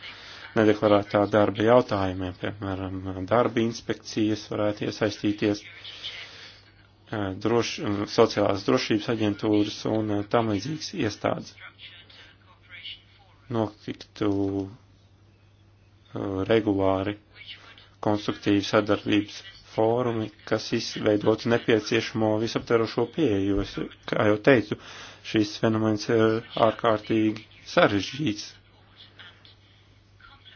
nedeklarētā darba jautājumiem, piemēram, darba inspekcijas varētu iesaistīties, uh, droš, uh, sociālās drošības aģentūras un tam līdzīgas iestādes. Notiktu regulāri konstruktīvi sadarbības fórumi, kas izveidotu nepieciešamo visaptverošo pieeju, jo, kā jau teicu, šīs fenomens ir ārkārtīgi sarežģīts.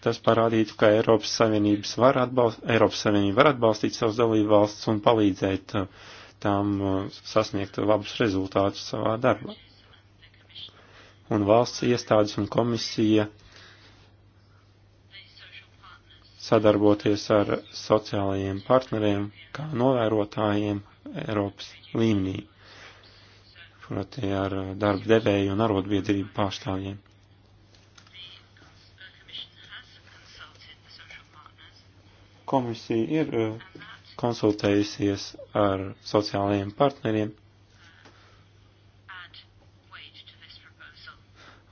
Tas parādītu, ka Eiropas, Savienības var atbalst, Eiropas Savienība var atbalstīt savus dalību valsts un palīdzēt uh, tām uh, sasniegt labus rezultātus savā darbā. Un valsts iestādes un komisija sadarboties ar sociālajiem partneriem, kā novērotājiem Eiropas līmenī, proti ar darba devēju un arotbiedrību pārstāvjiem. Komisija ir eh, konsultējusies ar sociālajiem partneriem.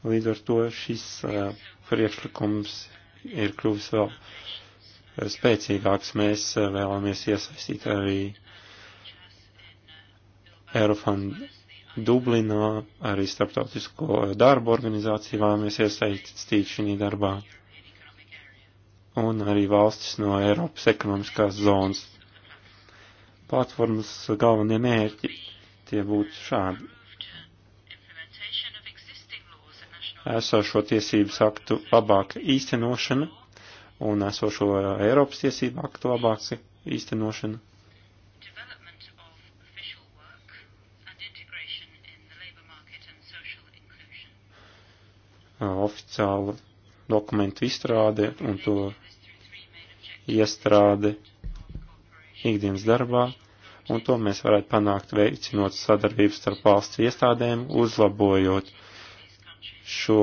Līdz ar to šis eh, priekšlikums ir kļuvis vēl uh, spēcīgāks. Mēs eh, vēlamies iesaistīt arī Eurofondu Dublinā, arī starptautisko eh, darbu organizāciju vēlamies iesaistīt šī darbā. Un arī valstis no Eiropas ekonomiskās zonas. Platformas galvenie mērķi tie būtu šādi. Esošo tiesības aktu labāka īstenošana un esošo eh, Eiropas tiesību aktu labāka īstenošana. oficiālu dokumentu izstrāde un to iestrāde ikdienas darbā, un to mēs varētu panākt veicinot sadarbību starp valsts iestādēm, uzlabojot šo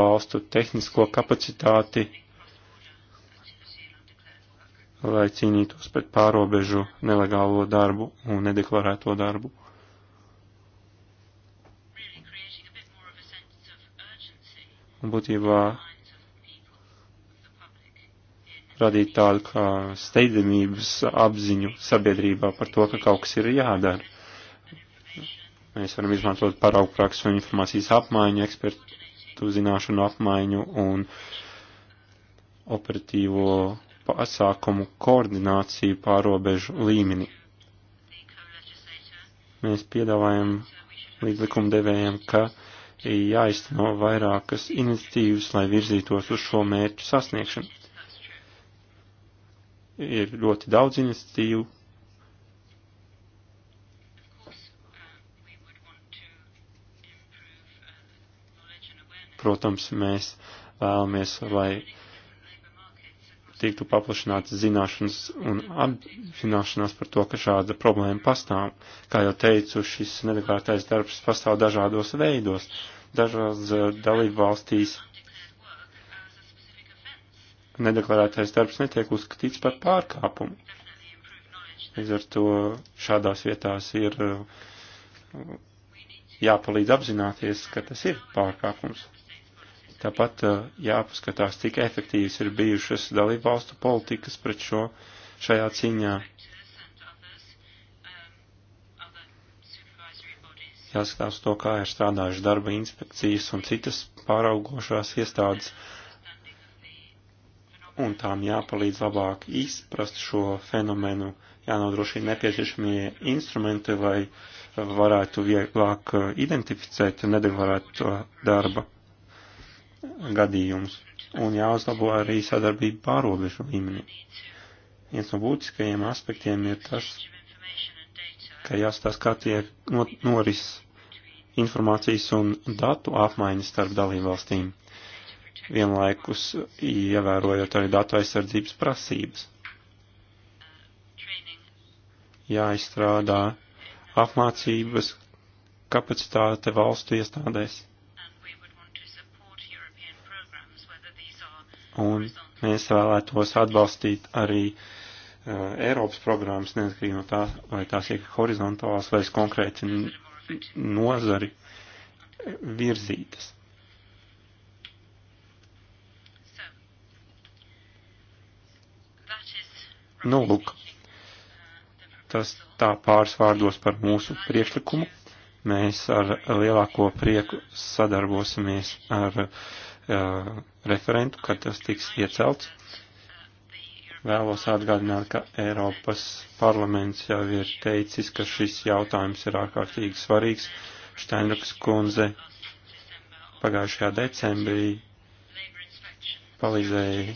valstu tehnisko kapacitāti lai cīnītos pret pārobežu nelegālo darbu un nedeklarēto darbu. Un būtībā radīt tādu kā steidzamības apziņu sabiedrībā par to, ka kaut kas ir jādara. Mēs varam izmantot paraugu praksu un informācijas apmaiņu, ekspertu zināšanu apmaiņu un operatīvo pasākumu koordināciju pārobežu līmenī. Mēs piedāvājam līdzlikumdevējiem, ka jāizteno vairākas iniciatīvas, lai virzītos uz šo mērķu sasniegšanu. Ir ļoti daudz iniciatīvu. Protams, mēs vēlamies, lai uh, tiktu paplašināts zināšanas un apzināšanās par to, ka šāda problēma pastāv. Kā jau teicu, šis nedeklārtais darbs pastāv dažādos veidos, dažās eh, dalību valstīs. Nedeklarētais darbs netiek uzskatīts par pārkāpumu. Līdz ar to šādās vietās ir eh, jāpalīdz apzināties, ka tas ir pārkāpums. Tāpat uh, jāpaskatās, cik efektīvas ir bijušas dalībvalstu politikas pret šo šajā cīņā. Jāskatās to, kā ir strādājuši darba inspekcijas un citas pāraugošās iestādes, un tām jāpalīdz labāk izprast šo fenomenu, jānodrošina nepieciešamie instrumenti, lai varētu vieglāk uh, identificēt nedeklarēto darba gadījumus un jāuzlabo arī sadarbība pārobežu līmenī. Viens no būtiskajiem aspektiem ir tas, ka jāstās, kā tiek noris informācijas un datu apmaiņas starp dalībvalstīm, vienlaikus ievērojot arī datu aizsardzības prasības. Jāizstrādā apmācības kapacitāte valstu iestādēs un mēs vēlētos atbalstīt arī uh, Eiropas programmas, neatkarīgi no tā, vai tās ir horizontālās vai konkrēti nozari virzītas. Nu, lūk, tas tā pāris vārdos par mūsu priekšlikumu. Mēs ar lielāko prieku sadarbosimies ar uh, referentu, kad tas tiks iecelts. Vēlos atgādināt, ka Eiropas parlaments jau ir teicis, ka šis jautājums ir ārkārtīgi svarīgs. Steinrukas kundze pagājušajā decembrī palīdzēja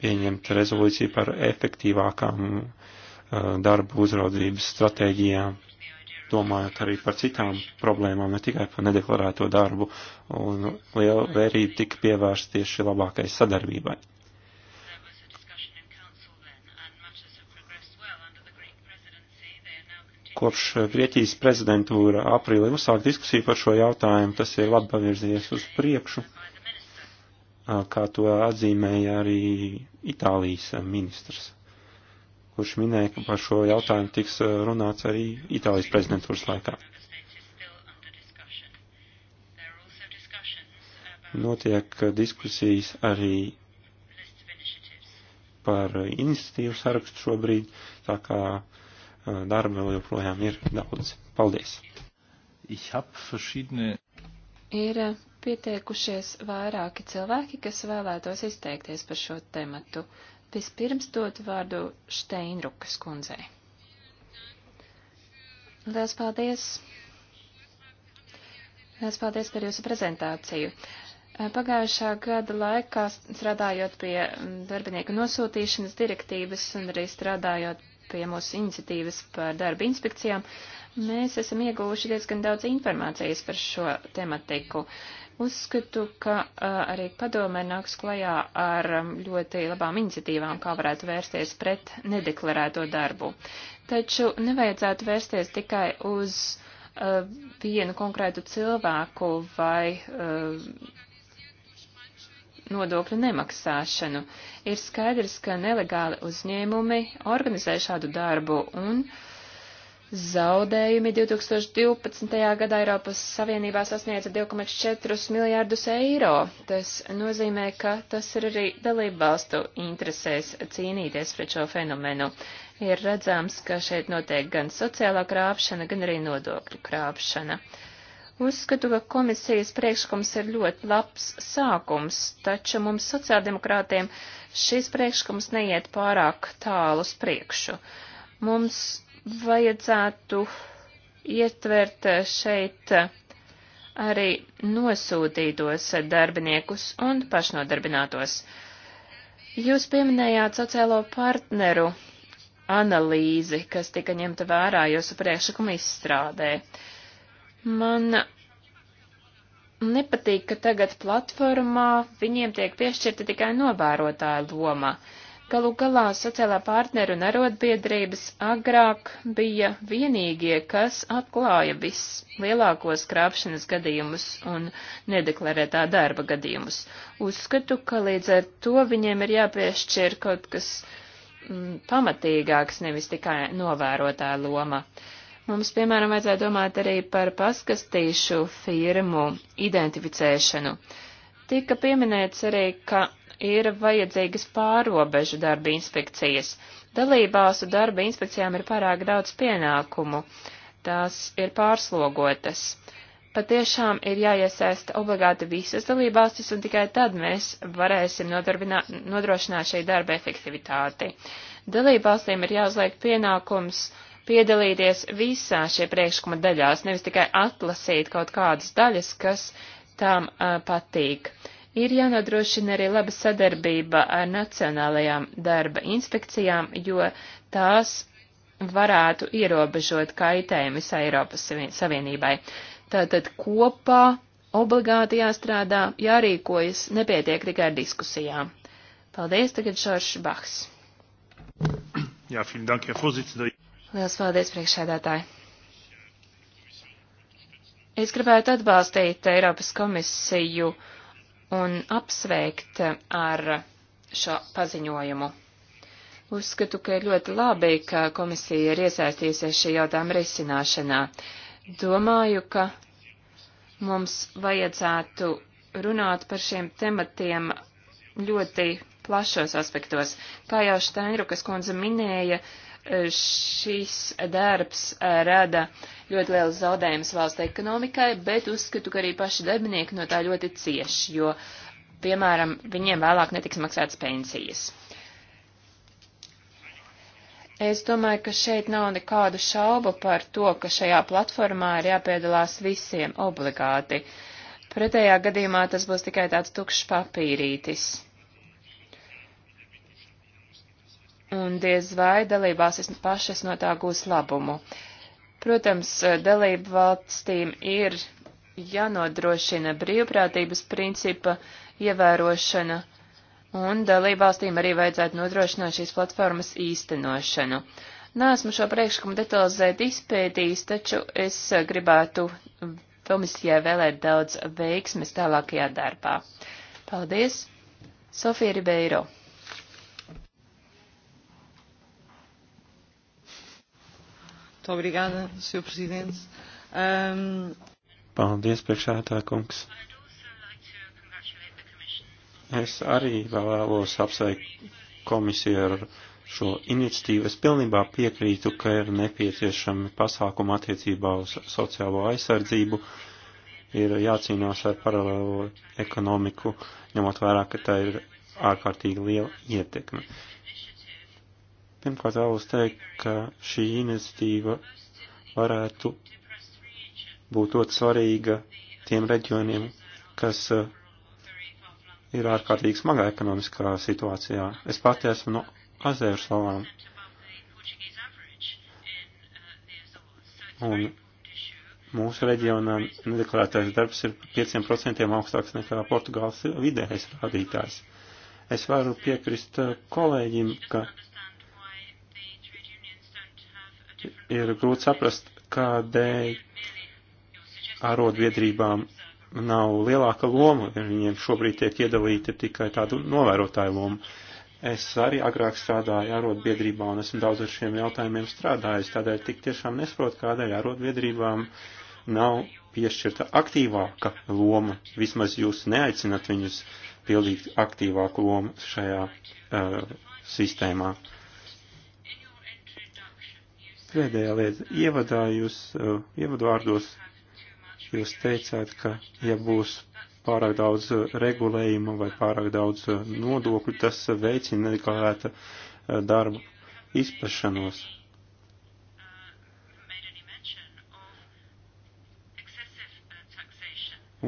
pieņemt rezolūciju par efektīvākām darbu uzraudzības stratēģijām domājot arī par citām problēmām, ne tikai par nedeklarēto darbu, un liela vērība tika pievērsta tieši labākai sadarbībai. Kopš Grieķijas prezidentūra aprīlī uzsāk diskusiju par šo jautājumu, tas ir labi pavirzījies uz priekšu, kā to atzīmēja arī Itālijas ministrs kurš minēja, ka par šo jautājumu tiks eh, runāts arī Itālijas prezidentūras laikā. Notiek eh, diskusijas arī par iniciatīvu sarakstu šobrīd, tā kā eh, darba vēl joprojām ir daudz. Paldies! Verschiedene... Ir pieteikušies vairāki cilvēki, kas vēlētos izteikties par šo tematu. Vispirms dot vārdu Steinrukas kundzei. Lielas paldies! Lielas paldies par jūsu prezentāciju. Pagājušā gada laikā strādājot pie darbinieku nosūtīšanas direktīvas un arī strādājot pie mūsu iniciatīvas par darba inspekcijām, uh, Mēs esam ieguvuši diezgan daudz informācijas par šo tematiku. Uzskatu, ka uh, arī padomē nāks klajā ar um, ļoti labām iniciatīvām, kā varētu vērsties pret nedeklarēto darbu. Taču nevajadzētu vērsties tikai uz uh, vienu konkrētu cilvēku vai uh, nodokļu nemaksāšanu. Ir skaidrs, ka nelegāli uzņēmumi organizē šādu darbu un uh, Zaudējumi 2012. gadā Eiropas Savienībā sasniedza 2,4 miljārdus eiro. Tas nozīmē, ka tas ir arī dalību valstu interesēs cīnīties pret šo fenomenu. Ir redzams, ka šeit notiek gan sociālā krāpšana, gan arī nodokļu krāpšana. Uzskatu, ka komisijas priekšlikums ir ļoti labs sākums, taču mums sociāldemokrātiem šis priekšlikums neiet pārāk tālu uz priekšu. Mums vajadzētu ietvert šeit arī nosūtītos darbiniekus un pašnodarbinātos. Jūs pieminējāt sociālo partneru analīzi, kas tika ņemta vērā jūsu priekšlikuma izstrādē. Man nepatīk, ka tagad platformā viņiem tiek piešķirta tikai novērotāja loma. Uh, Galu galā sociālā partneru un arotbiedrības agrāk bija vienīgie, kas atklāja vislielākos krāpšanas gadījumus un nedeklarētā darba gadījumus. Uzskatu, ka līdz ar to viņiem ir jāpiešķir kaut kas mm, pamatīgāks, nevis tikai novērotāja loma. Mums, piemēram, vajadzētu domāt arī par paskastīšu firmu identificēšanu. Uh, Tika pieminēts arī, ka ir vajadzīgas pārobežu darba inspekcijas. Dalībāsu darba inspekcijām ir pārāk daudz pienākumu, tās ir pārslogotas. Patiešām ir jāiesaista obligāti visas dalībāstis, un tikai tad mēs varēsim nodrošināt šī darba efektivitāti. Dalībāstīm ir jāuzliek pienākums piedalīties visā šie priekšlikuma daļās, nevis tikai atlasīt kaut kādas daļas, kas tām a, patīk. Ir jānodrošina arī laba sadarbība ar nacionālajām darba inspekcijām, jo tās varētu ierobežot kaitējumu visā Eiropas Savienībai. Tātad kopā obligāti jāstrādā, jārīkojas, nepietiek tikai ar diskusijām. Paldies, tagad Šoršs Bahs. Jā, vielen dank, Herr Vorsitzender. Lielas paldies, priekšsēdētāji. Es gribētu atbalstīt Eiropas komisiju un apsveikt ar šo paziņojumu. Uzskatu, ka ir ļoti labi, ka komisija ir iesaistījusies šī jautājuma risināšanā. Domāju, ka mums vajadzētu runāt par šiem tematiem ļoti plašos aspektos. Kā jau Steinrukas kundze minēja, uh, šis darbs eh, rada ļoti liels zaudējums valsts ekonomikai, bet uzskatu, ka arī paši darbinieki no tā ļoti cieši, jo, piemēram, viņiem vēlāk netiks maksātas pensijas. Es domāju, ka šeit nav nekādu šaubu par to, ka šajā platformā ir jāpiedalās visiem obligāti. Pretējā gadījumā tas būs tikai tāds tukšs papīrītis. un diez vai dalībās pašas no tā gūs labumu. Protams, eh, dalību valstīm ir jānodrošina brīvprātības principa ievērošana, un dalību valstīm arī vajadzētu nodrošināt šīs platformas īstenošanu. Nāsmu šo priekšlikumu detalizēt izpētījis, taču es eh, gribētu komisijai vēlēt daudz veiksmes tālākajā darbā. Paldies! Sofija Ribeiro! Muito obrigada, Sr. Presidente. Um... Paldies, priekšētā kungs. Es arī vēlos apsveikt komisiju ar šo iniciatīvu. Es pilnībā piekrītu, ka ir nepieciešami pasākumi attiecībā uz sociālo aizsardzību. Ir jācīnās ar paralēlo ekonomiku, ņemot vērā, ka tā ir ārkārtīgi liela ietekme. Uh, Pirmkārt, vēlos teikt, ka šī iniciatīva varētu būt ļoti svarīga tiem reģioniem, kas eh, ir ārkārtīgi smagā ekonomiskā situācijā. Es pati esmu no Azēru salām. Un mūsu reģionā nedeklarētais darbs ir 5% augstāks nekā Portugāles vidējais rādītājs. Es varu piekrist eh, kolēģim, ka ir grūti saprast, kādēļ arotbiedrībām nav lielāka loma, ja viņiem šobrīd tiek iedalīta tikai tādu novērotāju lomu. Es arī agrāk strādāju arotbiedrībā un esmu daudz ar šiem jautājumiem strādājis, tādēļ tik tiešām nesaprotu, kādēļ arotbiedrībām nav piešķirta aktīvāka loma. Vismaz jūs neaicinat viņus pildīt aktīvāku lomu šajā uh, sistēmā. Uh, Pēdējā lieta. Ievadā jūs, eh, ievadvārdos jūs teicāt, ka ja būs pārāk daudz eh, regulējuma vai pārāk daudz eh, nodokļu, tas veicina nedeklārēta darba izpašanos.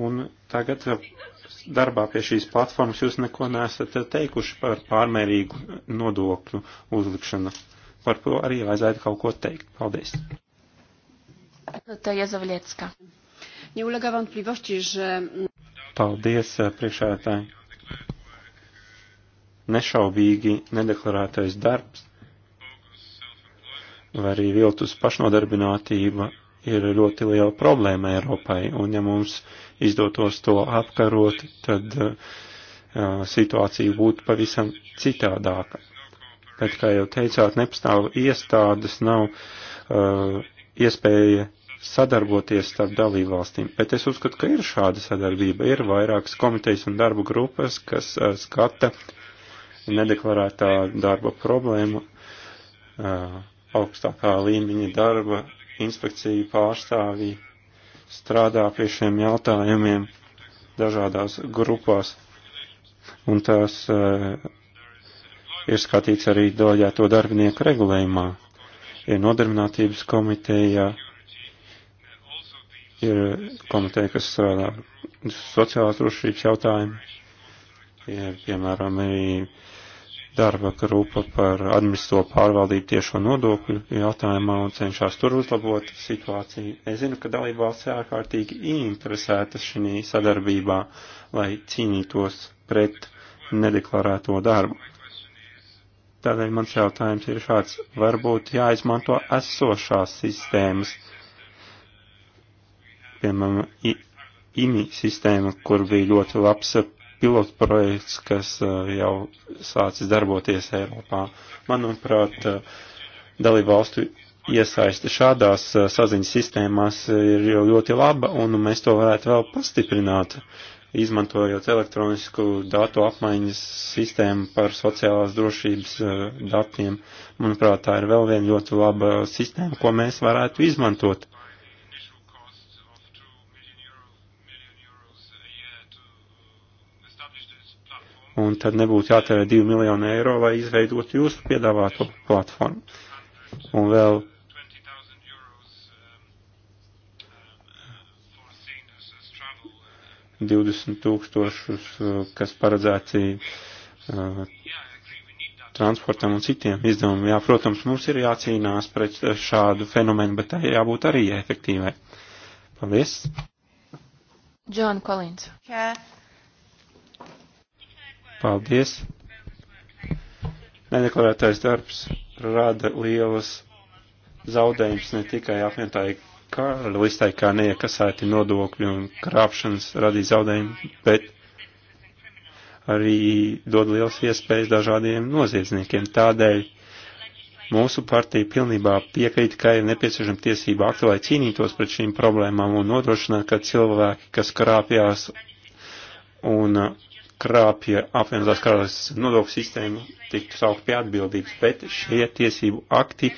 Un tagad darbā pie šīs platformas jūs neko nesat teikuši par pārmērīgu nodokļu uzlikšanu par to arī vajadzētu kaut ko teikt. Paldies. Paldies, eh, priekšētāji. Nešaubīgi nedeklarētais darbs vai arī viltus pašnodarbinātība ir ļoti liela problēma Eiropai, un ja mums izdotos to apkarot, tad uh, situācija būtu pavisam citādāka. Bet, kā jau teicāt, nepastāv iestādes, nav uh, iespēja sadarboties starp dalībvalstīm. Bet es uzskatu, ka ir šāda sadarbība. Ir vairākas komitejas un darbu grupas, kas uh, skata nedeklarētā darba problēmu uh, augstākā līmeņa darba inspekciju pārstāvji strādā pie šiem jautājumiem dažādās grupās, un tās uh, ir skatīts arī doļāto darbinieku regulējumā. Ir nodarbinātības komiteja, ir komiteja, kas strādā sociālās drošības jautājumu, ir, piemēram, arī darba grupa par administro pārvaldību tiešo nodokļu jautājumā un cenšas tur uzlabot situāciju. Es zinu, ka dalībvalsts ārkārtīgi interesētas šī sadarbībā, lai cīnītos pret nedeklarēto darbu. Tādēļ mans jautājums ir šāds. Varbūt jāizmanto esošās sistēmas, piemēram, IMI sistēma, kur bija ļoti labs pilotu projekts, kas uh, jau sācis darboties Eiropā. Manuprāt, uh, dalību valstu iesaiste šādās uh, saziņas sistēmās ir jau ļoti laba, un mēs to varētu vēl pastiprināt izmantojot elektronisku datu apmaiņas sistēmu par sociālās drošības eh, datiem. Manuprāt, tā ir vēl viena ļoti laba sistēma, ko mēs varētu izmantot. Un tad nebūtu jātērē 2 miljonu eiro, lai izveidotu jūsu piedāvāto platformu. Un vēl 20 tūkstošus, eh, kas paredzēti uh, transportam un citiem izdevumiem. Jā, protams, mums ir jācīnās pret šādu fenomenu, bet tai jābūt arī efektīvai. Paldies! Džona Kolins. Jā. Paldies! Nedeklarētais darbs rada lielas zaudējums ne tikai apvienotāji karalistai kā neiekasēti nodokļi un krāpšanas radīja zaudējumi, bet arī dod liels iespējas dažādiem noziedzniekiem. Tādēļ mūsu partija pilnībā piekrīt, ka ir nepieciešama tiesība akti, lai cīnītos pret šīm problēmām un nodrošinātu, ka cilvēki, kas krāpjās un krāpja apvienotās karalistas nodokļu sistēmu, tiktu saukt pie atbildības, bet šie tiesību akti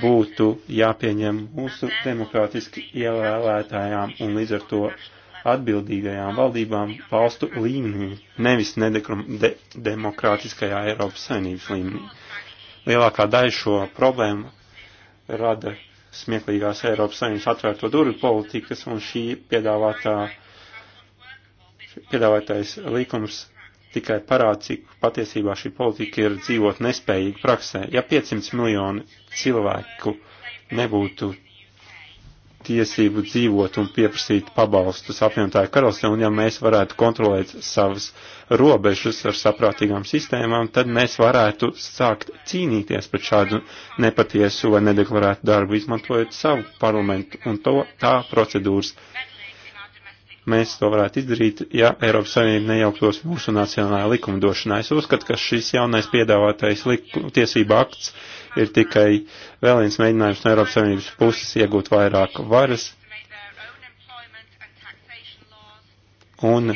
būtu jāpieņem mūsu demokrātiski ievēlētājām un līdz ar to atbildīgajām valdībām valstu līmenī, nevis nedemokrātiskajā Eiropas saimnības līmenī. Lielākā daļa šo problēmu rada smieklīgās Eiropas saimnības atvērto durvju politikas un šī piedāvātā, piedāvātais likums tikai parāda, cik patiesībā šī politika ir dzīvot nespējīga praksē. Ja 500 miljoni cilvēku nebūtu tiesību dzīvot un pieprasīt pabalstus apvienotāju karalstē, un ja mēs varētu kontrolēt savas robežas ar saprātīgām sistēmām, tad mēs varētu sākt cīnīties pret šādu nepatiesu vai nedeklarētu darbu, izmantojot savu parlamentu un to tā procedūras mēs to varētu izdarīt, ja Eiropas Savienība nejauktos mūsu nacionālajā likumdošanā. Es uzskatu, ka šis jaunais piedāvātais tiesība akts ir tikai vēl viens mēģinājums no Eiropas Savienības puses iegūt vairāk varas un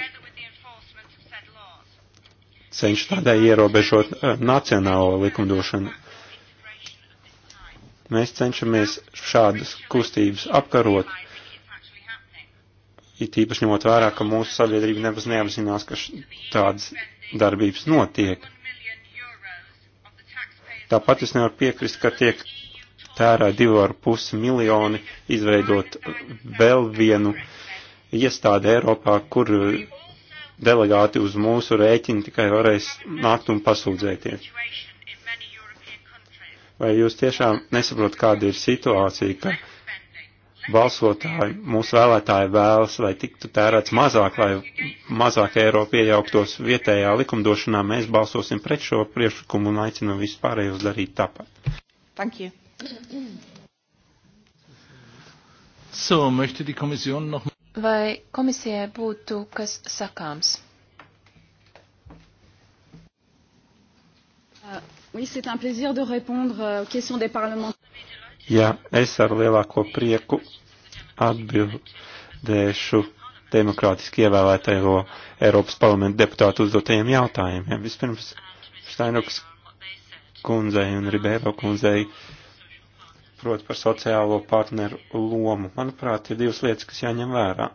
cenš tādai ierobežot eh, nacionālo likumdošanu. Mēs cenšamies šādas kustības apkarot It īpaši ņemot vērā, ka mūsu sabiedrība nemaz neapzinās, ka tādas darbības notiek. Tāpat es nevaru piekrist, ka tiek tērē 2,5 miljoni izveidot vēl vienu iestādi Eiropā, kur delegāti uz mūsu rēķinu tikai varēs nākt un pasūdzēties. Vai jūs tiešām nesaprotat, kāda ir situācija, ka balsotāji, mūsu vēlētāji vēlas, lai tiktu tērēts mazāk, lai mazāk Eiropa iejauktos vietējā likumdošanā, mēs balsosim pret šo priekšlikumu un aicinam vispārējos darīt tāpat. Thank you. So, möchte die Kommission noch... Vai komisijai būtu kas sakāms? Uh, oui, c'est un plaisir de répondre euh, aux questions des parlementaires ja es ar lielāko prieku atbildēšu demokrātiski ievēlētajo Eiropas parlamenta deputātu uzdotajiem jautājumiem. Vispirms Štainoks kundzei un Ribēro kundzei prot par sociālo partneru lomu. Manuprāt, ir divas lietas, kas jāņem vērā.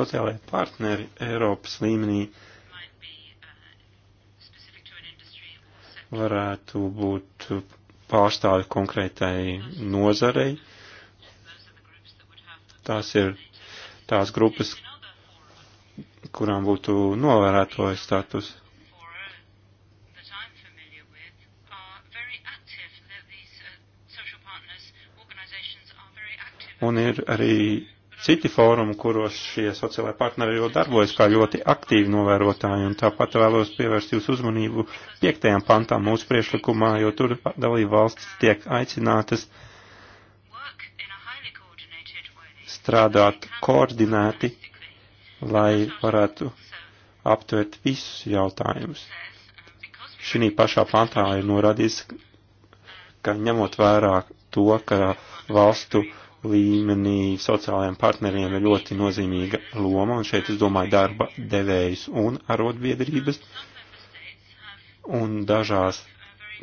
Sociālajie partneri Eiropas līmenī varētu būt pārstāvi konkrētai nozarei. Tās ir tās grupas, kurām būtu novērētoja status. Un ir arī citi fórumi, kuros šie sociālai partneri jau darbojas kā ļoti aktīvi novērotāji, un tāpat vēlos pievērst jūsu uzmanību piektajam pantam mūsu priešlikumā, jo tur dalību valstis tiek aicinātas strādāt koordinēti, lai varētu aptvert visus jautājumus. Šī pašā pantā ir norādīts, ka ņemot vērā to, ka valstu uh, līmenī sociālajiem partneriem ir ļoti nozīmīga loma, un šeit es domāju darba devējus un arotbiedrības, un dažās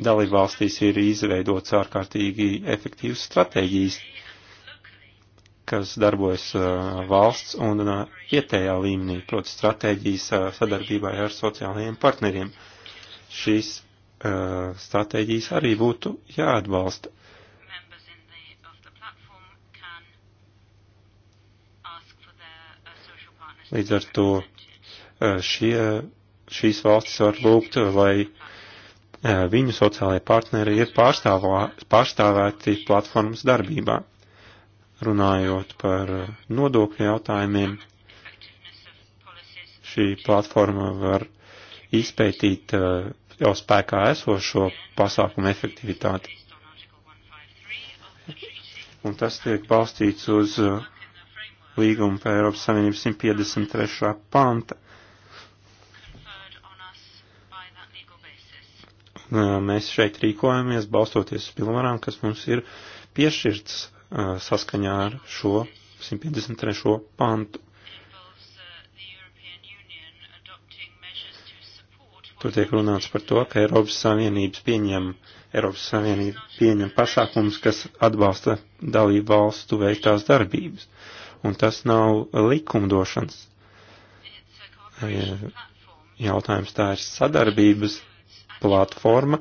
dalībvalstīs ir izveidots ārkārtīgi efektīvas stratēģijas, kas darbojas uh, valsts un uh, vietējā līmenī, proti stratēģijas uh, sadarbībai ar sociālajiem partneriem. Šīs stratēģijas arī būtu jāatbalsta Līdz ar to eh, šie, šīs valstis var lūgt, eh, lai eh, viņu sociālajie partneri ir pārstāvā, pārstāvēti platformas darbībā. Runājot par nodokļu jautājumiem, šī platforma var izpētīt jau spēkā esošo pasākumu efektivitāti. Un tas tiek balstīts uz līguma par Eiropas Savienības 153. panta. Mēs šeit rīkojamies balstoties uz pilnvarām, kas mums ir piešķirts saskaņā ar šo 153. pantu. Tur tiek runāts par to, ka Eiropas Savienības pieņem, Eiropas Savienība pieņem pasākums, kas atbalsta dalību valstu veiktās darbības un tas nav likumdošanas eh, jautājums, tā ir sadarbības platforma,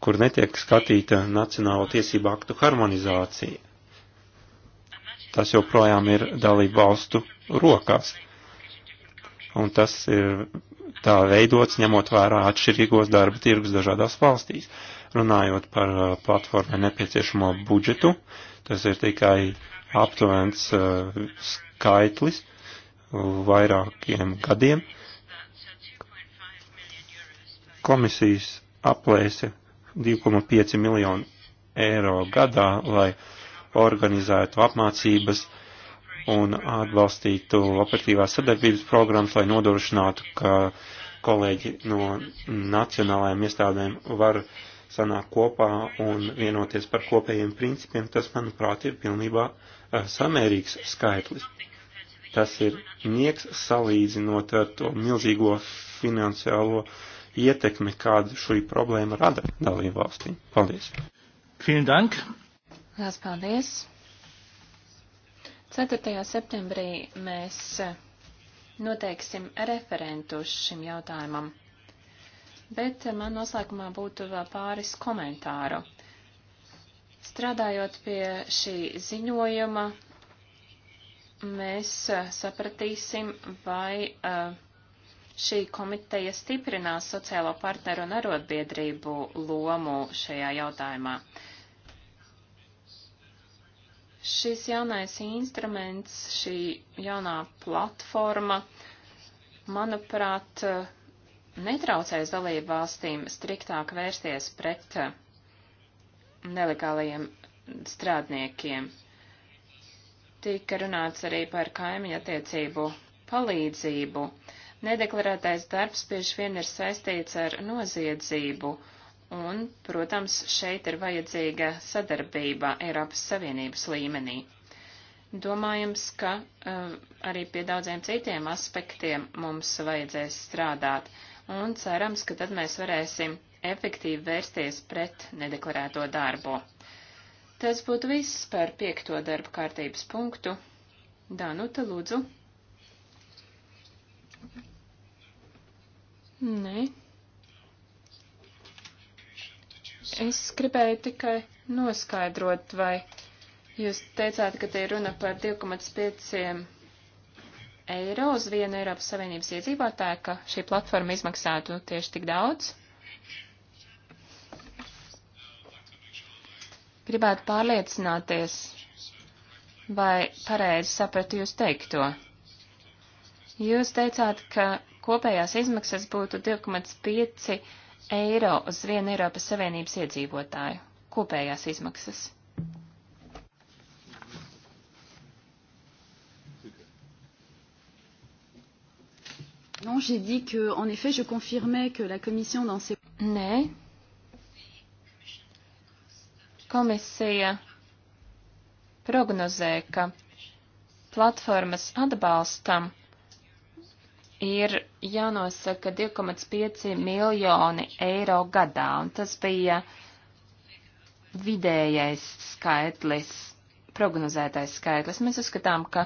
kur netiek skatīta nacionālo tiesību aktu harmonizācija. Tas joprojām ir dalību valstu rokās. Un tas ir tā veidots, ņemot vērā atšķirīgos darba tirgus dažādās valstīs. Runājot par uh, platformai nepieciešamo budžetu, tas ir tikai aptuvens uh, skaitlis vairākiem gadiem. Komisijas aplēse 2,5 miljonu eiro gadā, lai organizētu apmācības uh, un atbalstītu operatīvās sadarbības programmas, lai nodrošinātu, ka kolēģi no nacionālajām iestādēm var sanākt kopā un vienoties par kopējiem principiem. Tas, manuprāt, ir pilnībā eh, samērīgs skaitlis. Tas ir nieks salīdzinot ar to milzīgo finansiālo ietekmi, kādu šī problēma rada dalībvalstīm. Paldies! Vielen Dank! Lās paldies! 4. septembrī mēs eh, noteiksim referentu šim jautājumam, bet eh, man noslēgumā būtu vēl pāris komentāru. Strādājot pie šī ziņojuma, mēs eh, sapratīsim, vai šī komiteja stiprinās sociālo partneru un arotbiedrību lomu šajā jautājumā. Šis jaunais instruments, šī jaunā platforma, manuprāt, netraucēs dalību valstīm striktāk vērsties pret nelegālajiem strādniekiem. Tika runāts arī par kaimiņu attiecību palīdzību. Nedeklarētais darbs bieži vien ir saistīts ar noziedzību Un, protams, šeit ir vajadzīga sadarbība Eiropas Savienības līmenī. Domājams, ka uh, arī pie daudziem citiem aspektiem mums vajadzēs strādāt, un cerams, ka tad mēs varēsim efektīvi vērsties pret nedeklarēto darbu. Tas būtu viss par piekto darba kārtības punktu. Danuta, lūdzu. Nē. Nee. Es gribēju tikai noskaidrot, vai jūs teicāt, ka te ir runa par 2,5 eiro uz vienu Eiropas Savienības iedzīvotāju, ka šī platforma izmaksātu tieši tik daudz. Gribētu pārliecināties, vai pareizi sapratu jūs teikto. Jūs teicāt, ka kopējās izmaksas būtu 2,5 eiro eiro uz vienu Eiropas Savienības iedzīvotāju kopējās izmaksas. Non, j'ai dit que, en effet, je confirmais que la Commission dans ses... Nē. Komisija prognozē, ka platformas atbalstam ir jānosaka 2,5 miljoni eiro gadā, un tas bija vidējais skaitlis, prognozētais skaitlis. Mēs uzskatām, ka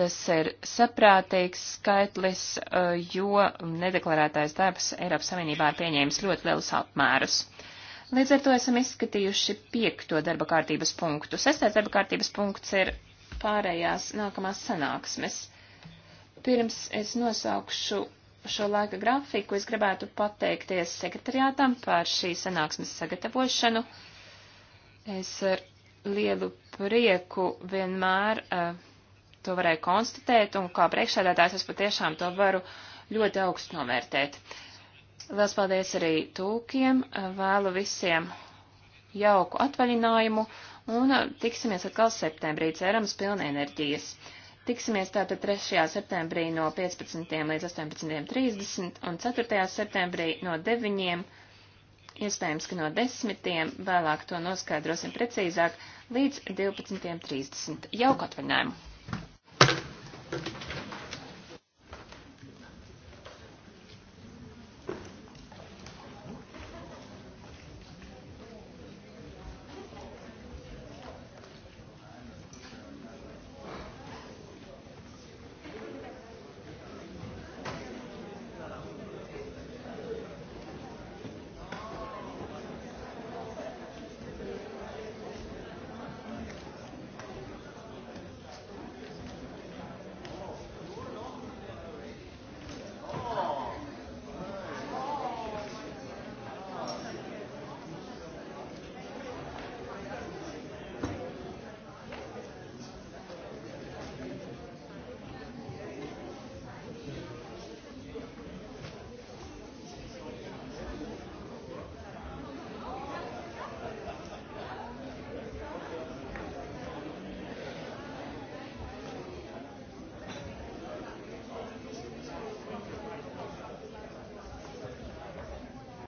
tas ir saprātīgs skaitlis, eh, jo nedeklarētais darbs Eiropas Savienībā ir pieņēmis ļoti lielus apmērus. Līdz ar to esam izskatījuši piekto darba kārtības punktu. Sestais darba kārtības punkts ir pārējās nākamās sanāksmes. Pirms es nosaukšu šo laika grafiku, es gribētu pateikties sekretariātam par šī sanāksmes sagatavošanu. Es ar lielu prieku vienmēr uh, to varēju konstatēt, un kā priekšsēdētājs es patiešām to varu ļoti augstu novērtēt. Lielas paldies arī tūkiem, eh, vēlu visiem jauku atvaļinājumu, un eh, tiksimies atkal septembrī, cerams, pilna enerģijas. Tiksimies tātad 3. septembrī no 15. līdz 18.30 un 4. septembrī no 9. iespējams, ka no 10. vēlāk to noskaidrosim precīzāk līdz 12.30. Jauku atvaļinājumu!